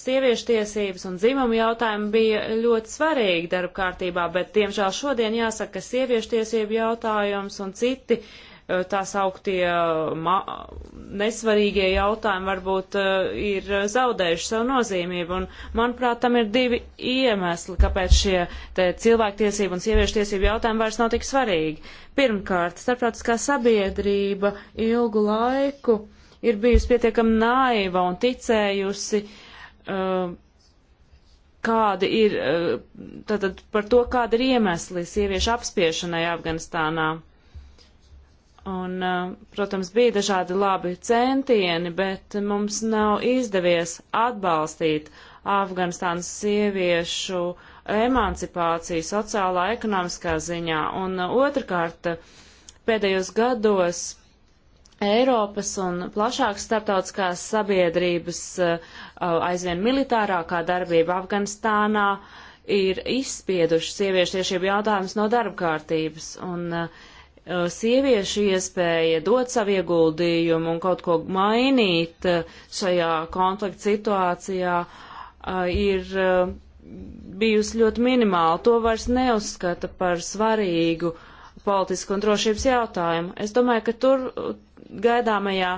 Speaker 5: sieviešu tiesības un dzimumu jautājumi bija ļoti svarīgi darba kārtībā, bet, diemžēl, šodien jāsaka, ka sieviešu tiesību jautājums un citi Eh, tā sauktie eh, nesvarīgie jautājumi varbūt eh, ir zaudējuši savu nozīmību. Un, manuprāt, tam ir divi iemesli, kāpēc šie cilvēktiesību un sieviešu tiesību jautājumi vairs nav tik svarīgi. Pirmkārt, starptautiskā sabiedrība ilgu laiku ir bijusi pietiekami naiva un ticējusi. Uh, kādi ir, tātad par to, kāda ir iemesli sieviešu apspiešanai Afganistānā. Uh, Un, uh, protams, bija dažādi labi centieni, bet mums nav izdevies atbalstīt Afganistānas sieviešu emancipāciju sociālā, ekonomiskā ziņā. Un uh, otrkārt, pēdējos gados Eiropas un plašākas starptautiskās sabiedrības uh, aizvien militārākā darbība Afganistānā ir izspieduši sieviešu tiešību jautājumus no darba kārtības. Un, uh, Uh, sieviešu iespēja dot savu ieguldījumu un kaut ko mainīt uh, šajā konflikta situācijā uh, ir bijusi ļoti minimāla. To vairs neuzskata par svarīgu politisku un drošības jautājumu. Es domāju, ka tur gaidāmajā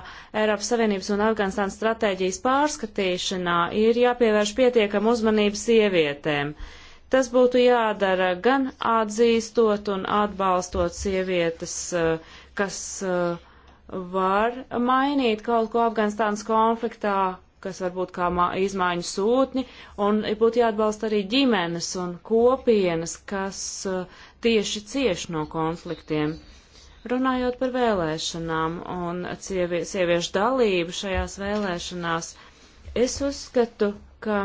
Speaker 5: Eiropas Savienības un Afganistānas stratēģijas pārskatīšanā ir jāpievērš pietiekama uzmanība sievietēm. Uh, Tas būtu jādara gan atzīstot un atbalstot sievietes, eh, kas eh, var mainīt kaut ko Afganistānas konfliktā, kas var būt kā izmaiņu sūtņi, un būtu jāatbalsta arī ģimenes un kopienas, kas eh, tieši cieši no konfliktiem. Runājot par vēlēšanām un sieviešu dalību šajās vēlēšanās, es uzskatu, ka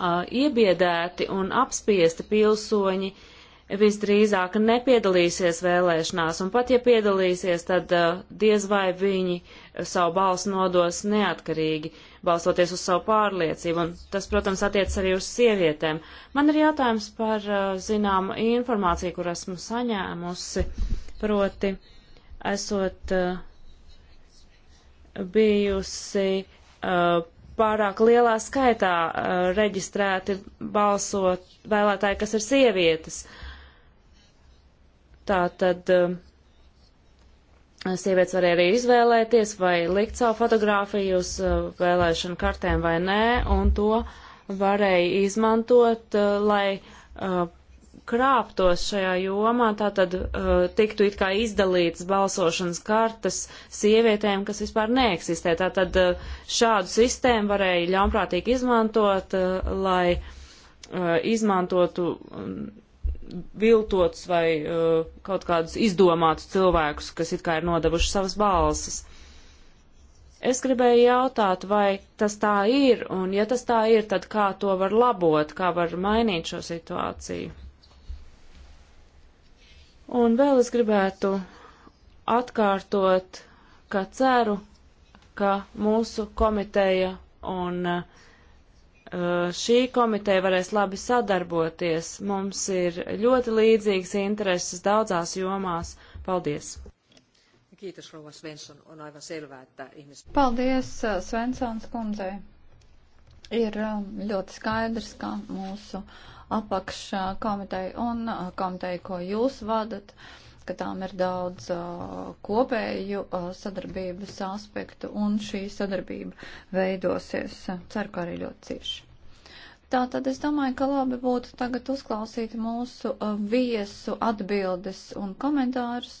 Speaker 5: iebiedēti un apspiesti pilsoņi visdrīzāk nepiedalīsies vēlēšanās, un pat ja piedalīsies, tad diez vai viņi savu balsu nodos neatkarīgi, balstoties uz savu pārliecību, un tas, protams, attiec arī uz sievietēm. Man ir jautājums par zināmu informāciju, kur esmu saņēmusi, proti, esot bijusi pārāk lielā skaitā uh, reģistrēti balsot vēlētāji, kas ir sievietes. Tā tad uh, sievietes varēja arī izvēlēties, vai likt savu fotografiju uz uh, vēlēšanu kartēm vai nē, un to varēja izmantot, lai krāptos šajā jomā, tā tad uh, tiktu it kā izdalītas balsošanas kartas sievietēm, kas vispār neeksistē. Tā tad uh, šādu sistēmu varēja ļaunprātīgi izmantot, uh, lai uh, izmantotu um, viltots vai uh, kaut kādus izdomātus cilvēkus, kas it kā ir nodevuši savas balsas. Es gribēju jautāt, vai tas tā ir, un ja tas tā ir, tad kā to var labot, kā var mainīt šo situāciju? Un vēl es gribētu atkārtot, ka ceru, ka mūsu komiteja un uh, šī komiteja varēs labi sadarboties. Mums ir ļoti līdzīgas intereses daudzās jomās. Paldies!
Speaker 1: Kiitos, Rova Svensson. On aivan selvää, että ihmiset...
Speaker 2: Paldies, uh, Svenssons kundzei. Ir um, ļoti skaidrs, ka mūsu apakškomiteja un uh, komiteja, ko jūs vadat, ka tām ir daudz uh, kopēju uh, sadarbības aspektu un šī sadarbība veidosies, ceru, ka arī ļoti cieši. Tā tad es domāju, ka labi būtu tagad uzklausīt mūsu viesu atbildes un komentārus,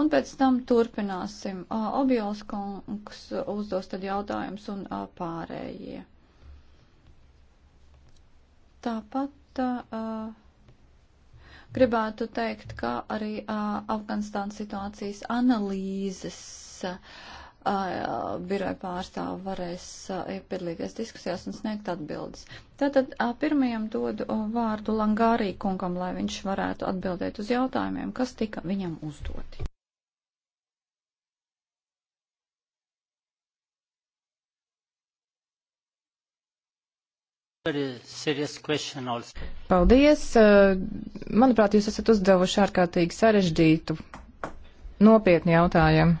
Speaker 2: un pēc tam turpināsim. Objāls kungs uzdos tad jautājums un pārējie. Tāpat uh, gribētu teikt, ka arī uh, Afganistānas situācijas analīzes uh, biroja pārstāvi varēs uh, piedalīties diskusijās un sniegt atbildes. Tātad uh, pirmajam dodu vārdu Langārī kungam, lai viņš varētu atbildēt uz jautājumiem, kas tika viņam uzdoti.
Speaker 4: Paldies! Eh, manuprāt, jūs esat uzdevuši ārkārtīgi sarežģītu, nopietnu jautājumu.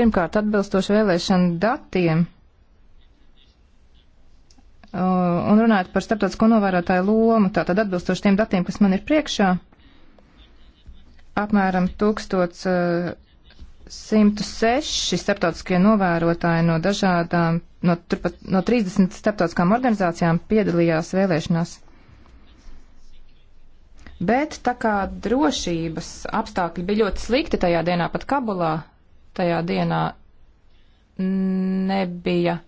Speaker 4: Pirmkārt, atbilstoši vēlēšanu datiem eh, un runājot par starptautisko novērotāju lomu, tātad atbilstoši tiem datiem, kas man ir priekšā, apmēram 1106 eh, starptautiskie novērotāji no dažādām no, turpat, no 30 starptautiskām organizācijām piedalījās vēlēšanās. Bet tā kā drošības apstākļi bija ļoti slikti tajā dienā, pat Kabulā tajā dienā nebija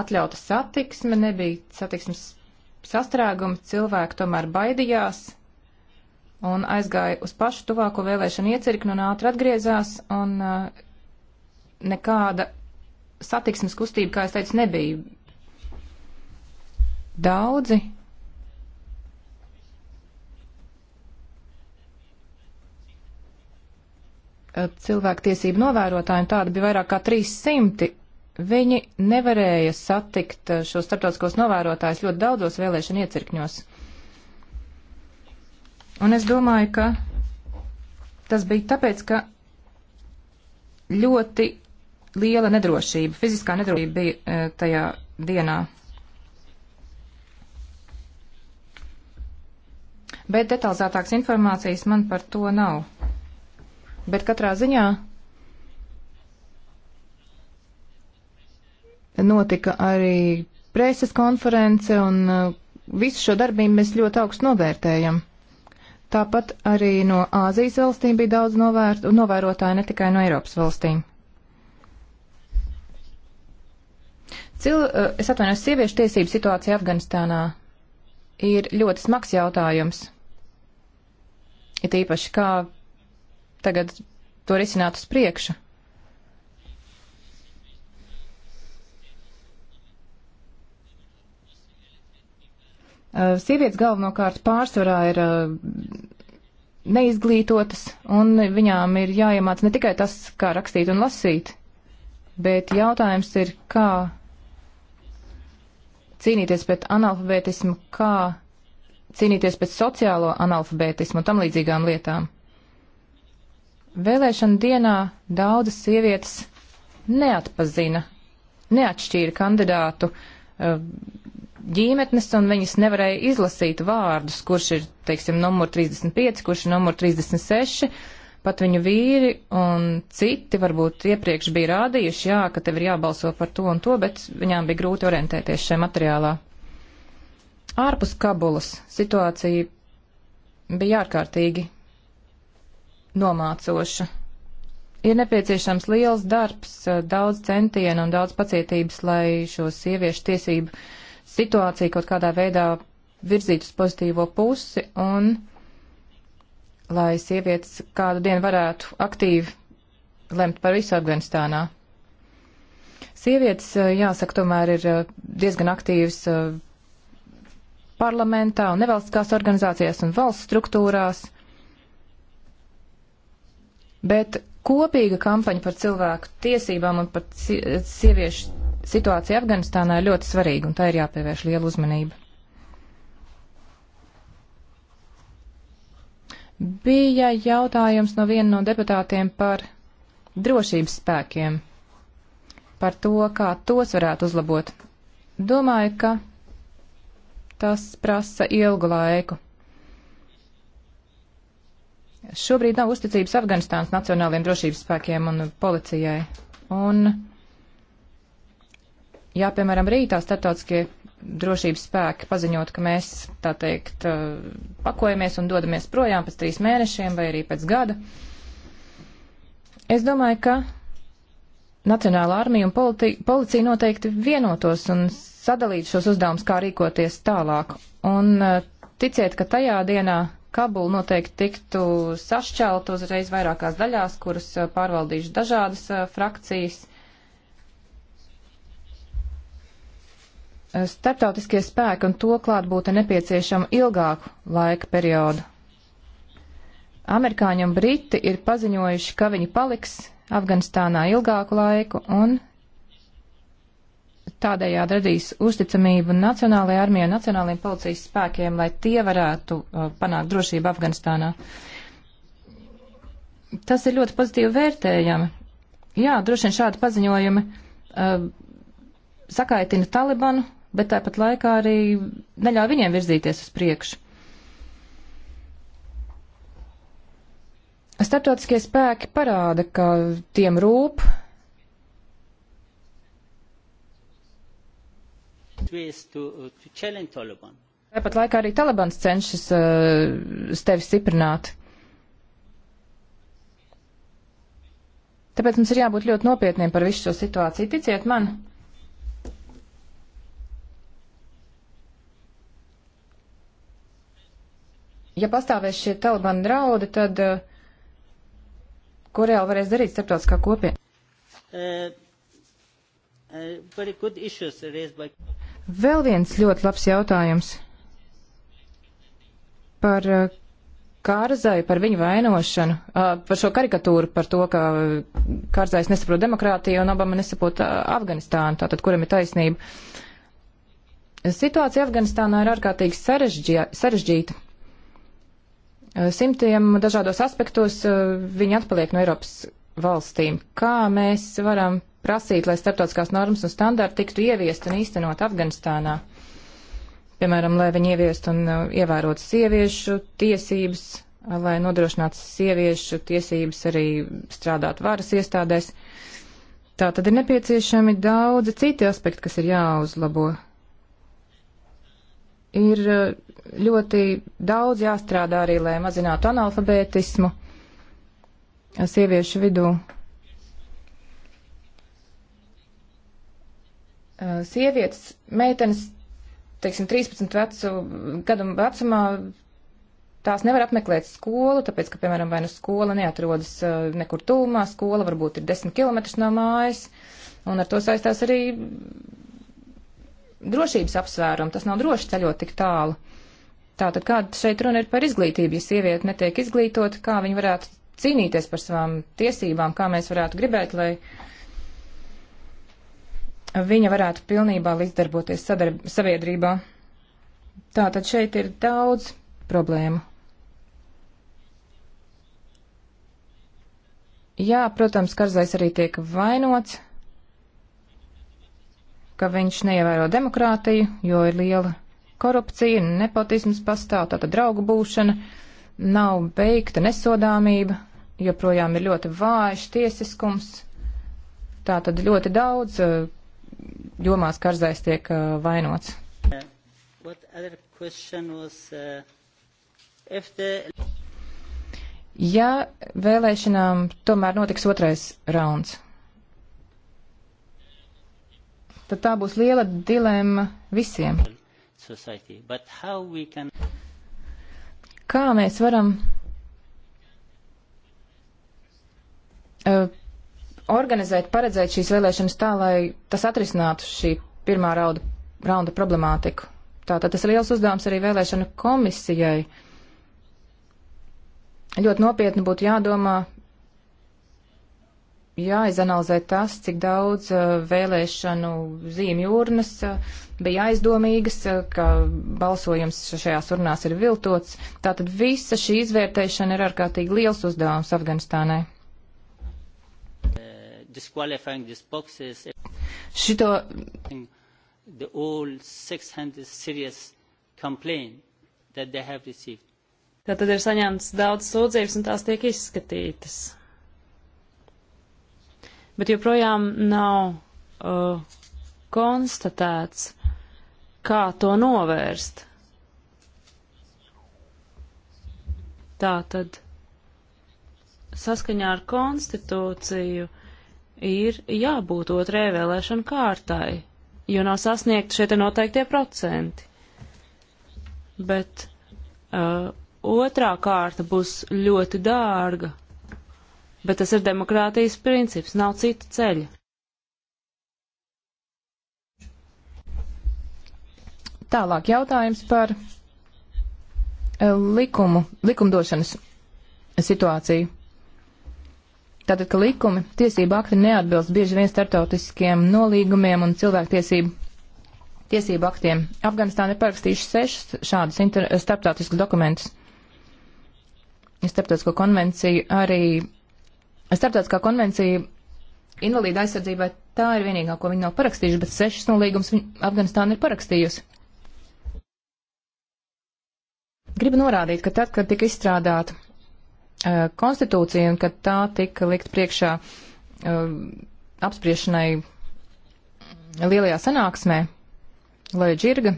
Speaker 4: atļauta satiksme, nebija satiksmes sastrēguma, cilvēki tomēr baidījās un aizgāja uz pašu tuvāko vēlēšanu iecirkni un ātri atgriezās un uh, nekāda satiksmes kustība, kā es teicu, nebija daudzi. Eh, cilvēktiesību novērotājiem tāda bija vairāk kā 300. Viņi nevarēja satikt eh, šos starptautiskos novērotājus ļoti daudzos vēlēšana iecirkņos. Un es domāju, ka tas bija tāpēc, ka ļoti liela nedrošība, fiziskā nedrošība bija e, tajā dienā. Bet detalizētākas informācijas man par to nav. Bet katrā ziņā notika arī preses konference un e, visu šo darbību mēs ļoti augstu novērtējam. Tāpat arī no Āzijas valstīm bija daudz novērt, novērotāju, ne tikai no Eiropas valstīm. Cil, eh, es atvainojos, sieviešu tiesību situācija Afganistānā ir ļoti smags jautājums. Ir īpaši, kā tagad to risināt uz priekšu. Eh, sievietes galvenokārt pārsvarā ir eh, neizglītotas, un viņām ir jāiemāc ne tikai tas, kā rakstīt un lasīt, bet jautājums ir, kā cīnīties pret analfabētismu, kā cīnīties pret sociālo analfabētismu un tam līdzīgām lietām. Vēlēšana dienā daudzas sievietes neatpazina, neatšķīra kandidātu eh, ģimetnes, un viņas nevarēja izlasīt vārdus, kurš ir, teiksim, numur 35, kurš ir numur 36 Pat viņu vīri un citi varbūt iepriekš bija rādījuši, jā, ka tev ir jābalso par to un to, bet viņām bija grūti orientēties šajā materiālā. Ārpus Kabulas situācija bija ārkārtīgi nomācoša. Ir nepieciešams liels darbs, daudz centienu un daudz pacietības, lai šo sieviešu tiesību situāciju kaut kādā veidā virzītu uz pozitīvo pusi, un lai sievietes kādu dienu varētu aktīvi lemt par visu Afganistānā. Sievietes, eh, jāsaka, tomēr ir eh, diezgan aktīvas eh, parlamentā un nevalstiskās organizācijās un valsts struktūrās. Bet kopīga kampaņa par cilvēku tiesībām un par sieviešu situāciju Afganistānā ir ļoti svarīga, un tā ir jāpievērš liela uzmanība. Bija jautājums no viena no deputātiem par drošības spēkiem, par to, kā tos varētu uzlabot. Domāju, ka tas prasa ilgu laiku. Šobrīd nav uzticības Afganistānas nacionāliem drošības spēkiem un policijai. Un, ja, piemēram, rītā starptautiskie drošības spēki paziņot, ka mēs, tā teikt, uh, pakojamies un dodamies projām pēc trīs mēnešiem vai arī pēc gada. Es domāju, ka Nacionāla armija un politi policija noteikti vienotos un sadalītu šos uzdevumus, kā rīkoties tālāk. Un uh, ticiet, ka tajā dienā Kabula noteikti tiktu sašķelta uzreiz vairākās daļās, kuras uh, pārvaldīšu dažādas frakcijas starptautiskie spēki un to klātbūtne nepieciešama ilgāku laika periodu. Amerikāņi un Briti ir paziņojuši, ka viņi paliks Afganistānā ilgāku laiku un tādējādi radīs uzticamību Nacionālajai armijai un Nacionālajiem policijas spēkiem, lai tie varētu uh, panākt drošību Afganistānā. Tas ir ļoti pozitīvi vērtējami. Jā, droši vien šādi paziņojumi uh, sakaitina Talibanu, bet tāpat laikā arī neļauj viņiem virzīties uz priekšu. Startautiskie spēki parāda, ka tiem rūp. Tāpat laikā arī Talibans cenšas uh, tevi stiprināt. Tāpēc mums ir jābūt ļoti nopietniem par visu šo situāciju. Ticiet man! Ja pastāvēs šie talibani draudi, tad eh, ko reāli varēs darīt starptautiskā kopiena?
Speaker 3: Uh, uh, by...
Speaker 4: Vēl viens ļoti labs jautājums par eh, Kārzai, par viņu vainošanu, eh, par šo karikatūru, par to, ka Kārzais nesaprot demokrātiju un Obama nesaprot Afganistānu, tātad kuram ir taisnība. Situācija Afganistānā ir ārkārtīgi sarežģīta. Eh, simtiem dažādos aspektos eh, viņi atpaliek no Eiropas valstīm. Kā mēs varam prasīt, lai starptautiskās normas un standarti tiktu ieviest un īstenot Afganistānā? Piemēram, lai viņi ieviest un eh, ievērot sieviešu tiesības, lai nodrošinātu sieviešu tiesības arī strādāt varas iestādēs. Tā tad ir nepieciešami daudzi citi aspekti, kas ir jāuzlabo ir eh, ļoti daudz jāstrādā arī, lai mazinātu analfabētismu sieviešu vidū. Eh, sievietes, meitenes, teiksim, 13 vecu, gadam vecumā tās nevar apmeklēt skolu, tāpēc, ka, piemēram, vai nu skola neatrodas eh, nekur tūmā, skola varbūt ir 10 km no mājas, un ar to saistās arī drošības apsvērumu, tas nav droši ceļot tik tālu. Tātad kāda šeit runa ir par izglītību, ja sieviete netiek izglītota, kā viņa varētu cīnīties par savām tiesībām, kā mēs varētu gribēt, lai viņa varētu pilnībā līdzdarboties sadarb, sabiedrībā. Tātad šeit ir daudz problēmu. Jā, protams, Karzais arī tiek vainots ka viņš neievēro demokrātiju, jo ir liela korupcija, nepotisms pastāv, tāda draugu būšana, nav beigta nesodāmība, joprojām ir ļoti vājš tiesiskums, tā tad ļoti daudz eh, jomās karzais tiek eh, vainots.
Speaker 3: Was, uh, the...
Speaker 4: Ja vēlēšanām tomēr notiks otrais rauns, tad tā būs liela dilemma visiem. Kā mēs varam uh, organizēt, paredzēt šīs vēlēšanas tā, lai tas atrisinātu šī pirmā rauda, raunda problemātiku? Tātad tas ir liels uzdevums arī vēlēšanu komisijai. Ļoti nopietni būtu jādomā jāizanalizē tas, cik daudz uh, vēlēšanu zīmju urnas uh, bija aizdomīgas, uh, ka balsojums šajās urnās ir viltots. Tātad visa šī izvērtēšana ir ārkārtīgi liels uzdevums Afganistānai. Šito.
Speaker 3: The all 600 serious complaint that they have received.
Speaker 5: Tātad ir saņemts daudz sūdzības un tās tiek izskatītas bet joprojām nav uh, konstatēts, kā to novērst. Tā tad saskaņā ar konstitūciju ir jābūt otrē vēlēšana kārtai, jo nav sasniegt šeit noteiktie procenti. Bet uh, otrā kārta būs ļoti dārga, bet tas ir demokrātijas princips, nav cita ceļa.
Speaker 4: Tālāk jautājums par e, likumu, likumdošanas situāciju. Tātad, ka likumi, tiesība akti neatbilst bieži vien startautiskiem nolīgumiem un cilvēktiesību tiesību aktiem. Afganistāna ir parakstījuši sešas šādus starptautiskus dokumentus. Starptautisko konvenciju arī Startautiskā konvencija invalīda aizsardzībai tā ir vienīgā, ko viņi nav parakstījuši, bet sešas no līgums Afganistāna ir parakstījusi. Gribu norādīt, ka tad, kad tika izstrādāta uh, konstitūcija un kad tā tika likt priekšā uh, apspriešanai lielajā sanāksmē, lai džirga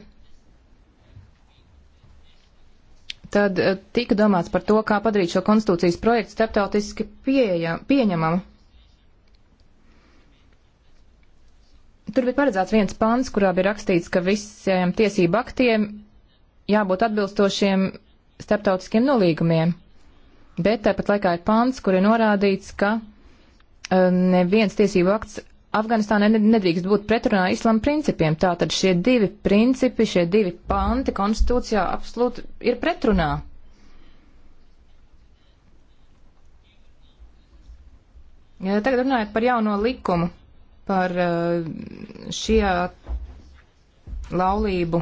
Speaker 4: tad eh, tika domāts par to, kā padarīt šo konstitūcijas projektu starptautiski pieejam, pieņemamu. Tur bija paredzēts viens pants, kurā bija rakstīts, ka visiem tiesību aktiem jābūt atbilstošiem starptautiskiem nolīgumiem, bet tāpat laikā ir pants, kur ir norādīts, ka eh, neviens tiesību akts Afganistānai nedrīkst būt pretrunā islama principiem. Tātad šie divi principi, šie divi panti konstitūcijā absolūti ir pretrunā. Ja tagad runājot par jauno likumu, par eh, šie laulību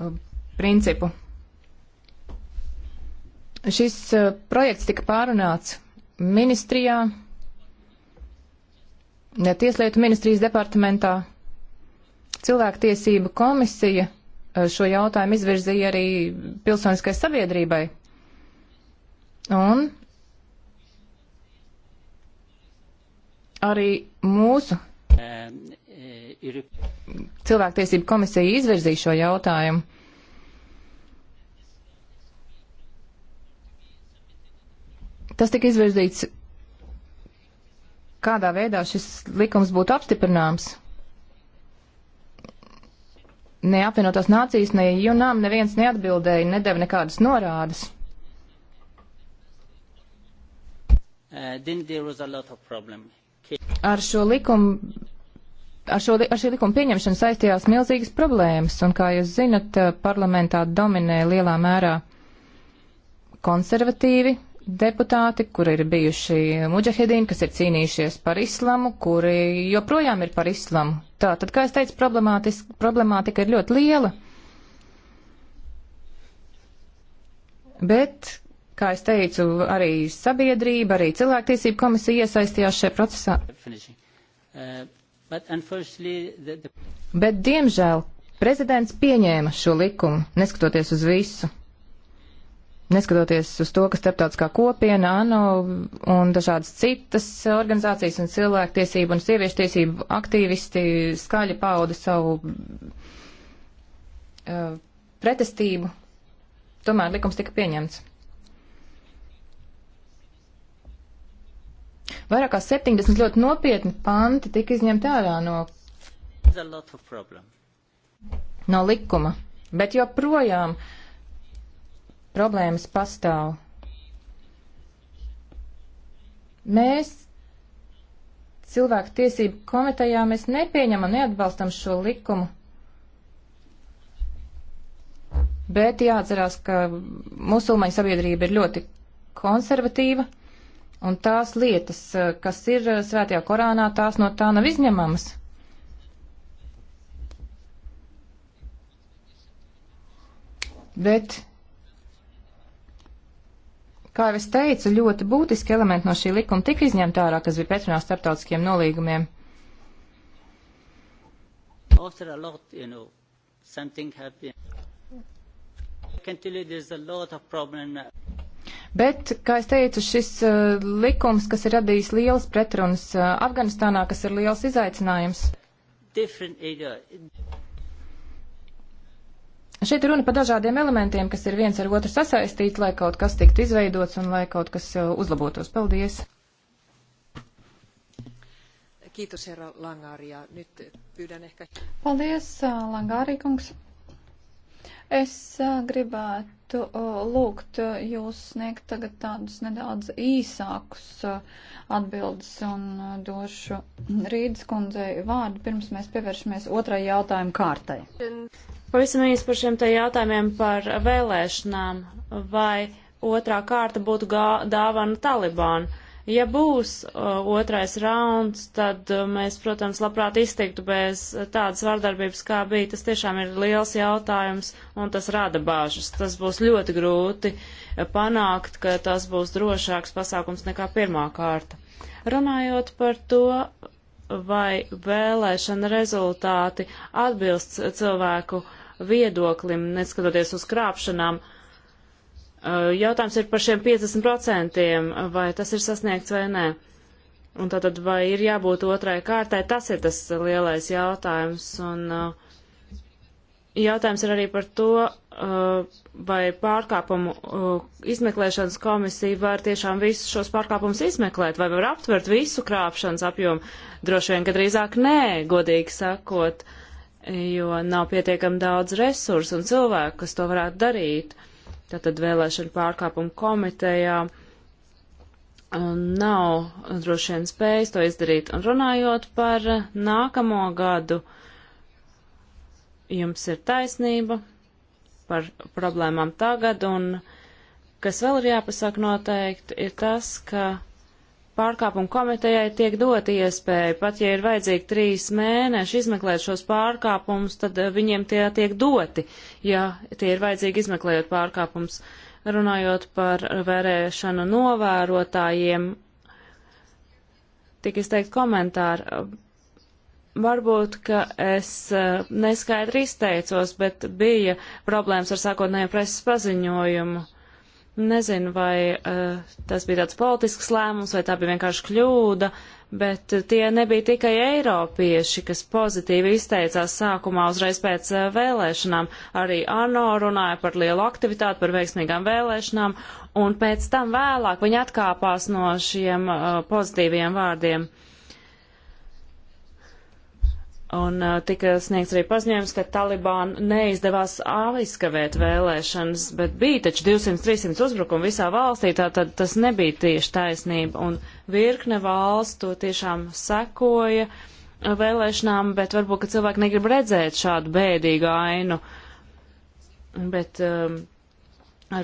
Speaker 4: eh, principu. Šis eh, projekts tika pārunāts ministrijā, Tieslietu ministrijas departamentā. Cilvēktiesība komisija eh, šo jautājumu izvirzīja arī pilsoniskai sabiedrībai. Un arī mūsu cilvēktiesība komisija izvirzīja šo jautājumu. Tas tika izvirzīts kādā veidā šis likums būtu apstiprināms. Ne apvienotās nācijas, ne UNAM neviens neatbildēja, nedēva nekādas norādes.
Speaker 3: Uh,
Speaker 4: ar šo likumu ar, šo, ar šī likuma pieņemšanu saistījās milzīgas problēmas, un, kā jūs zinat, uh, parlamentā dominē lielā mērā konservatīvi, deputāti, kuri ir bijuši muģahedīni, kas ir cīnījušies par islamu, kuri joprojām ir par islamu. Tā tad, kā es teicu, problemātika ir ļoti liela. Bet, kā es teicu, arī sabiedrība, arī cilvēktiesība komisija iesaistījās šajā procesā.
Speaker 3: Uh, Bet,
Speaker 4: diemžēl, prezidents pieņēma šo likumu, neskatoties uz visu neskatoties uz to, ka starptautiskā kopiena, ANO un dažādas citas organizācijas un cilvēktiesību un sieviešu tiesību aktīvisti skaļi pauda savu uh, pretestību, tomēr likums tika pieņemts. Vairāk kā 70 ļoti nopietni panti tika izņemti ārā no, no likuma, bet joprojām uh, problēmas pastāv. Mēs cilvēku tiesību komitejā mēs nepieņemam, neatbalstam šo likumu. Bet jāatcerās, ka musulmaņu sabiedrība ir ļoti konservatīva, un tās lietas, kas ir svētajā Korānā, tās no tā nav izņemamas. Bet Kā jau es teicu, ļoti būtiski elementi no šī likuma tika izņemti ārā, kas bija pretrunā starptautiskiem nolīgumiem.
Speaker 3: Lot, you know,
Speaker 4: Bet, kā es teicu, šis uh, likums, kas ir radījis lielas pretrunas uh, Afganistānā, kas ir liels izaicinājums.
Speaker 3: Different area.
Speaker 4: Šeit ir runa par dažādiem elementiem, kas ir viens ar otru sasaistīti, lai kaut kas tiktu izveidots un lai kaut kas uh, uzlabotos. Paldies!
Speaker 1: Kiitos, herra Langāri, ja nyt pyydän ehkä...
Speaker 2: Paldies, uh, Langāri kungs! Es gribētu lūgt jūs sniegt tagad tādus nedaudz īsākus atbildes un došu Rīdas kundzei vārdu, pirms mēs pievēršamies otrai jautājumu kārtai. Pavisam īsi par šiem te jautājumiem par vēlēšanām,
Speaker 5: vai otrā kārta būtu gā, dāvana Talibānu. Ja būs uh, otrais rauns, tad uh, mēs, protams, labprāt iztiktu bez uh, tādas vardarbības, kā bija. Tas tiešām ir liels jautājums un tas rada bāžas. Tas būs ļoti grūti uh, panākt, ka tas būs drošāks pasākums nekā pirmā kārta. Runājot par to, vai vēlēšana rezultāti atbilst cilvēku viedoklim, neskatoties uz krāpšanām, uh, Jautājums ir par šiem 50%, vai tas ir sasniegts vai nē. Un tātad, vai ir jābūt otrai kārtai, tas ir tas lielais jautājums. Un jautājums ir arī par to, vai pārkāpumu izmeklēšanas komisija var tiešām visus šos pārkāpumus izmeklēt, vai var aptvert visu krāpšanas apjomu. Droši vien, ka drīzāk nē, godīgi sakot, jo nav pietiekam daudz resursu un cilvēku, kas to varētu darīt. Uh, Tātad vēlēšana pārkāpuma komitejā uh, nav droši vien spējas to izdarīt. Un runājot par uh, nākamo gadu, jums ir taisnība par problēmām tagad, un kas vēl ir jāpasaka noteikti, ir tas, ka pārkāpumu komitejai tiek dot iespēja, pat ja ir vajadzīgi trīs mēneši izmeklēt šos pārkāpumus, tad eh, viņiem tie tiek doti, ja tie ir vajadzīgi izmeklējot pārkāpumus. Runājot par vērēšanu novērotājiem, tik izteikt komentāru. Varbūt, ka es eh, neskaidri izteicos, bet bija problēmas ar sākotnējo preses paziņojumu Nezinu, vai uh, tas bija tāds politisks lēmums, vai tā bija vienkārši kļūda, bet eh, tie nebija tikai eiropieši, kas pozitīvi izteicās sākumā uzreiz pēc uh, vēlēšanām. Arī ANO runāja par lielu aktivitāti, par veiksmīgām vēlēšanām, un pēc tam vēlāk viņi atkāpās no šiem uh, pozitīviem vārdiem. Uh, Un uh, tika sniegts arī paziņojums, ka Taliban neizdevās aizskavēt vēlēšanas, bet bija taču 200-300 uzbrukumu visā valstī, tātad tas nebija tieši taisnība. Un virkne valsts to tiešām sekoja uh, vēlēšanām, bet varbūt, ka cilvēki negrib redzēt šādu bēdīgu ainu. Bet um,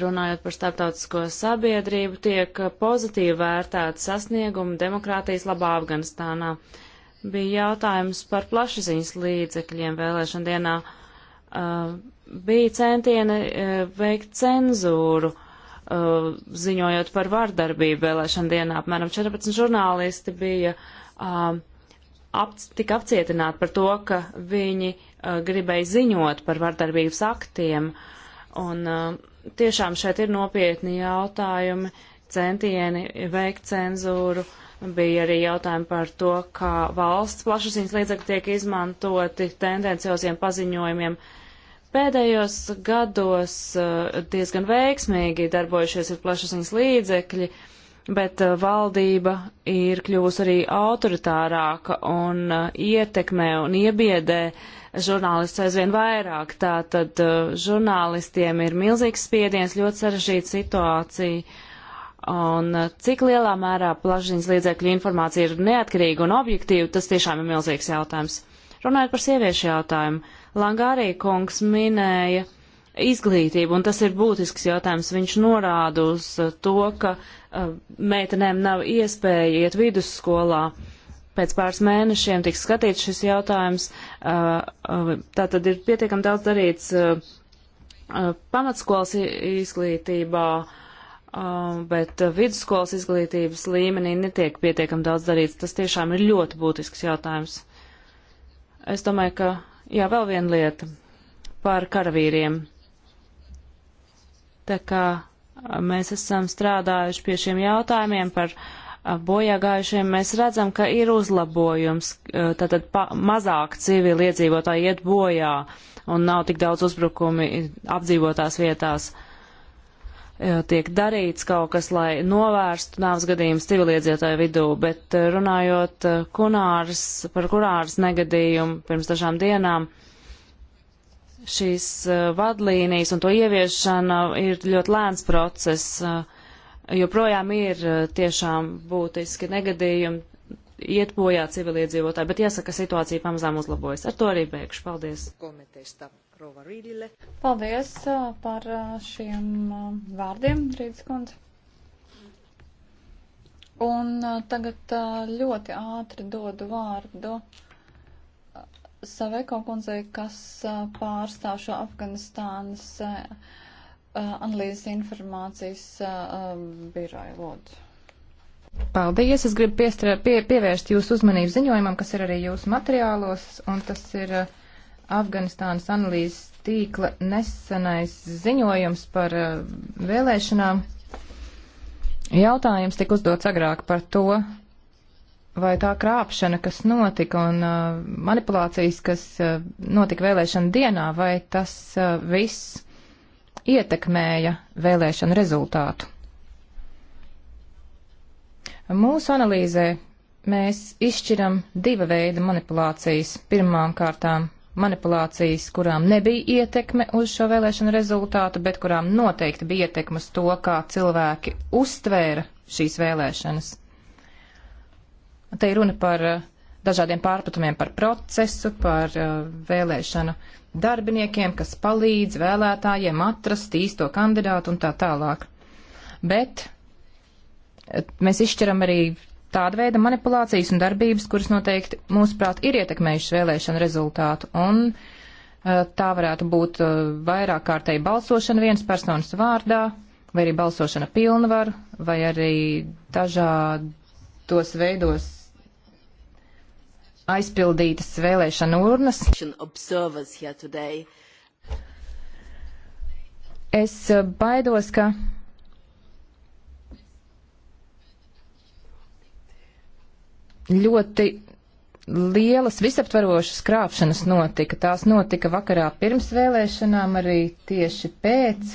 Speaker 5: runājot par starptautisko sabiedrību, tiek uh, pozitīvi vērtēti sasniegumi demokrātijas labā Afganistānā. Uh, bija jautājums par plašsaziņas līdzekļiem vēlēšana dienā. Uh, bija centieni uh, veikt cenzūru, uh, ziņojot par vardarbību vēlēšana dienā. Apmēram 14 žurnālisti bija um, ap, tik apcietināti par to, ka viņi uh, gribēja ziņot par vardarbības aktiem. Un uh, tiešām šeit ir nopietni jautājumi, centieni veikt cenzūru. Uh, Bija arī jautājumi par to, kā valsts plašasīs līdzekļi tiek izmantoti tendencioziem paziņojumiem. Pēdējos gados eh, diezgan veiksmīgi darbojušies ir plašasīs līdzekļi, bet eh, valdība ir kļuvusi arī autoritārāka un eh, ietekmē un iebiedē žurnālists aizvien vairāk. Tātad žurnālistiem ir milzīgs spiediens, ļoti sarežģīta situācija Un eh, cik lielā mērā plašsaziņas līdzekļu informācija ir neatkarīga un objektīva, tas tiešām ir milzīgs jautājums. Runājot par sieviešu jautājumu, Langārī kungs minēja izglītību, un tas ir būtisks jautājums. Viņš norāda uz eh, to, ka uh, meitenēm nav iespēja iet vidusskolā. Pēc pāris mēnešiem tiks skatīts šis jautājums. Uh, uh, tā tad ir pietiekami daudz darīts pamatskolas izglītībā Um, bet uh, vidusskolas izglītības līmenī netiek pietiekam daudz darīts. Tas tiešām ir ļoti būtisks jautājums. Es domāju, ka, jā, vēl viena lieta par karavīriem. Tā kā uh, mēs esam strādājuši pie šiem jautājumiem par uh, bojāgājušiem, mēs redzam, ka ir uzlabojums, tātad pa, mazāk civili iedzīvotāji iet bojā un nav tik daudz uzbrukumi apdzīvotās vietās tiek darīts kaut kas, lai novērstu nāvs gadījumus civiliedzīvotāju vidū, bet eh, runājot eh, kunārs, par kunārs negadījumu pirms dažām dienām, šīs eh, vadlīnijas un to ieviešana ir ļoti lēns process, joprojām ir tiešām būtiski negadījumi, iet bojā civiliedzīvotāji, bet jāsaka, situācija pamazām uzlabojas. Ar to arī beigšu.
Speaker 1: Paldies!
Speaker 2: Komiteista. Rovarīdile. Paldies uh, par uh, šiem uh, vārdiem, Rīdskundze. Un tagad ļoti ātri dodu vārdu Saveko kundzei, kas pārstāv šo Afganistānas analīzes informācijas biroju lūdzu.
Speaker 4: Paldies! Es gribu piestra, pie, pievērst jūsu uzmanību ziņojumam, kas ir arī jūsu materiālos, un tas ir uh, Afganistānas analīzes tīkla nesenais ziņojums par uh, vēlēšanām. Jautājums tika uzdots agrāk par to, vai tā krāpšana, kas notika un uh, manipulācijas, kas uh, notika vēlēšana dienā, vai tas uh, viss ietekmēja vēlēšanu rezultātu. Mūsu analīzē mēs izšķiram diva veida manipulācijas. Pirmām kārtām manipulācijas, kurām nebija ietekme uz šo vēlēšanu rezultātu, bet kurām noteikti bija ietekme uz to, kā cilvēki uztvēra šīs vēlēšanas. Te ir runa par eh, dažādiem pārpratumiem par procesu, par eh, vēlēšanu darbiniekiem, kas palīdz vēlētājiem atrast īsto kandidātu un tā tālāk. Bet eh, mēs izšķiram arī tāda veida manipulācijas un darbības, kuras noteikti, mūsuprāt, ir ietekmējušas vēlēšanu rezultātu. Un eh, tā varētu būt eh, vairāk kārtēji balsošana viens personas vārdā, vai arī balsošana pilnvaru, vai arī dažādos veidos aizpildītas vēlēšana urnas. Es eh, baidos, ka ļoti lielas visaptvarošas krāpšanas notika. Tās notika vakarā pirms vēlēšanām, arī tieši pēc,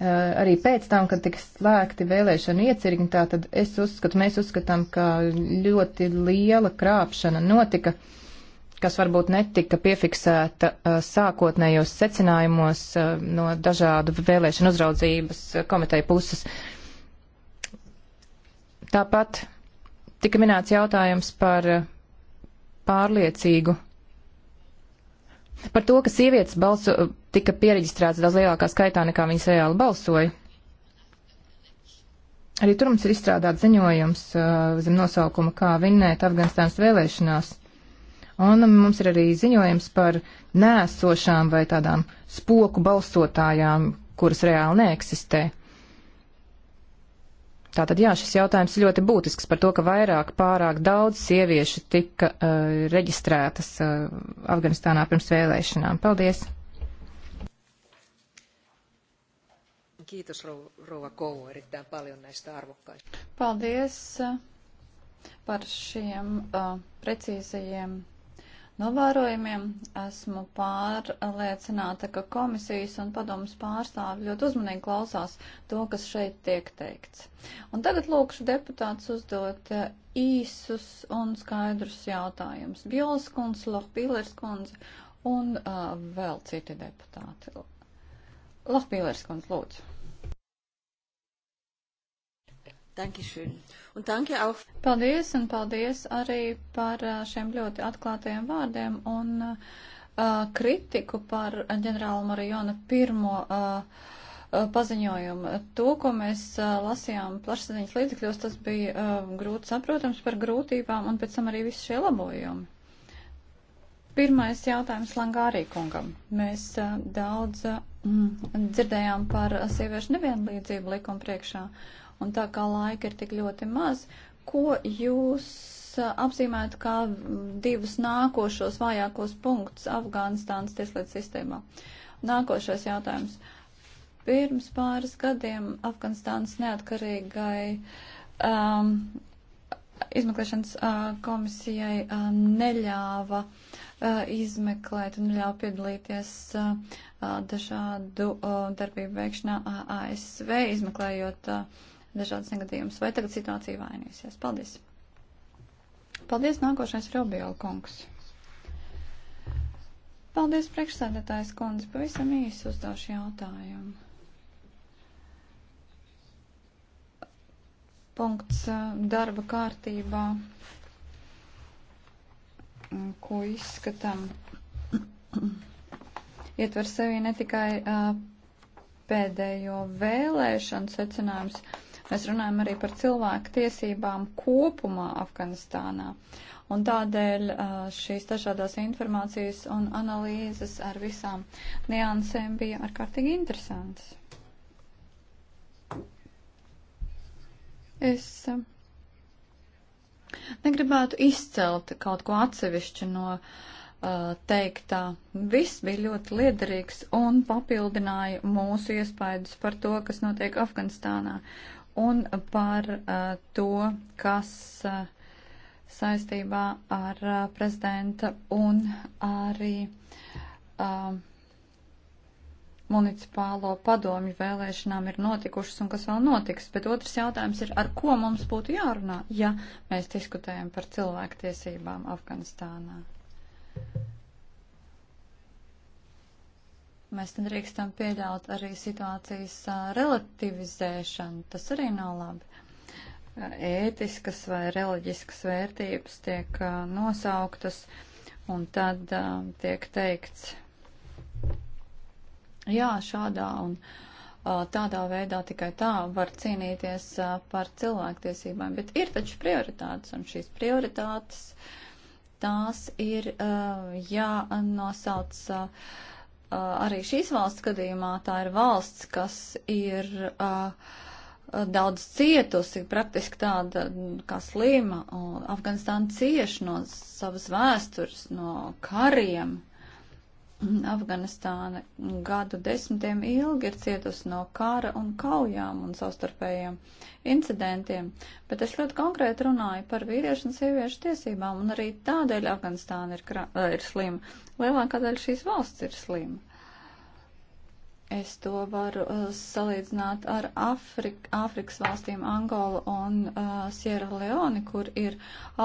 Speaker 4: eh, arī pēc tam, kad tika slēgti vēlēšanu iecirkņi. Tātad es uzskatu, mēs uzskatām, ka ļoti liela krāpšana notika, kas varbūt netika piefiksēta eh, sākotnējos secinājumos eh, no dažādu vēlēšanu uzraudzības komiteju puses. Uh, Tāpat tika minēts jautājums par eh, pārliecīgu. Par to, ka sievietes balso, tika pieregistrētas daudz lielākā skaitā, nekā viņas reāli balsoja. Arī tur mums ir izstrādāts ziņojums uh, zem nosaukuma, kā vinnēt Afganistānas vēlēšanās. Un mums ir arī ziņojums par nēsošām vai tādām spoku balsotājām, kuras reāli neeksistē. Tātad, jā, šis jautājums ļoti būtisks par to, ka vairāk pārāk daudz sieviešu tika uh, reģistrētas uh, Afganistānā pirms vēlēšanām. Paldies!
Speaker 1: Kiitos Rouva Kovu erittäin paljon näistä arvokkaista.
Speaker 2: Paldies eh, par šiem uh, precīzajiem novērojumiem. Esmu pārliecināta, ka komisijas un padomas pārstāvi ļoti uzmanīgi klausās to, kas šeit tiek teikts. Un tagad lūkšu deputātus uzdot eh, īsus un skaidrus jautājumus. Bielas kundze, Lohpīlers kundze un uh, vēl citi deputāti. Lohpīlers kundze, lūdzu. Dankeschön. Un danke auch. Paldies un paldies arī par šiem ļoti atklātajiem vārdiem un uh, kritiku par ģenerāla Marijona pirmo uh, paziņojumu. To, ko mēs uh, lasījām plašsaziņas līdzekļos, tas bija uh, grūti saprotams par grūtībām un pēc tam arī visi šie labojumi. Pirmais jautājums Langārī kungam. Mēs uh, daudz uh, dzirdējām par sieviešu nevienlīdzību likuma priekšā Un tā kā laika ir tik ļoti maz, ko jūs apzīmētu kā divus nākošos vājākos punktus Afganistānas tieslietu sistēmā? Nākošais jautājums. Pirms pāris gadiem Afganistānas neatkarīgai um, izmeklēšanas uh, komisijai uh, neļāva uh, izmeklēt un neļāva piedalīties uh, dažādu uh, darbību veikšanā ASV, izmeklējot uh, dažādas negadījumus. Vai tagad situācija vainīsies? Paldies! Paldies, nākošais Robiola kungs! Paldies, priekšsēdētājs kundze, pavisam īsi uzdošu jautājumu. Punkts eh, darba kārtībā, mm, ko izskatām ietver sevī ne tikai uh, pēdējo vēlēšanu secinājums, Mēs runājam arī par cilvēku tiesībām kopumā Afganistānā. Un tādēļ šīs dažādās informācijas un analīzes ar visām niansēm bija ārkārtīgi interesantas. Es negribētu izcelt kaut ko atsevišķu no uh, teiktā. Viss bija ļoti liederīgs un papildināja mūsu iespaidus par to, kas notiek Afganistānā un par uh, to, kas uh, saistībā ar uh, prezidenta un arī uh, municipālo padomju vēlēšanām ir notikušas un kas vēl notiks. Bet otrs jautājums ir, ar ko mums būtu jārunā, ja mēs diskutējam par cilvēktiesībām Afganistānā. Mēs nedrīkstam pieļaut arī situācijas relativizēšanu. Tas arī nav labi. Ētiskas vai reliģiskas vērtības tiek nosauktas, un tad tiek teikts, jā, šādā un tādā veidā tikai tā var cīnīties par cilvēktiesībām. Bet ir taču prioritātes, un šīs prioritātes tās ir jānosauc. Ja Uh, arī šīs valsts gadījumā tā ir valsts, kas ir uh, daudz cietusi, praktiski tāda mm, kā slima. Afganistāna cieš no savas vēstures, no kariem. Afganistāna gadu desmitiem ilgi ir cietusi no kara un kaujām un savstarpējiem incidentiem, bet es ļoti konkrēti runāju par vīriešu un sieviešu tiesībām, un arī tādēļ Afganistāna ir, ir slima. Lielākā daļa šīs valsts ir slima. Es to varu uh, salīdzināt ar Afrika, Afrikas valstīm Angolu un uh, Sierra Leone, kur ir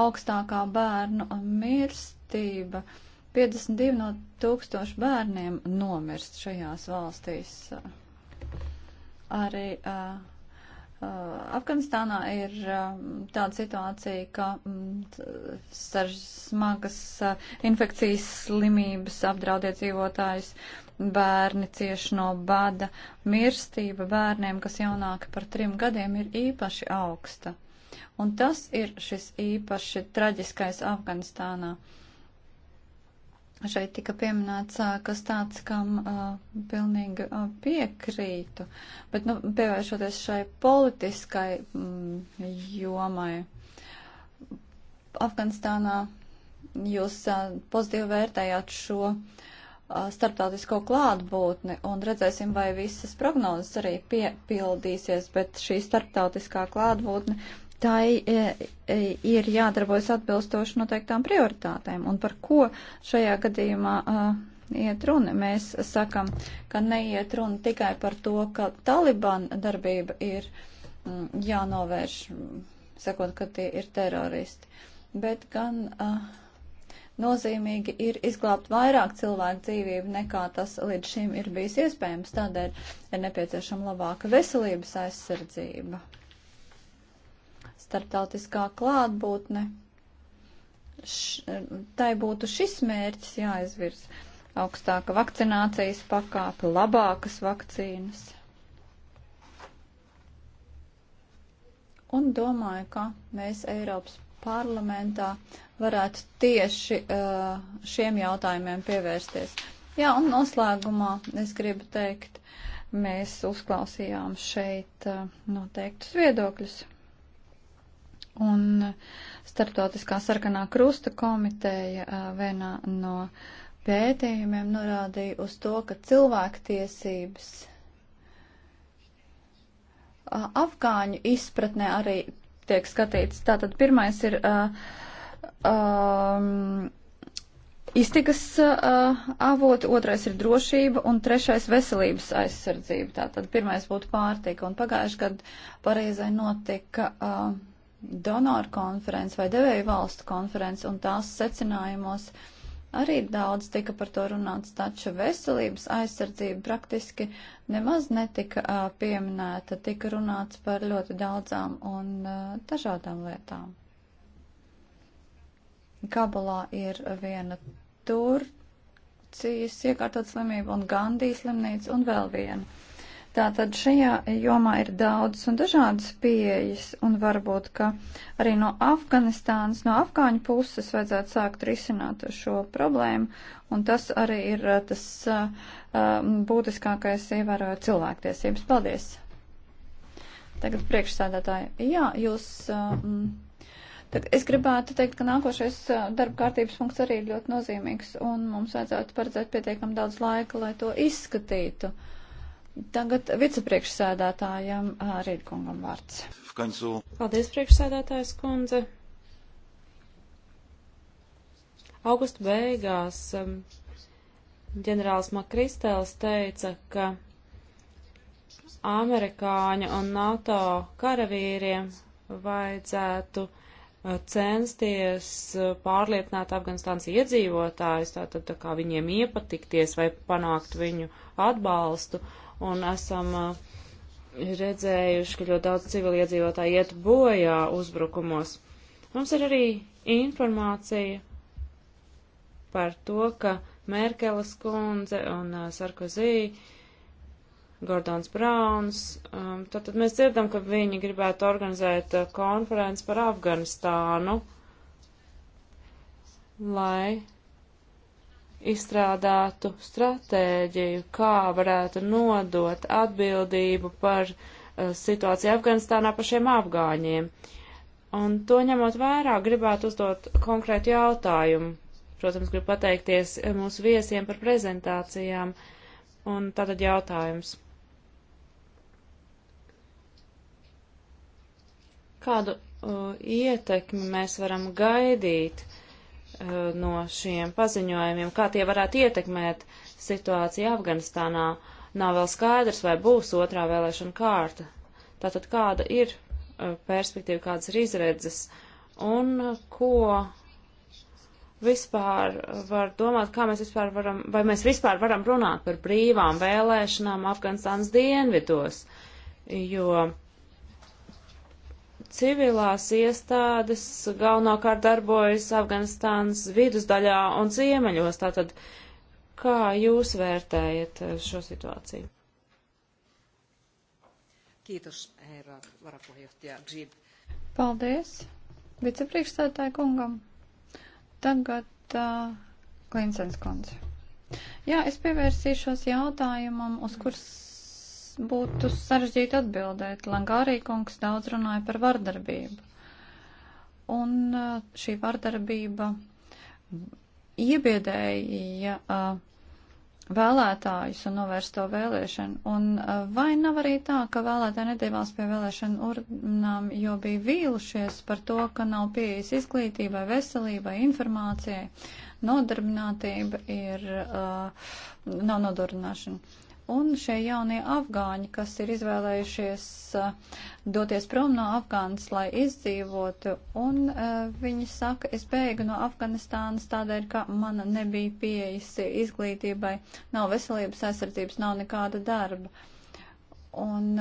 Speaker 2: augstākā bērnu mirstība. Uh, 52 no tūkstošu bērniem nomirst šajās valstīs. Arī uh, uh, Afganistānā ir uh, tāda situācija, ka mm, smagas uh, infekcijas slimības apdraud iedzīvotājus, bērni cieši no bada, mirstība bērniem, kas jaunāki par trim gadiem, ir īpaši augsta. Un tas ir šis īpaši traģiskais Afganistānā. Uh, Šeit tika pieminēts, kas tāds, kam uh, pilnīgi uh, piekrītu, bet, nu, pievēršoties šai politiskai mm, jomai, Afganistānā jūs uh, pozitīvi vērtējāt šo uh, starptautisko klātbūtni un redzēsim, vai visas prognozes arī piepildīsies, bet šī starptautiskā klātbūtne tā e, e, ir jādarbojas atbilstoši noteiktām prioritātēm. Un par ko šajā gadījumā e, iet runa? Mēs sakam, ka neiet runa tikai par to, ka Taliban darbība ir mm, jānovērš, sakot, ka tie ir teroristi, bet gan uh, nozīmīgi ir izglābt vairāk cilvēku dzīvību nekā tas līdz šim ir bijis iespējams. Tādēļ ir nepieciešama labāka veselības aizsardzība starptautiskā klātbūtne, š, tai būtu šis mērķis jāizvirs - augstāka vakcinācijas pakāpe, labākas vakcīnas. Un domāju, ka mēs Eiropas parlamentā varētu tieši uh, šiem jautājumiem pievērsties. Jā, un noslēgumā es gribu teikt, mēs uzklausījām šeit uh, noteiktus viedokļus un Startautiskā sarkanā krusta komiteja vienā no pētījumiem norādīja uz to, ka cilvēktiesības afgāņu izpratnē arī tiek skatīts. Tātad pirmais ir uh, um, iztikas uh, avoti, otrais ir drošība un trešais veselības aizsardzība. Tātad pirmais būtu pārtika un pagājuši gadu pareizai notika. Uh, donoru konferenci vai devēju valstu konferenci, un tās secinājumos arī daudz tika par to runāts, taču veselības aizsardzība praktiski nemaz netika uh, pieminēta, tika runāts par ļoti daudzām un uh, dažādām lietām. Gabalā ir viena Turcijas iekārtot slimība un Gandijas slimnīca un vēl viena. Tātad šajā jomā ir daudz un dažādas pieejas, un varbūt, ka arī no Afganistānas, no afgāņu puses vajadzētu sākt risināt šo problēmu, un tas arī ir uh, tas uh, um, būtiskākais ievērojot cilvēktiesības. Paldies! Tagad priekšsēdētāji, jā, jūs. Um, Tad es gribētu teikt, ka nākošais uh, darba kārtības punkts arī ir ļoti nozīmīgs, un mums vajadzētu paredzēt pietiekam daudz laika, lai to izskatītu. Uh, Tagad vicepriekšsēdētājam Rīdkungam vārds. Kaņsu. Paldies, priekšsēdētājs kundze. Augusta beigās
Speaker 5: ģenerālis Makristēls teica, ka amerikāņu un NATO karavīriem vajadzētu censties pārliecināt Afganistānas iedzīvotājus, tātad tā kā viņiem iepatikties vai panākt viņu atbalstu. Uh, un esam uh, redzējuši, ka ļoti daudz civiliedzīvotāji iet bojā uzbrukumos. Mums ir arī informācija par to, ka Merkeles kundze un uh, Sarkozī, Gordons Brauns, um, tad, tad mēs dzirdam, ka viņi gribētu organizēt uh, konferenci par Afganistānu, lai izstrādātu stratēģiju, kā varētu nodot atbildību par uh, situāciju Afganistānā pašiem afgāņiem. Un to ņemot vērā, gribētu uzdot konkrētu jautājumu. Protams, gribu pateikties eh, mūsu viesiem par prezentācijām. Un tātad jautājums. Kādu uh, ietekmi mēs varam gaidīt uh, Uh, no šiem paziņojumiem, kā tie varētu ietekmēt situāciju Afganistānā. Nav vēl skaidrs, vai būs otrā vēlēšana kārta. Tātad kāda ir uh, perspektīva, kādas ir izredzes un ko vispār var domāt, kā mēs vispār varam, vai mēs vispār varam runāt par brīvām vēlēšanām Afganistānas dienvidos, jo civilās iestādes galvenokārt darbojas Afganistānas vidusdaļā un ziemeļos. Tātad, kā jūs vērtējat eh, šo situāciju?
Speaker 1: Kītus, herra varapuheenjohtaja Grib.
Speaker 2: Paldies vicepriekšstādātāju kungam. Tagad uh, Klinsens kundze. Jā, es pievērsīšos jautājumam, uz kuras būtu sarežģīti atbildēt. Langārī kungs daudz runāja par vardarbību. Un uh, šī vardarbība iebiedēja uh, vēlētājus un novērst to vēlēšanu. Un uh, vai nav arī tā, ka vēlētāji nedēvās pie vēlēšanu urnām, jo bija vīlušies par to, ka nav pieejas izglītībai, veselībai, informācijai, nodarbinātība ir, nav nodarbināšana. Un šie jaunie afgāņi, kas ir izvēlējušies eh, doties prom no Afgānas, lai izdzīvotu, un eh, viņi saka, es bēgu no Afganistānas tādēļ, ka man nebija pieejas izglītībai, nav veselības aizsardzības, nav nekāda darba un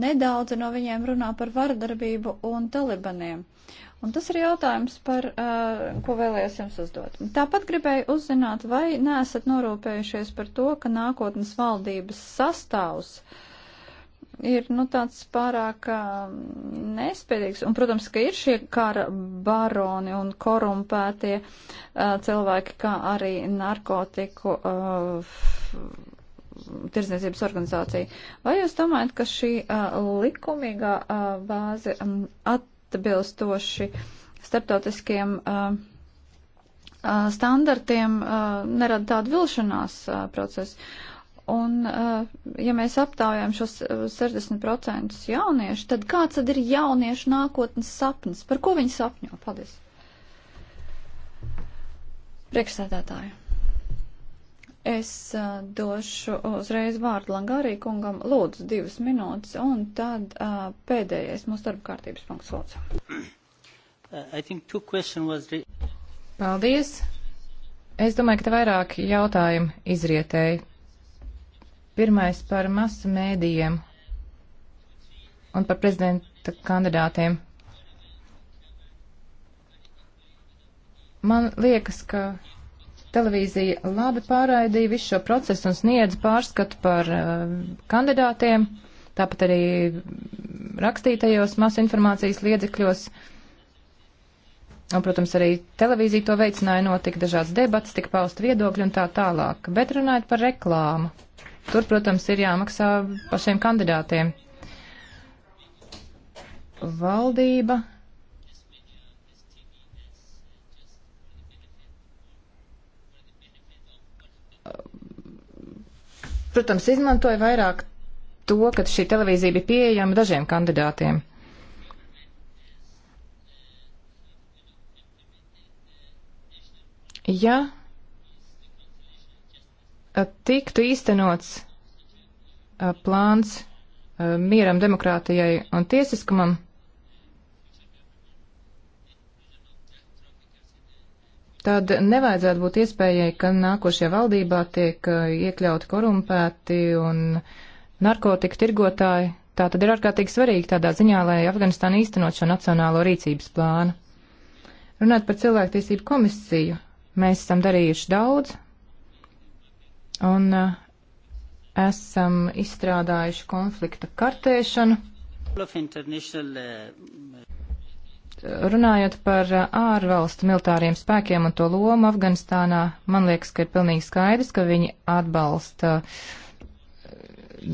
Speaker 2: nedaudz no viņiem runā par vardarbību un talibaniem. Un tas ir jautājums, par, uh, ko vēlējos jums uzdot. Tāpat gribēju uzzināt, vai neesat norūpējušies par to, ka nākotnes valdības sastāvs ir nu, tāds pārāk uh, nespēdīgs. Un, protams, ka ir šie kara baroni un korumpētie uh, cilvēki, kā arī narkotiku. Uh, tirdzniecības organizācija. Vai jūs domājat, ka šī uh, likumīgā uh, bāze um, atbilstoši starptautiskiem uh, uh, standartiem uh, nerada tādu vilšanās uh, procesu? Un, uh, ja mēs aptaujām šos 60% jauniešu, tad kāds tad ir jauniešu nākotnes sapnis? Par ko viņi sapņo? Paldies! Priekšsēdētāju. Es uh, došu uzreiz vārdu Langārī kungam, lūdzu, divas minūtes, un tad uh, pēdējais mūsu darba kārtības punkts lūdzu.
Speaker 3: Uh, was...
Speaker 2: Paldies. Es
Speaker 4: domāju, ka te vairāk jautājumu izrietēji. Pirmais par masu mēdījiem un par prezidenta kandidātiem. Man liekas, ka Televīzija labi pārraidīja visu šo procesu un sniedz pārskatu par uh, kandidātiem, tāpat arī rakstītajos masinformācijas liedzekļos. Un, protams, arī televīzija to veicināja, notika dažādas debatas, tika paust viedokļi un tā tālāk. Bet runājot par reklāmu, tur, protams, ir jāmaksā pašiem kandidātiem. Valdība protams, izmantoja vairāk to, ka šī televīzija bija pieejama dažiem kandidātiem. Ja tiktu īstenots uh, plāns uh, mieram, demokrātijai un tiesiskumam, tad nevajadzētu būt iespējai, ka nākošajā valdībā tiek uh, iekļauti korumpēti un narkotika tirgotāji. Tā tad ir ārkārtīgi svarīgi tādā ziņā, lai Afganistāna īstenot šo nacionālo rīcības plānu. Runāt par cilvēktiesību komisiju, mēs esam darījuši daudz un uh, esam izstrādājuši konflikta kartēšanu.
Speaker 3: Runājot
Speaker 4: par uh, ārvalstu militāriem spēkiem un to lomu Afganistānā, man liekas, ka ir pilnīgi skaidrs, ka viņi atbalsta uh,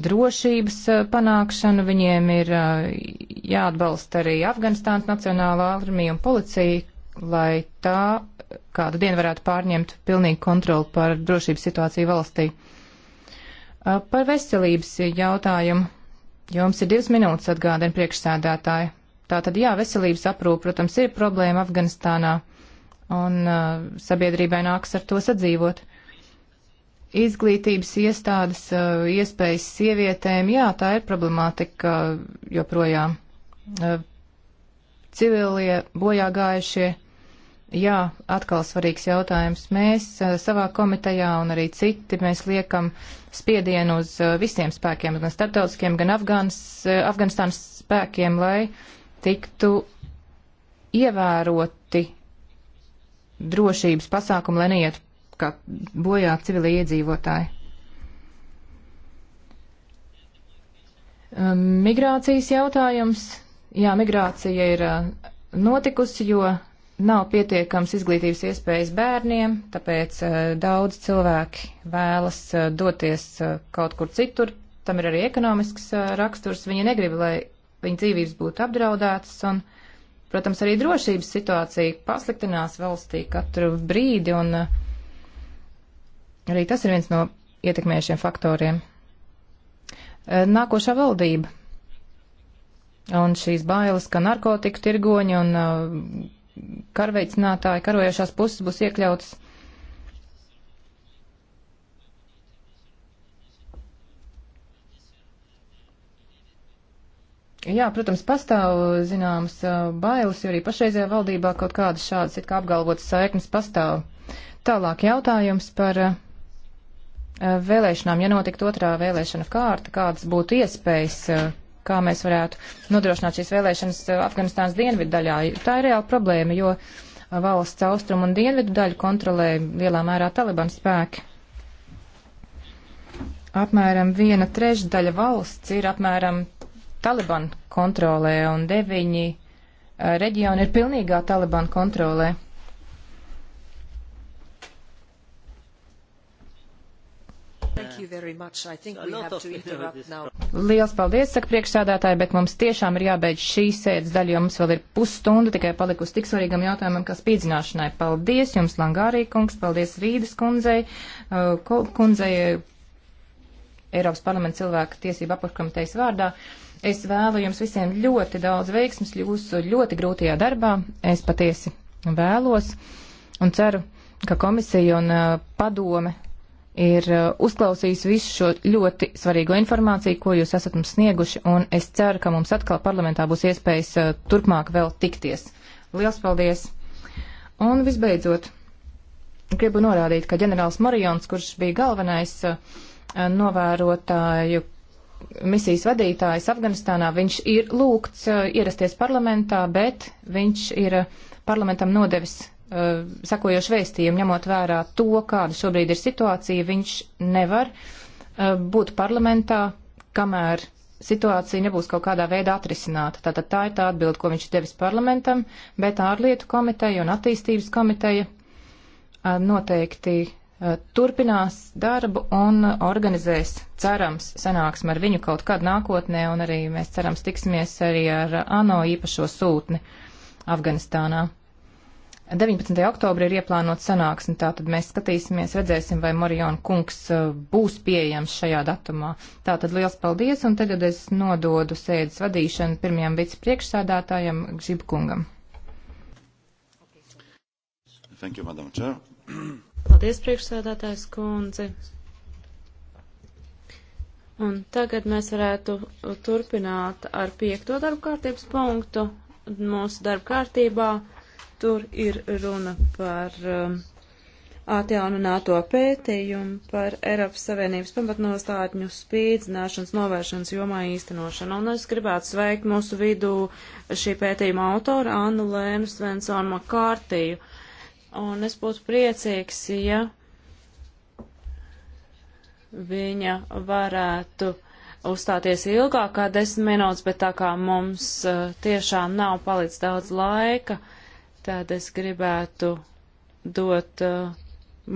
Speaker 4: drošības uh, panākšanu, viņiem ir jāatbalsta arī Afganistānas nacionālā armija un policija, lai tā kādu dienu varētu pārņemt pilnīgu kontroli pār drošības situāciju valstī. Par veselības jautājumu. Jums ir divas minūtes atgādina priekšsēdētāji. Tātad, jā, veselības aprūpe, protams, ir problēma Afganistānā, un uh, sabiedrībai nāks ar to sadzīvot. Izglītības iestādes, uh, iespējas sievietēm, jā, tā ir problemātika uh, joprojām. Uh, civilie bojā gājušie, jā, atkal svarīgs jautājums. Mēs uh, savā komitejā un arī citi, mēs liekam spiedienu uz uh, visiem spēkiem, gan starptautiskiem, gan Afgans, uh, Afganistānas spēkiem, lai uh, tiktu ievēroti drošības pasākumi, lai neiet kā bojā civilie iedzīvotāji. Ehm, migrācijas jautājums. Jā, migrācija ir eh, notikusi, jo nav pietiekams izglītības iespējas bērniem, tāpēc uh, daudz cilvēki vēlas uh, doties uh, kaut kur citur. Tam ir arī ekonomisks raksturs. Viņi negrib, lai viņu dzīvības būtu apdraudētas, un, protams, arī drošības situācija pasliktinās valstī katru brīdi, un eh, arī tas ir viens no ietekmējušiem faktoriem. Eh, nākošā valdība un šīs bailes, ka narkotiku tirgoņi un eh, karveicinātāji karojošās puses būs iekļautas Jā, protams, pastāv zināmas bailes, jo arī pašreizajā valdībā kaut kādas šādas it kā apgalvotas saiknes pastāv. Tālāk jautājums par vēlēšanām. Ja notiktu otrā vēlēšana kārta, kādas būtu iespējas, kā mēs varētu nodrošināt šīs vēlēšanas Afganistānas dienvidu daļā? Tā ir reāla problēma, jo valsts austrumu un dienvidu daļu kontrolē lielā mērā Taliban spēki apmēram viena trešdaļa valsts ir apmēram Taliban kontrolē un deviņi eh, reģioni ir pilnīgā Taliban kontrolē. Liels paldies, saka priekšsādātāji, bet mums tiešām ir jābeidz šī sēdes daļa, jo mums vēl ir pusstunda tikai palikusi tik svarīgam jautājumam, kā spīdzināšanai. Paldies jums, Langārī kungs, paldies Rīdas kundzei, eh, kundzei Eiropas parlamenta cilvēku tiesību apakškomitejas vārdā. Es vēlu jums visiem ļoti daudz veiksmes jūsu ļoti grūtajā darbā. Es patiesi vēlos un ceru, ka komisija un uh, padome ir uh, uzklausījusi visu šo ļoti svarīgo informāciju, ko jūs esat mums snieguši, un es ceru, ka mums atkal parlamentā būs iespējas uh, turpmāk vēl tikties. Liels paldies! Un visbeidzot, gribu norādīt, ka ģenerālis Marijons, kurš bija galvenais uh, novērotāju misijas vadītājs Afganistānā, viņš ir lūgts uh, ierasties parlamentā, bet viņš ir uh, parlamentam nodevis uh, sakojošu vēstījumu, ņemot vērā to, kāda šobrīd ir situācija, viņš nevar uh, būt parlamentā, kamēr situācija nebūs kaut kādā veidā atrisināta. Tātad tā ir tā atbilde, ko viņš devis parlamentam, bet ārlietu komiteja un attīstības komiteja uh, noteikti Eh, turpinās darbu un organizēs, cerams, sanāksim ar viņu kaut kad nākotnē, un arī mēs cerams tiksimies arī ar ANO īpašo sūtni Afganistānā. 19. oktobrī ir ieplānot sanāksmi, tātad mēs skatīsimies, redzēsim, vai Marijona kungs eh, būs pieejams šajā datumā. Tātad liels paldies, un tagad es nododu sēdes vadīšanu pirmajam vicepriekšsādātājam Gžibkungam. Thank you, Madam Chair.
Speaker 5: Paldies, priekšsēdētājs kundze. Un tagad mēs varētu turpināt ar piekto darba kārtības punktu mūsu darba kārtībā. Tur ir runa par um, atjaunināto pētījumu par Eiropas Savienības pamatnostādņu spīdzināšanas novēršanas jomā īstenošanu. Un es gribētu sveikt mūsu vidū šī pētījuma autoru Annu Lēnu Svensonu Makārtiju. Uh, un es būtu priecīgs, ja viņa varētu uzstāties ilgāk kā desmit minūtes, bet tā kā mums uh, tiešām nav palicis daudz laika, tad es gribētu dot uh, eh,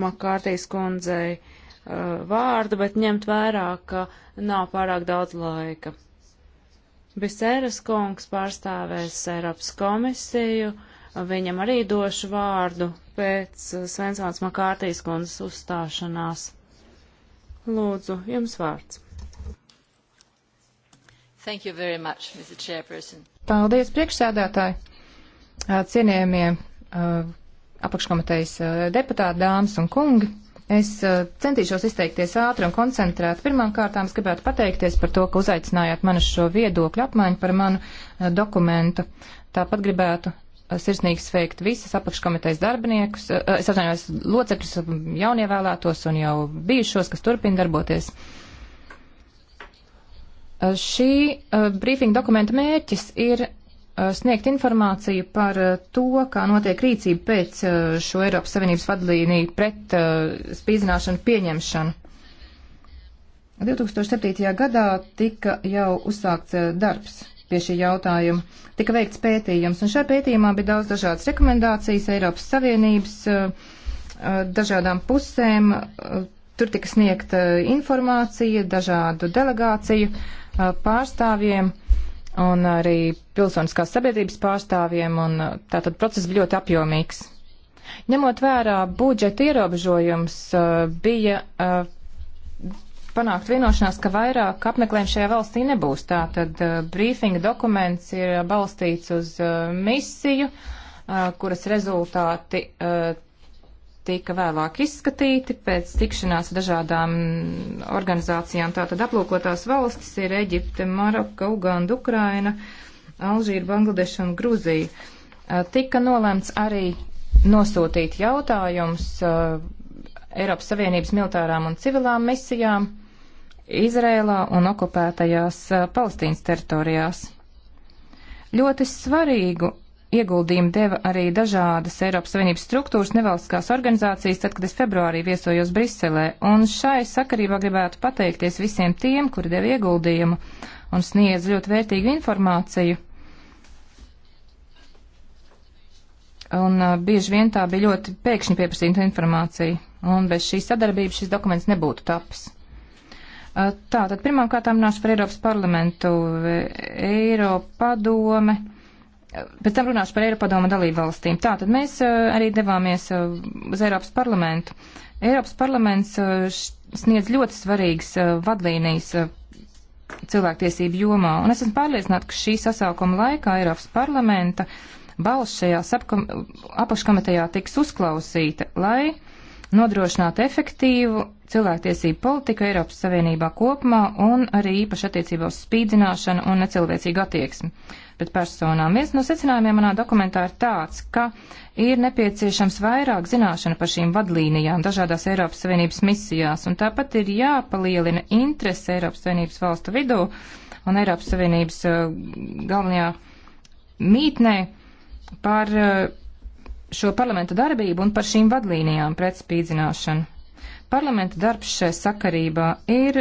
Speaker 5: Makārtīs kundzei uh, vārdu, bet ņemt vērā, ka nav pārāk daudz laika. Biseras kungs pārstāvēs Eiropas komisiju. Uh, Viņam arī došu vārdu pēc eh, Svensons Makārtīs kundzes uzstāšanās. Lūdzu, jums vārds.
Speaker 2: Thank you very much, Mr. Chairperson.
Speaker 4: Paldies, priekšsēdētāji, cienījamie apakškomitejas deputāti, dāmas un kungi. Es centīšos izteikties ātri un koncentrēt. Pirmām kārtām es gribētu pateikties par to, ka uzaicinājāt mani šo viedokļu apmaiņu par manu dokumentu. Tāpat gribētu sirsnīgi sveikt visas apakškomitejas darbiniekus, eh, es atvainojos locekļus, um, jaunievēlētos un jau bijušos, kas turpina darboties. Eh, šī eh, brīfinga dokumenta mērķis ir sniegt informāciju par to, kā notiek rīcība pēc šo Eiropas Savienības vadlīniju pret spīdzināšanu pieņemšanu. 2007. gadā tika jau uzsākts darbs pie šī jautājuma, tika veikts pētījums, un šajā pētījumā bija daudz dažādas rekomendācijas Eiropas Savienības uh, uh, dažādām pusēm. Uh, tur tika sniegta informācija dažādu delegāciju pārstāvjiem un arī pilsoniskās sabiedrības pārstāvjiem, un tātad process bija ļoti apjomīgs. Ņemot vērā budžeta ierobežojums, bija panākt vienošanās, ka vairāk apmeklējumu šajā valstī nebūs. Tātad uh, brīfinga dokuments ir uh, balstīts uz uh, misiju, uh, kuras rezultāti uh, tika vēlāk izskatīti pēc tikšanās dažādām organizācijām. Tātad aplūkotās valstis ir Eģipte, Maroka, Uganda, Ukraina, Alžīra, Bangladeša un Gruzija. Uh, tika nolēmts arī nosūtīt jautājums. Uh, Eiropas Savienības militārām un civilām misijām. Izrēlā un okupētajās Palestīnas teritorijās. Ļoti svarīgu ieguldījumu deva arī dažādas Eiropas Savienības struktūras nevalstiskās organizācijas, tad, kad es februārī viesojos Briselē, un šai sakarībā gribētu pateikties visiem tiem, kuri deva ieguldījumu un sniedz ļoti vērtīgu informāciju. Un uh, bieži vien tā bija ļoti pēkšņi pieprasīta informācija, un bez šīs sadarbības šis dokuments nebūtu tapis. Tā, tad pirmām kārtām runāšu par Eiropas parlamentu, e, Eiropadome, pēc tam runāšu par Eiropadome dalību valstīm. Tā, tad mēs arī devāmies uz Eiropas parlamentu. Eiropas parlaments sniedz ļoti svarīgas vadlīnijas cilvēktiesību jomā, un es esmu pārliecināta, ka šī sasaukuma laikā Eiropas parlamenta balss šajā apakškomitejā tiks uzklausīta, lai nodrošināt efektīvu cilvēktiesību politiku Eiropas Savienībā kopumā un arī īpaši attiecībā uz spīdzināšanu un necilvēcīgu attieksmi pret personām. Viens no secinājumiem manā dokumentā ir tāds, ka ir nepieciešams vairāk zināšana par šīm vadlīnijām dažādās Eiropas Savienības misijās, un tāpat ir jāpalielina interese Eiropas Savienības valstu vidū un Eiropas Savienības uh, galvenajā mītnē par uh, šo parlamenta darbību un par šīm vadlīnijām pret spīdzināšanu. Parlamenta darbs šai sakarībā ir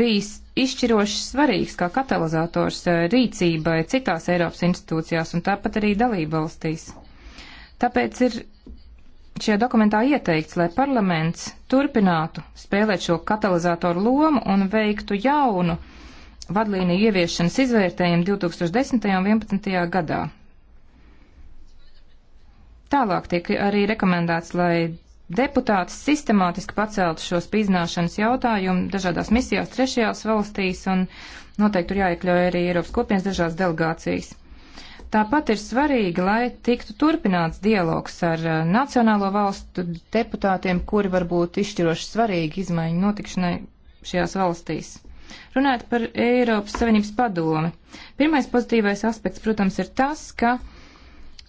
Speaker 4: bijis izšķiroši svarīgs kā katalizators eh, rīcībai citās Eiropas institūcijās un tāpat arī dalību valstīs. Tāpēc ir šajā dokumentā ieteikts, lai parlaments turpinātu spēlēt šo katalizatoru lomu un veiktu jaunu vadlīniju ieviešanas izvērtējumu 2010. un 2011. gadā. Tālāk tiek arī rekomendēts, lai deputāti sistemātiski paceltu šo spīdzināšanas jautājumu dažādās misijās trešajās valstīs un noteikti tur jāiekļauj arī Eiropas kopienas dažās delegācijas. Tāpat ir svarīgi, lai tiktu turpināts dialogs ar eh, nacionālo valstu deputātiem, kuri var būt izšķiroši svarīgi izmaiņu notikšanai šajās valstīs. Runājot par Eiropas Savienības padomi, pirmais pozitīvais aspekts, protams, ir tas, ka uh,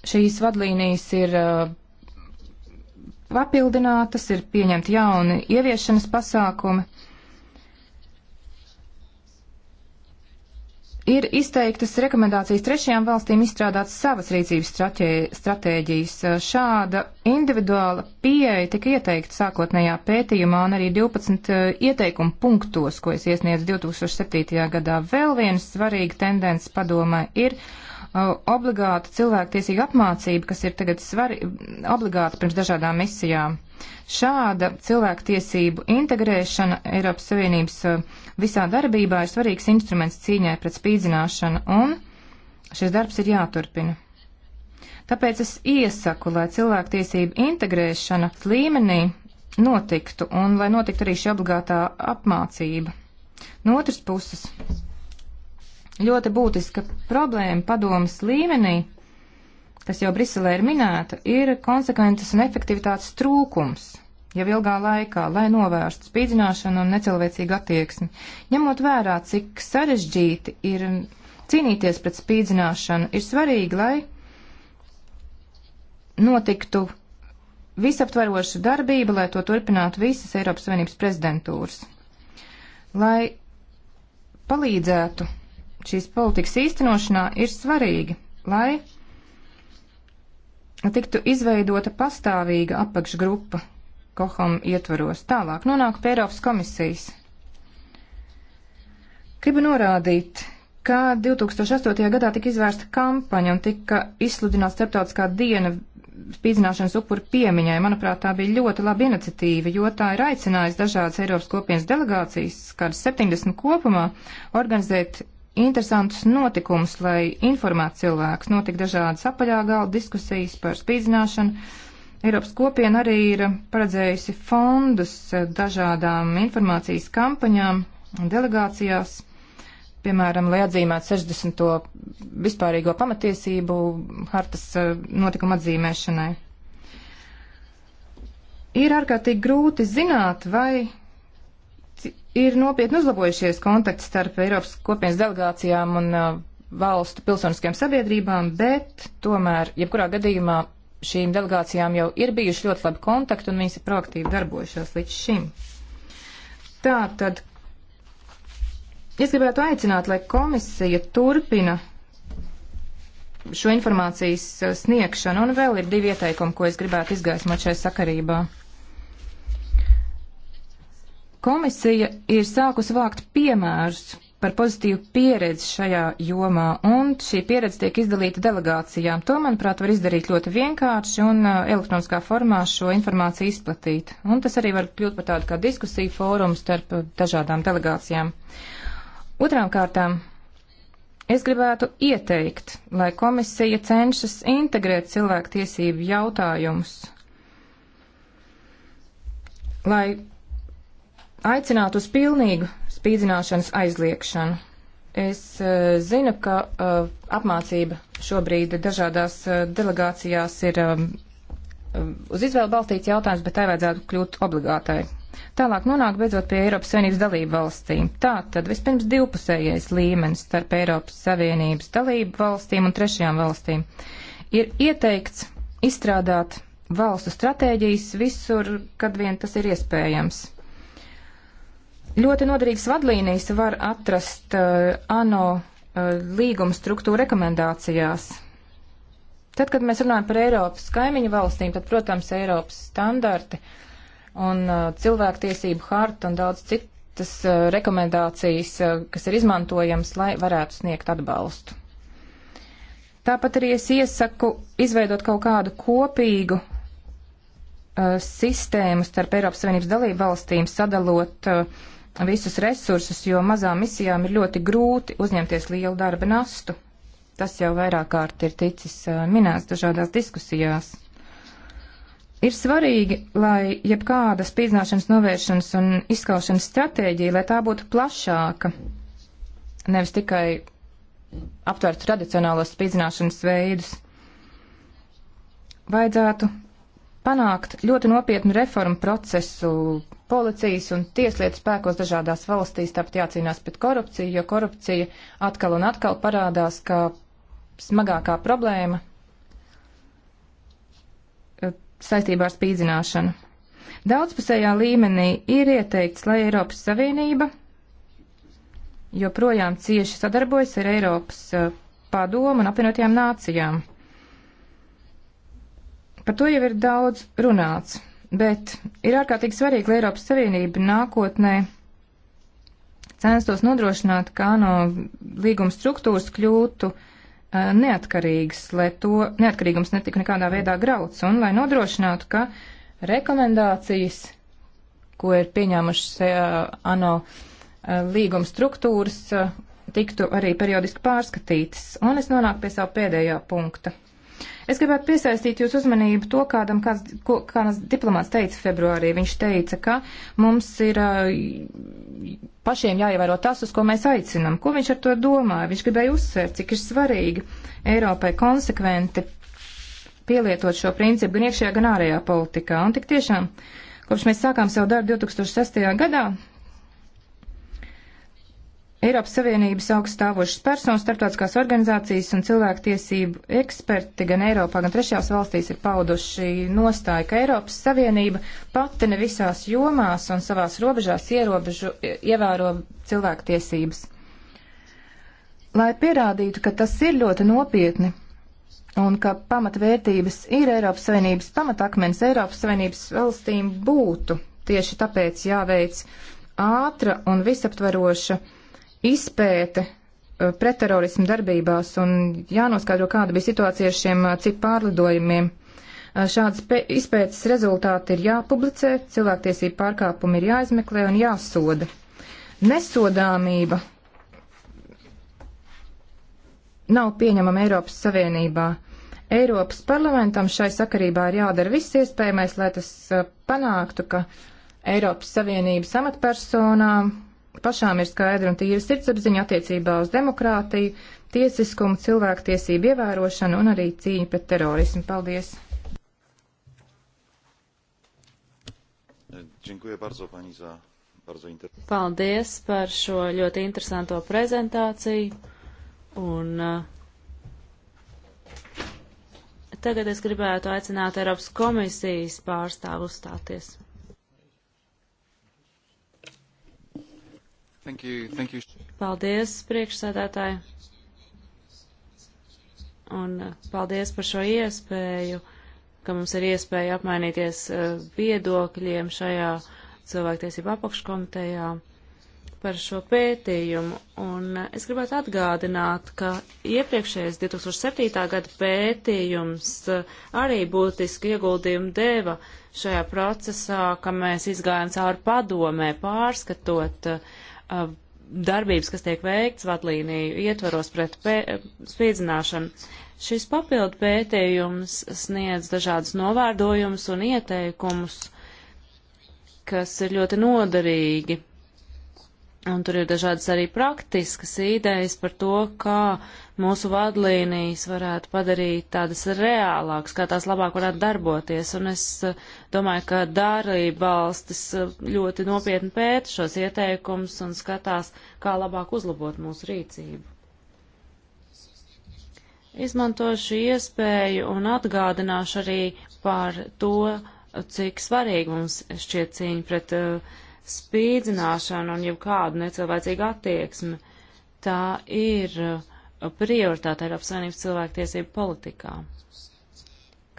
Speaker 4: Šīs vadlīnijas ir uh, papildinātas, ir pieņemti jauni ieviešanas pasākumi. Ir izteiktas rekomendācijas trešajām valstīm izstrādāt savas rīcības stratēģijas. Šāda individuāla pieeja tika ieteikta sākotnējā pētījumā un arī 12 uh, ieteikumu punktos, ko es iesniedzu 2007. gadā. Vēl viena svarīga tendence padomē ir uh, obligāta cilvēktiesīga apmācība, kas ir tagad svari, obligāta pirms dažādām misijām. Šāda cilvēktiesību integrēšana Eiropas Savienības visā darbībā ir svarīgs instruments cīņai pret spīdzināšanu, un šis darbs ir jāturpina. Tāpēc es iesaku, lai cilvēktiesību integrēšana līmenī notiktu, un lai notiktu arī šī obligātā apmācība. No otras puses, ļoti būtiska problēma padomas līmenī, kas jau Briselē ir minēta, ir konsekvences un efektivitātes trūkums jau ilgā laikā, lai novērstu spīdzināšanu un necilvēcīgu attieksmi. Ņemot vērā, cik sarežģīti ir cīnīties pret spīdzināšanu, ir svarīgi, lai notiktu visaptvaroša darbība, lai to turpinātu visas Eiropas Savienības prezidentūras. Lai palīdzētu šīs politikas īstenošanā ir svarīgi, lai tiktu izveidota pastāvīga apakšgrupa kohom ietvaros. Tālāk nonāk pie Eiropas komisijas. Gribu norādīt, ka 2008. gadā tika izvērsta kampaņa un tika izsludināta starptautiskā diena spīdzināšanas upuru piemiņai. Manuprāt, tā bija ļoti laba iniciatīva, jo tā ir aicinājusi dažādas Eiropas kopienas delegācijas, kādas 70 kopumā, organizēt interesantus notikumus, lai informētu cilvēkus. Notika dažādas apaļā galda diskusijas par spīdzināšanu. Eiropas kopiena arī ir paredzējusi fondus dažādām informācijas kampaņām un delegācijās, piemēram, lai atzīmētu 60. vispārīgo pamatiesību hartas eh, notikuma atzīmēšanai. Ir ārkārtīgi grūti zināt, vai ir nopietni uzlabojušies kontakti starp Eiropas kopienas delegācijām un uh, valstu pilsoniskajām sabiedrībām, bet tomēr, jebkurā gadījumā, šīm delegācijām jau ir bijuši ļoti labi kontakti un viņas ir proaktīvi darbojušās līdz šim. Tā tad es gribētu aicināt, lai komisija turpina šo informācijas uh, sniegšanu, un vēl ir divi ieteikumi, ko es gribētu izgaismot šai sakarībā. Komisija ir sākus vākt piemērus par pozitīvu pieredzi šajā jomā, un šī pieredze tiek izdalīta delegācijām. To, manuprāt, var izdarīt ļoti vienkārši un uh, elektroniskā formā šo informāciju izplatīt. Un tas arī var kļūt par tādu kā diskusiju fórumu starp uh, dažādām delegācijām. Otrām kārtām, es gribētu ieteikt, lai komisija cenšas integrēt cilvēku tiesību jautājumus, lai aicināt uz pilnīgu spīdzināšanas aizliekšanu. Es uh, zinu, ka uh, apmācība šobrīd dažādās uh, delegācijās ir um, uz izvēlu balstīts jautājums, bet tai vajadzētu kļūt obligātai. Tālāk nonāk beidzot pie Eiropas Savienības dalību valstīm. Tā tad vispirms divpusējais līmenis starp Eiropas Savienības dalību valstīm un trešajām valstīm ir ieteikts izstrādāt valstu stratēģijas visur, kad vien tas ir iespējams Ļoti noderīgas vadlīnijas var atrast uh, ANO uh, līguma struktūra rekomendācijās. Tad, kad mēs runājam par Eiropas kaimiņu valstīm, tad, protams, Eiropas standarti un uh, cilvēktiesību harta un daudz citas uh, rekomendācijas, uh, kas ir izmantojams, lai varētu sniegt atbalstu. Tāpat arī es iesaku izveidot kaut kādu kopīgu uh, sistēmu starp Eiropas Savienības dalību valstīm, sadalot uh, visus resursus, jo mazām misijām ir ļoti grūti uzņemties lielu darba nastu. Tas jau vairāk kārt ir ticis minēts dažādās diskusijās. Ir svarīgi, lai jebkāda spīdzināšanas novēršanas un izskaušanas stratēģija, lai tā būtu plašāka, nevis tikai aptvērt tradicionālos spīdzināšanas veidus. Vajadzētu panākt ļoti nopietnu reformu procesu policijas un tieslietu spēkos dažādās valstīs, tāpat jācīnās pret korupciju, jo korupcija atkal un atkal parādās kā smagākā problēma eh, saistībā ar spīdzināšanu. Daudzpusējā līmenī ir ieteikts, lai Eiropas Savienība joprojām cieši sadarbojas ar Eiropas eh, padomu un apvienotajām nācijām. Par to jau ir daudz runāts. Bet ir ārkārtīgi svarīgi, lai Eiropas Savienība nākotnē censtos nodrošināt, kā no līguma struktūras kļūtu uh, neatkarīgas, lai to neatkarīgums netika nekādā veidā grauts un lai nodrošinātu, ka rekomendācijas, ko ir pieņēmušas uh, ANO uh, līguma struktūras, tiktu arī periodiski pārskatītas. Un es nonāku pie savu pēdējā punkta. Es gribētu piesaistīt jūsu uzmanību to, kādam kāds, ko, kāds diplomāts teica februārī. Viņš teica, ka mums ir pašiem jāievēro tas, uz ko mēs aicinam. Ko viņš ar to domāja? Viņš gribēja uzsvērt, cik ir svarīgi Eiropai konsekventi pielietot šo principu gan iekšējā, gan ārējā politikā. Un tik tiešām, kopš mēs sākām savu darbu 2006. gadā, Eiropas Savienības augststāvošas personas, starptautiskās organizācijas un cilvēktiesību eksperti gan Eiropā, gan trešajās valstīs ir pauduši nostāju, ka Eiropas Savienība pati ne visās jomās un savās robežās ierobežu, ievēro cilvēktiesības. Lai pierādītu, ka tas ir ļoti nopietni un ka pamatvērtības ir Eiropas Savienības pamatakmens, Eiropas Savienības valstīm būtu tieši tāpēc jāveic ātra un visaptveroša izpēte eh, pretterorismu darbībās un jānoskaidro, kāda bija situācija ar šiem eh, cipu pārlidojumiem. Eh, šādas izpētes rezultāti ir jāpublicē, cilvēktiesību pārkāpumi ir jāizmeklē un jāsoda. Nesodāmība nav pieņemama Eiropas Savienībā. Eiropas parlamentam šai sakarībā ir jādara viss iespējamais, lai tas panāktu, ka Eiropas Savienības amatpersonām pašām ir skaidra un tīra sirdsapziņa attiecībā uz demokrātiju, tiesiskumu, cilvēktiesību ievērošanu un arī cīņu pret terorismu. Paldies!
Speaker 5: Paldies par šo ļoti interesanto prezentāciju. Un, uh, tagad es gribētu aicināt Eiropas komisijas pārstāvu uzstāties.
Speaker 3: Thank you, thank you.
Speaker 5: Paldies, priekšsēdētāji. Un uh, paldies par šo iespēju, ka mums ir iespēja apmainīties uh, viedokļiem šajā cilvēktiesību apakškomitejā par šo pētījumu, un uh, es gribētu atgādināt, ka iepriekšējais 2007. gada pētījums arī būtiski ieguldījumu deva šajā procesā, ka mēs izgājām cauri padomē, pārskatot uh, darbības, kas tiek veikts vadlīniju ietvaros pret spīdzināšanu. Šis papildu pētījums sniedz dažādus novērdījumus un ieteikumus, kas ir ļoti noderīgi Un tur ir dažādas arī praktiskas idejas par to, kā mūsu vadlīnijas varētu padarīt tādas reālākas, kā tās labāk varētu darboties. Un es eh, domāju, ka darība valstis eh, ļoti nopietni pēta šos ieteikumus un skatās, kā labāk uzlabot mūsu rīcību. Izmantošu iespēju un atgādināšu arī par to, cik svarīgi mums šķiet cīņa pret uh, spīdzināšanu un jebkādu necilvēcīgu attieksmi. Tā ir uh, prioritāte Eiropas Savienības cilvēktiesību politikā.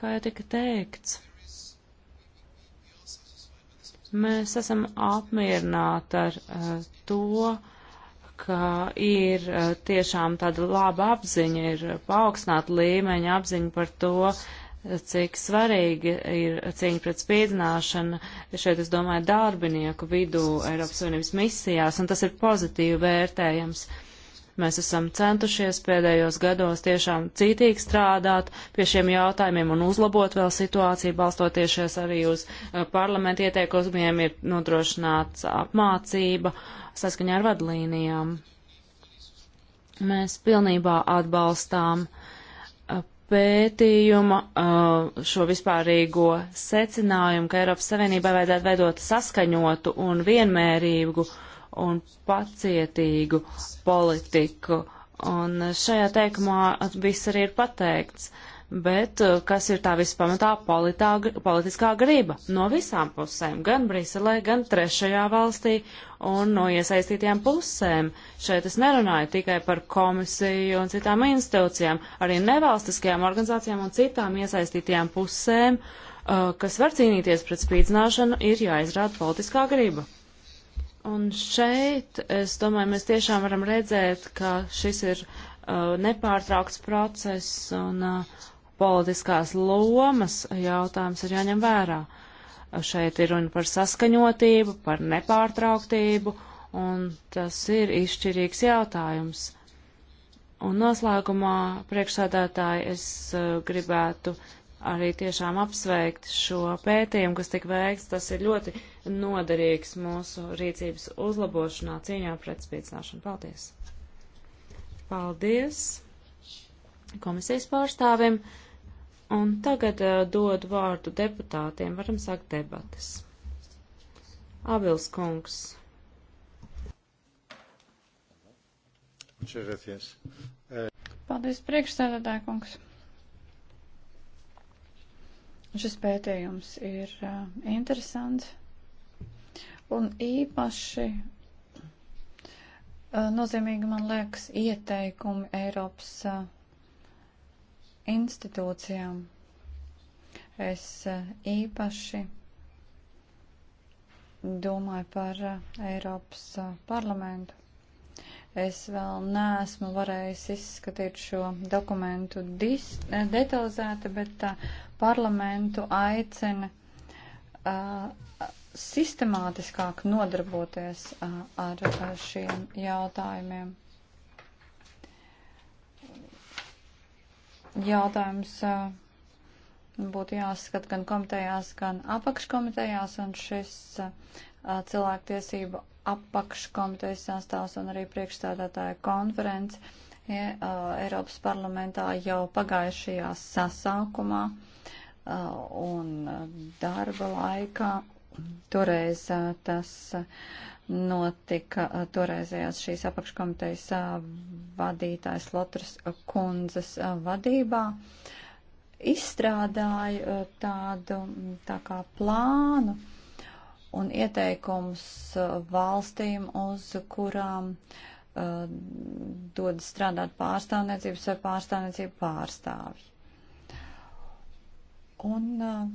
Speaker 5: Kā jau tika teikts, mēs esam apmierināti ar uh, to, ka ir uh, tiešām tāda laba apziņa, ir paaugstināta līmeņa apziņa par to, uh, cik svarīgi ir cīņa pret spīdzināšanu šeit, es domāju, darbinieku vidū Eiropas Savienības misijās, un tas ir pozitīvi vērtējams. Mēs esam centušies pēdējos gados tiešām cītīgi strādāt pie šiem jautājumiem un uzlabot vēl situāciju, balstoties arī uz eh, parlamentu ieteikumiem, ir nodrošināts apmācība saskaņā ar vadlīnijām. Mēs pilnībā atbalstām pētījuma uh, šo vispārīgo secinājumu, ka Eiropas Savienībai vajadzētu veidot saskaņotu un vienmērīgu un pacietīgu politiku. Un šajā teikumā viss arī ir pateikts. Uh, bet eh, kas ir tā vispamatā politā, politiskā griba no visām pusēm, gan Briselē, gan trešajā valstī un no iesaistītajām pusēm. Šeit es nerunāju tikai par komisiju un citām institūcijām, arī nevalstiskajām organizācijām un citām iesaistītajām pusēm, eh, kas var cīnīties pret spīdzināšanu, ir jāizrāda politiskā griba. Un šeit, es domāju, mēs tiešām varam redzēt, ka šis ir uh, nepārtraukts process un uh, politiskās lomas jautājums ir jāņem vērā. Šeit ir runa par saskaņotību, par nepārtrauktību, un tas ir izšķirīgs jautājums. Un noslēgumā, priekšsādātāji, es uh, gribētu arī tiešām apsveikt šo pētījumu, kas tika veikts. Tas ir ļoti noderīgs mūsu rīcības uzlabošanā cīņā pret spīdzināšanu. Paldies! Paldies komisijas pārstāvim! Un tagad uh, dod vārdu deputātiem. Varam sākt debatas. Abils kungs.
Speaker 2: Paldies, priekšsēdētāja kungs. Šis pētījums ir uh, interesants un īpaši uh, nozīmīgi, man liekas, ieteikumi Eiropas uh, institūcijām. Es eh, īpaši domāju par eh, Eiropas eh, parlamentu. Es vēl neesmu varējis izskatīt šo dokumentu dis, detalizēti, bet parlamentu aicina uh, sistemātiskāk nodarboties uh, ar, ar šiem jautājumiem. jautājums būtu jāskat gan komitejās, gan apakškomitejās, un šis cilvēktiesību apakškomitejas sastāvs un arī priekšstādātāja konference ja, Eiropas parlamentā jau pagājušajā sasaukumā un darba laikā. Toreiz tas notika uh, toreizējās šīs apakškomitejas uh, vadītājs Lotras kundzes uh, vadībā. Izstrādāju tādu mm, tā kā plānu un ieteikums valstīm, uz kurām uh, dod strādāt pārstāvniecības vai pārstāvniecību pārstāvji. Un uh,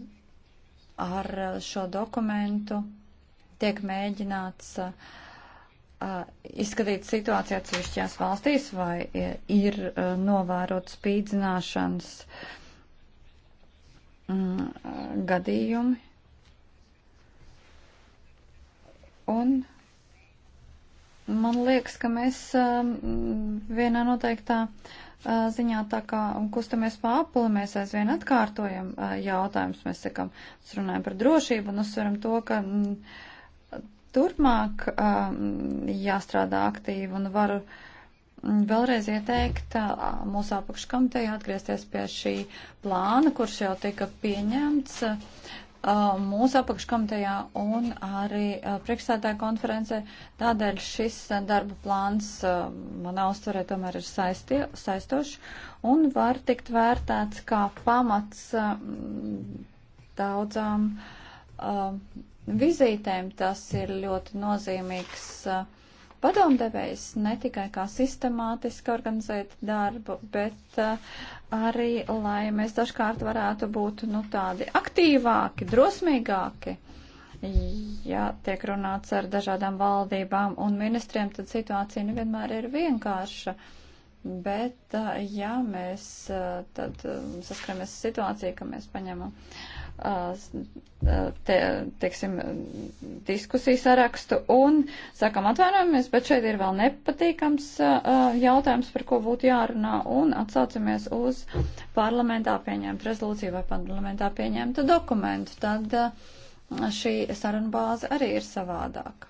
Speaker 2: ar šo dokumentu tiek mēģināts izskatīt situāciju atsevišķās valstīs, vai ir novērot spīdzināšanas gadījumi. Un man liekas, ka mēs vienā noteiktā ziņā tā kā kustamies pa apli, mēs aizvien atkārtojam jautājumus, mēs sakam, mēs runājam par drošību un uzsveram to, ka. M, mm, Turpmāk um, jāstrādā aktīvi un varu mm, vēlreiz ieteikt uh, mūsu apakškomiteju atgriezties pie šī plāna, kurš jau tika pieņemts uh, mūsu apakškomitejā un arī uh, priekšstādāja konferencē. Tādēļ šis darba plāns manā uztverē tomēr ir saistie, saistošs un var tikt vērtēts kā pamats daudzām vizītēm. Tas ir ļoti nozīmīgs uh, padomdevējs ne tikai kā sistemātiski organizēt darbu, bet uh, arī, lai mēs dažkārt varētu būt nu, tādi aktīvāki, drosmīgāki ja tiek runāts ar dažādām valdībām un ministriem, tad situācija nevienmēr ir vienkārša. Bet, uh, ja mēs tad um, saskaramies situāciju, ka mēs paņemam te, teiksim, diskusiju sarakstu un sakam atvainojamies, bet šeit ir vēl nepatīkams jautājums, par ko būtu jārunā un atsaucamies uz parlamentā pieņemtu rezolūciju vai parlamentā pieņemtu dokumentu. Tad šī saruna bāze arī ir savādāka.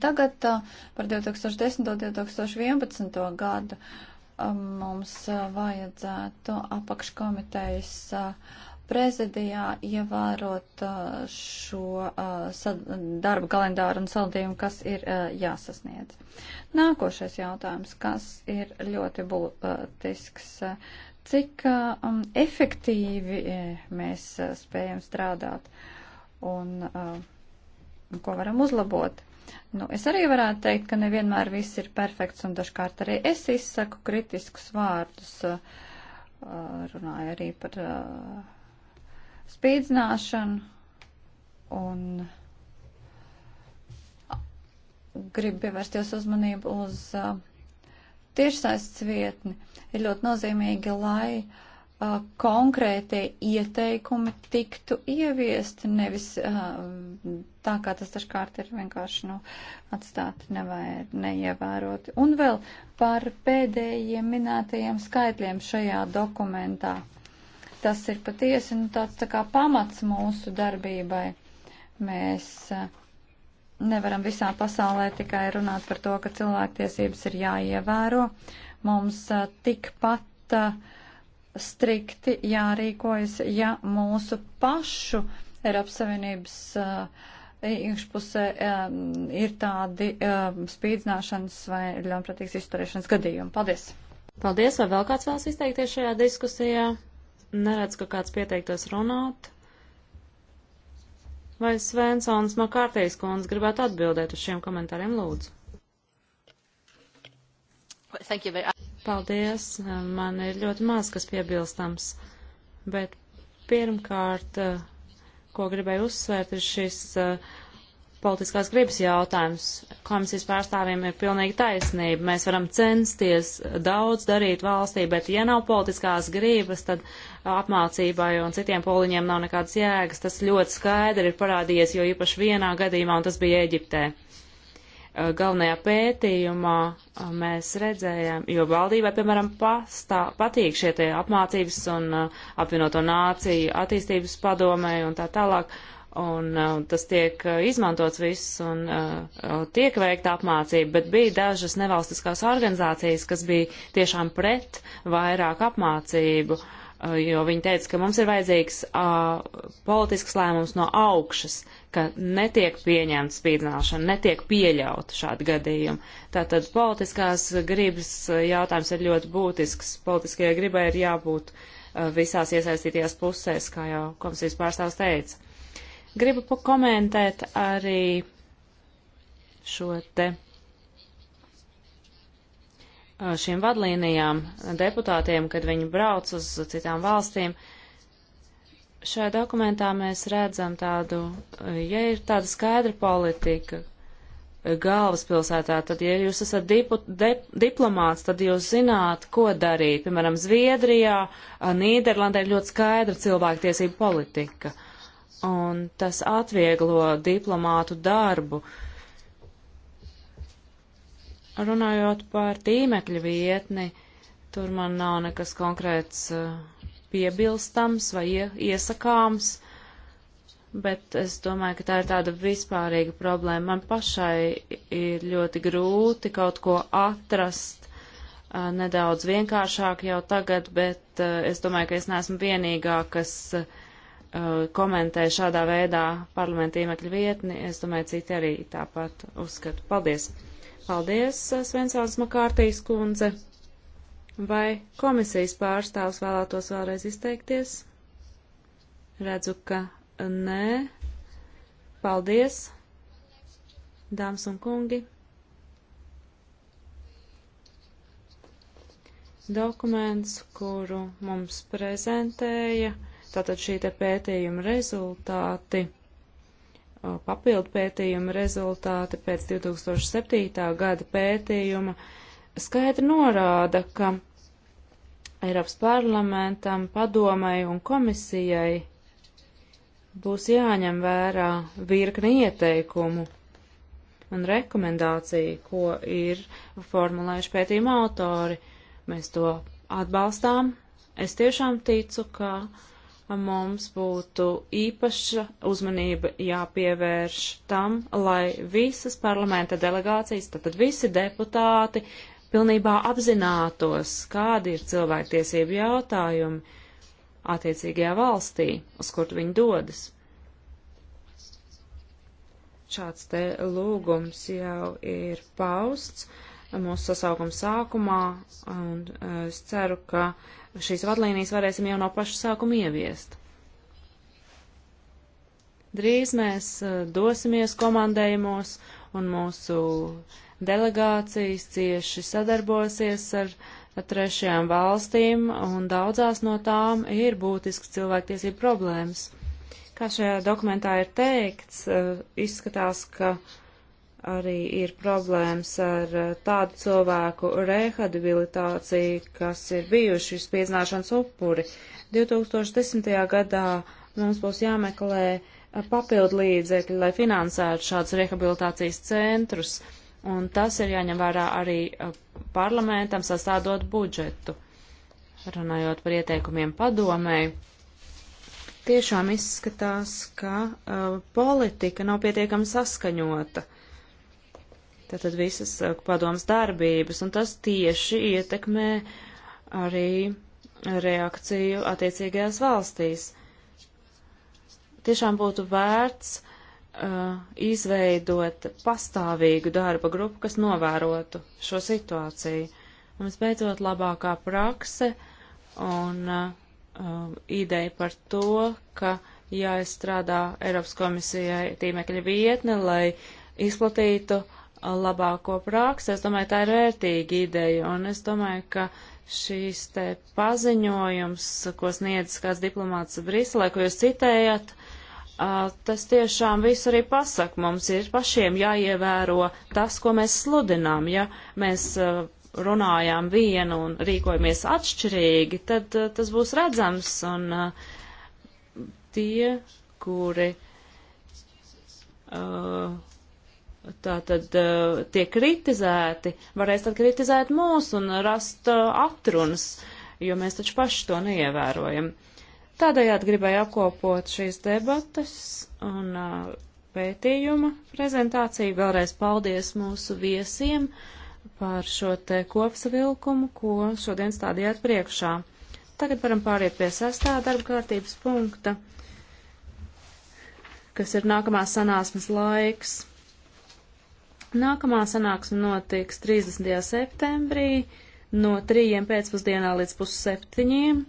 Speaker 2: Tagad par 2010. un 2011. gadu mums vajadzētu apakškomitejas uh, prezidijā ievērot uh, šo uh, darba kalendāru un saldījumu, kas ir uh, jāsasniedz. Nākošais jautājums, kas ir ļoti būtisks. Cik um, efektīvi mēs spējam strādāt un ko varam uzlabot? Nu, es arī varētu teikt, ka nevienmēr viss ir perfekts un dažkārt arī es izsaku kritiskus vārdus. Runāju arī par uh, spīdzināšanu un gribu pievērst jūs uzmanību uz uh, tiešsaistes vietni. Ir ļoti nozīmīgi, lai uh, konkrētie ieteikumi tiktu ieviesti, nevis uh, tā kā tas dažkārt ir vienkārši nu, atstāti nevēr, neievēroti. Un vēl par pēdējiem minētajiem skaitļiem šajā dokumentā. Uh, Tas ir patiesi nu, tāds tā kā pamats mūsu darbībai. Mēs nevaram visā pasaulē tikai runāt par to, ka cilvēktiesības ir jāievēro. Mums tikpat strikti jārīkojas, ja mūsu pašu Eiropas Savienības uh, iekšpusē um, ir tādi um, spīdzināšanas vai ļaunprātīgas izturēšanas gadījumi. Paldies! Paldies, vai vēl kāds vēlas izteikties šajā diskusijā?
Speaker 5: Neredz, ka kāds pieteiktos runāt. Vai Svensons no kārtējas kundzes gribētu atbildēt uz šiem komentāriem, lūdzu? Paldies, man ir ļoti maz, kas piebilstams, bet pirmkārt, ko gribēju uzsvērt, ir šis uh, politiskās gribas jautājums. Komisijas pārstāvjiem ir pilnīgi taisnība. Mēs varam censties daudz darīt valstī, bet ja nav politiskās gribas, tad apmācībai un citiem poliņiem nav nekādas jēgas. Tas ļoti skaidri ir parādījies, jo īpaši vienā gadījumā, un tas bija Eģiptē. Galvenajā pētījumā mēs redzējām, jo valdībai, piemēram, pastā, patīk šie tie apmācības un apvienoto nāciju attīstības padomē un tā tālāk un uh, tas tiek uh, izmantots viss un uh, tiek veikta apmācība, bet bija dažas nevalstiskās organizācijas, kas bija tiešām pret vairāk apmācību. Uh, Uh, jo viņi teica, ka mums ir vajadzīgs uh, politisks lēmums no augšas, ka netiek pieņemta spīdzināšana, netiek pieļauta šādi gadījumi. Tātad politiskās gribas uh, jautājums ir ļoti būtisks. Politiskajai gribai ir jābūt uh, visās iesaistītajās pusēs, kā jau komisijas pārstāvs teica. Gribu pakomentēt arī šo te šīm vadlīnijām deputātiem, kad viņi brauc uz citām valstīm. Šajā dokumentā mēs redzam tādu, ja ir tāda skaidra politika galvaspilsētā, tad, ja jūs esat dipu, de, diplomāts, tad jūs zināt, ko darīt. Piemēram, Zviedrijā, Nīderlandē ir ļoti skaidra cilvēktiesība politika, un tas atvieglo diplomātu darbu. Uh, Runājot par tīmekļa vietni, tur man nav nekas konkrēts eh, piebilstams vai iesakāms, bet es domāju, ka tā ir tāda vispārīga problēma. Man pašai ir ļoti grūti kaut ko atrast eh, nedaudz vienkāršāk jau tagad, bet eh, es domāju, ka es neesmu vienīgā, kas komentē šādā veidā parlamenta iemekļu vietni. Es domāju, citi arī tāpat uzskata. Paldies! Paldies, Svensāns Makārtīs kundze. Vai komisijas pārstāvs vēlētos vēlreiz izteikties? Redzu, ka nē. Paldies, dāmas un kungi. Dokuments, kuru mums prezentēja, tātad šī te pētījuma rezultāti Uh, papildu pētījuma rezultāti pēc 2007. gada pētījuma skaidri norāda, ka Eiropas parlamentam, padomai un komisijai būs jāņem vērā virkni ieteikumu un rekomendāciju, ko ir formulējuši pētījuma autori. Mēs to atbalstām. Es tiešām ticu, ka uh, mums būtu īpaša uzmanība jāpievērš tam, lai visas parlamenta delegācijas, tātad visi deputāti, pilnībā apzinātos, kādi ir cilvēktiesību jautājumi attiecīgajā valstī, uz kur viņi dodas. Šāds te lūgums jau ir pausts mūsu sasaukuma sākumā, un eh, es ceru, ka šīs vadlīnijas varēsim jau no paša sākuma ieviest. Drīz mēs eh, dosimies komandējumos, un mūsu delegācijas cieši sadarbosies ar trešajām valstīm, un daudzās no tām ir būtisks cilvēktiesību problēmas. Kā šajā dokumentā ir teikts, eh, izskatās, ka uh, arī ir problēmas ar eh, tādu cilvēku rehabilitāciju, kas ir bijuši spiedzināšanas upuri. 2010. gadā mums būs jāmeklē eh, papildu līdzekļi, lai finansētu šādus rehabilitācijas centrus, un tas ir jāņem vērā arī eh, parlamentam sastādot budžetu. Runājot par ieteikumiem padomēji, tiešām izskatās, ka uh, politika nav pietiekami saskaņota. Uh, tātad visas eh, padomas darbības, un tas tieši ietekmē arī reakciju attiecīgajās valstīs. Tiešām būtu vērts uh, izveidot pastāvīgu darba grupu, kas novērotu šo situāciju. Un visbeidzot, labākā prakse un uh, ideja par to, ka jāizstrādā Eiropas komisijai tīmekļa vietne, lai izplatītu uh, labāko praksi. Es domāju, tā ir vērtīga ideja, un es domāju, ka šīs te paziņojums, ko sniedz kāds diplomāts Briselē, ko jūs citējat, tas tiešām visu arī pasaka. Mums ir pašiem jāievēro tas, ko mēs sludinām. Ja mēs runājām vienu un rīkojamies atšķirīgi, tad tas būs redzams, un tie, kuri. Uh, tā tad eh, tiek kritizēti, varēs tad kritizēt mūs un rast eh, atrunas, jo mēs taču paši to neievērojam. Tādējādi gribēju apkopot šīs debatas un eh, pētījuma prezentāciju. Vēlreiz paldies mūsu viesiem par šo te kopsavilkumu, ko šodien stādījāt priekšā. Tagad varam pāriet pie sestā darba kārtības punkta, kas ir nākamās sanāsmes laiks. Nākamā sanāksme notiks 30. septembrī no 3. pēcpusdienā līdz pusseptiņiem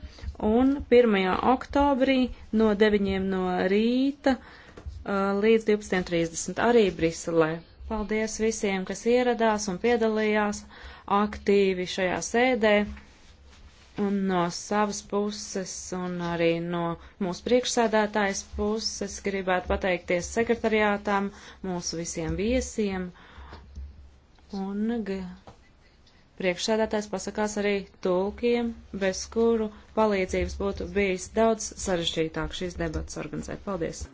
Speaker 5: un 1. oktobrī no 9. no rīta uh, līdz 12.30 arī Briselē. Paldies visiem, kas ieradās un piedalījās aktīvi šajā sēdē. Un no savas puses un arī no mūsu priekšsēdētājas puses gribētu pateikties sekretariātām, mūsu visiem viesiem Un priekšsēdētājs pasakās arī tulkiem, bez kuru palīdzības būtu bijis daudz sarežģītāk šīs debatas organizēt. Paldies!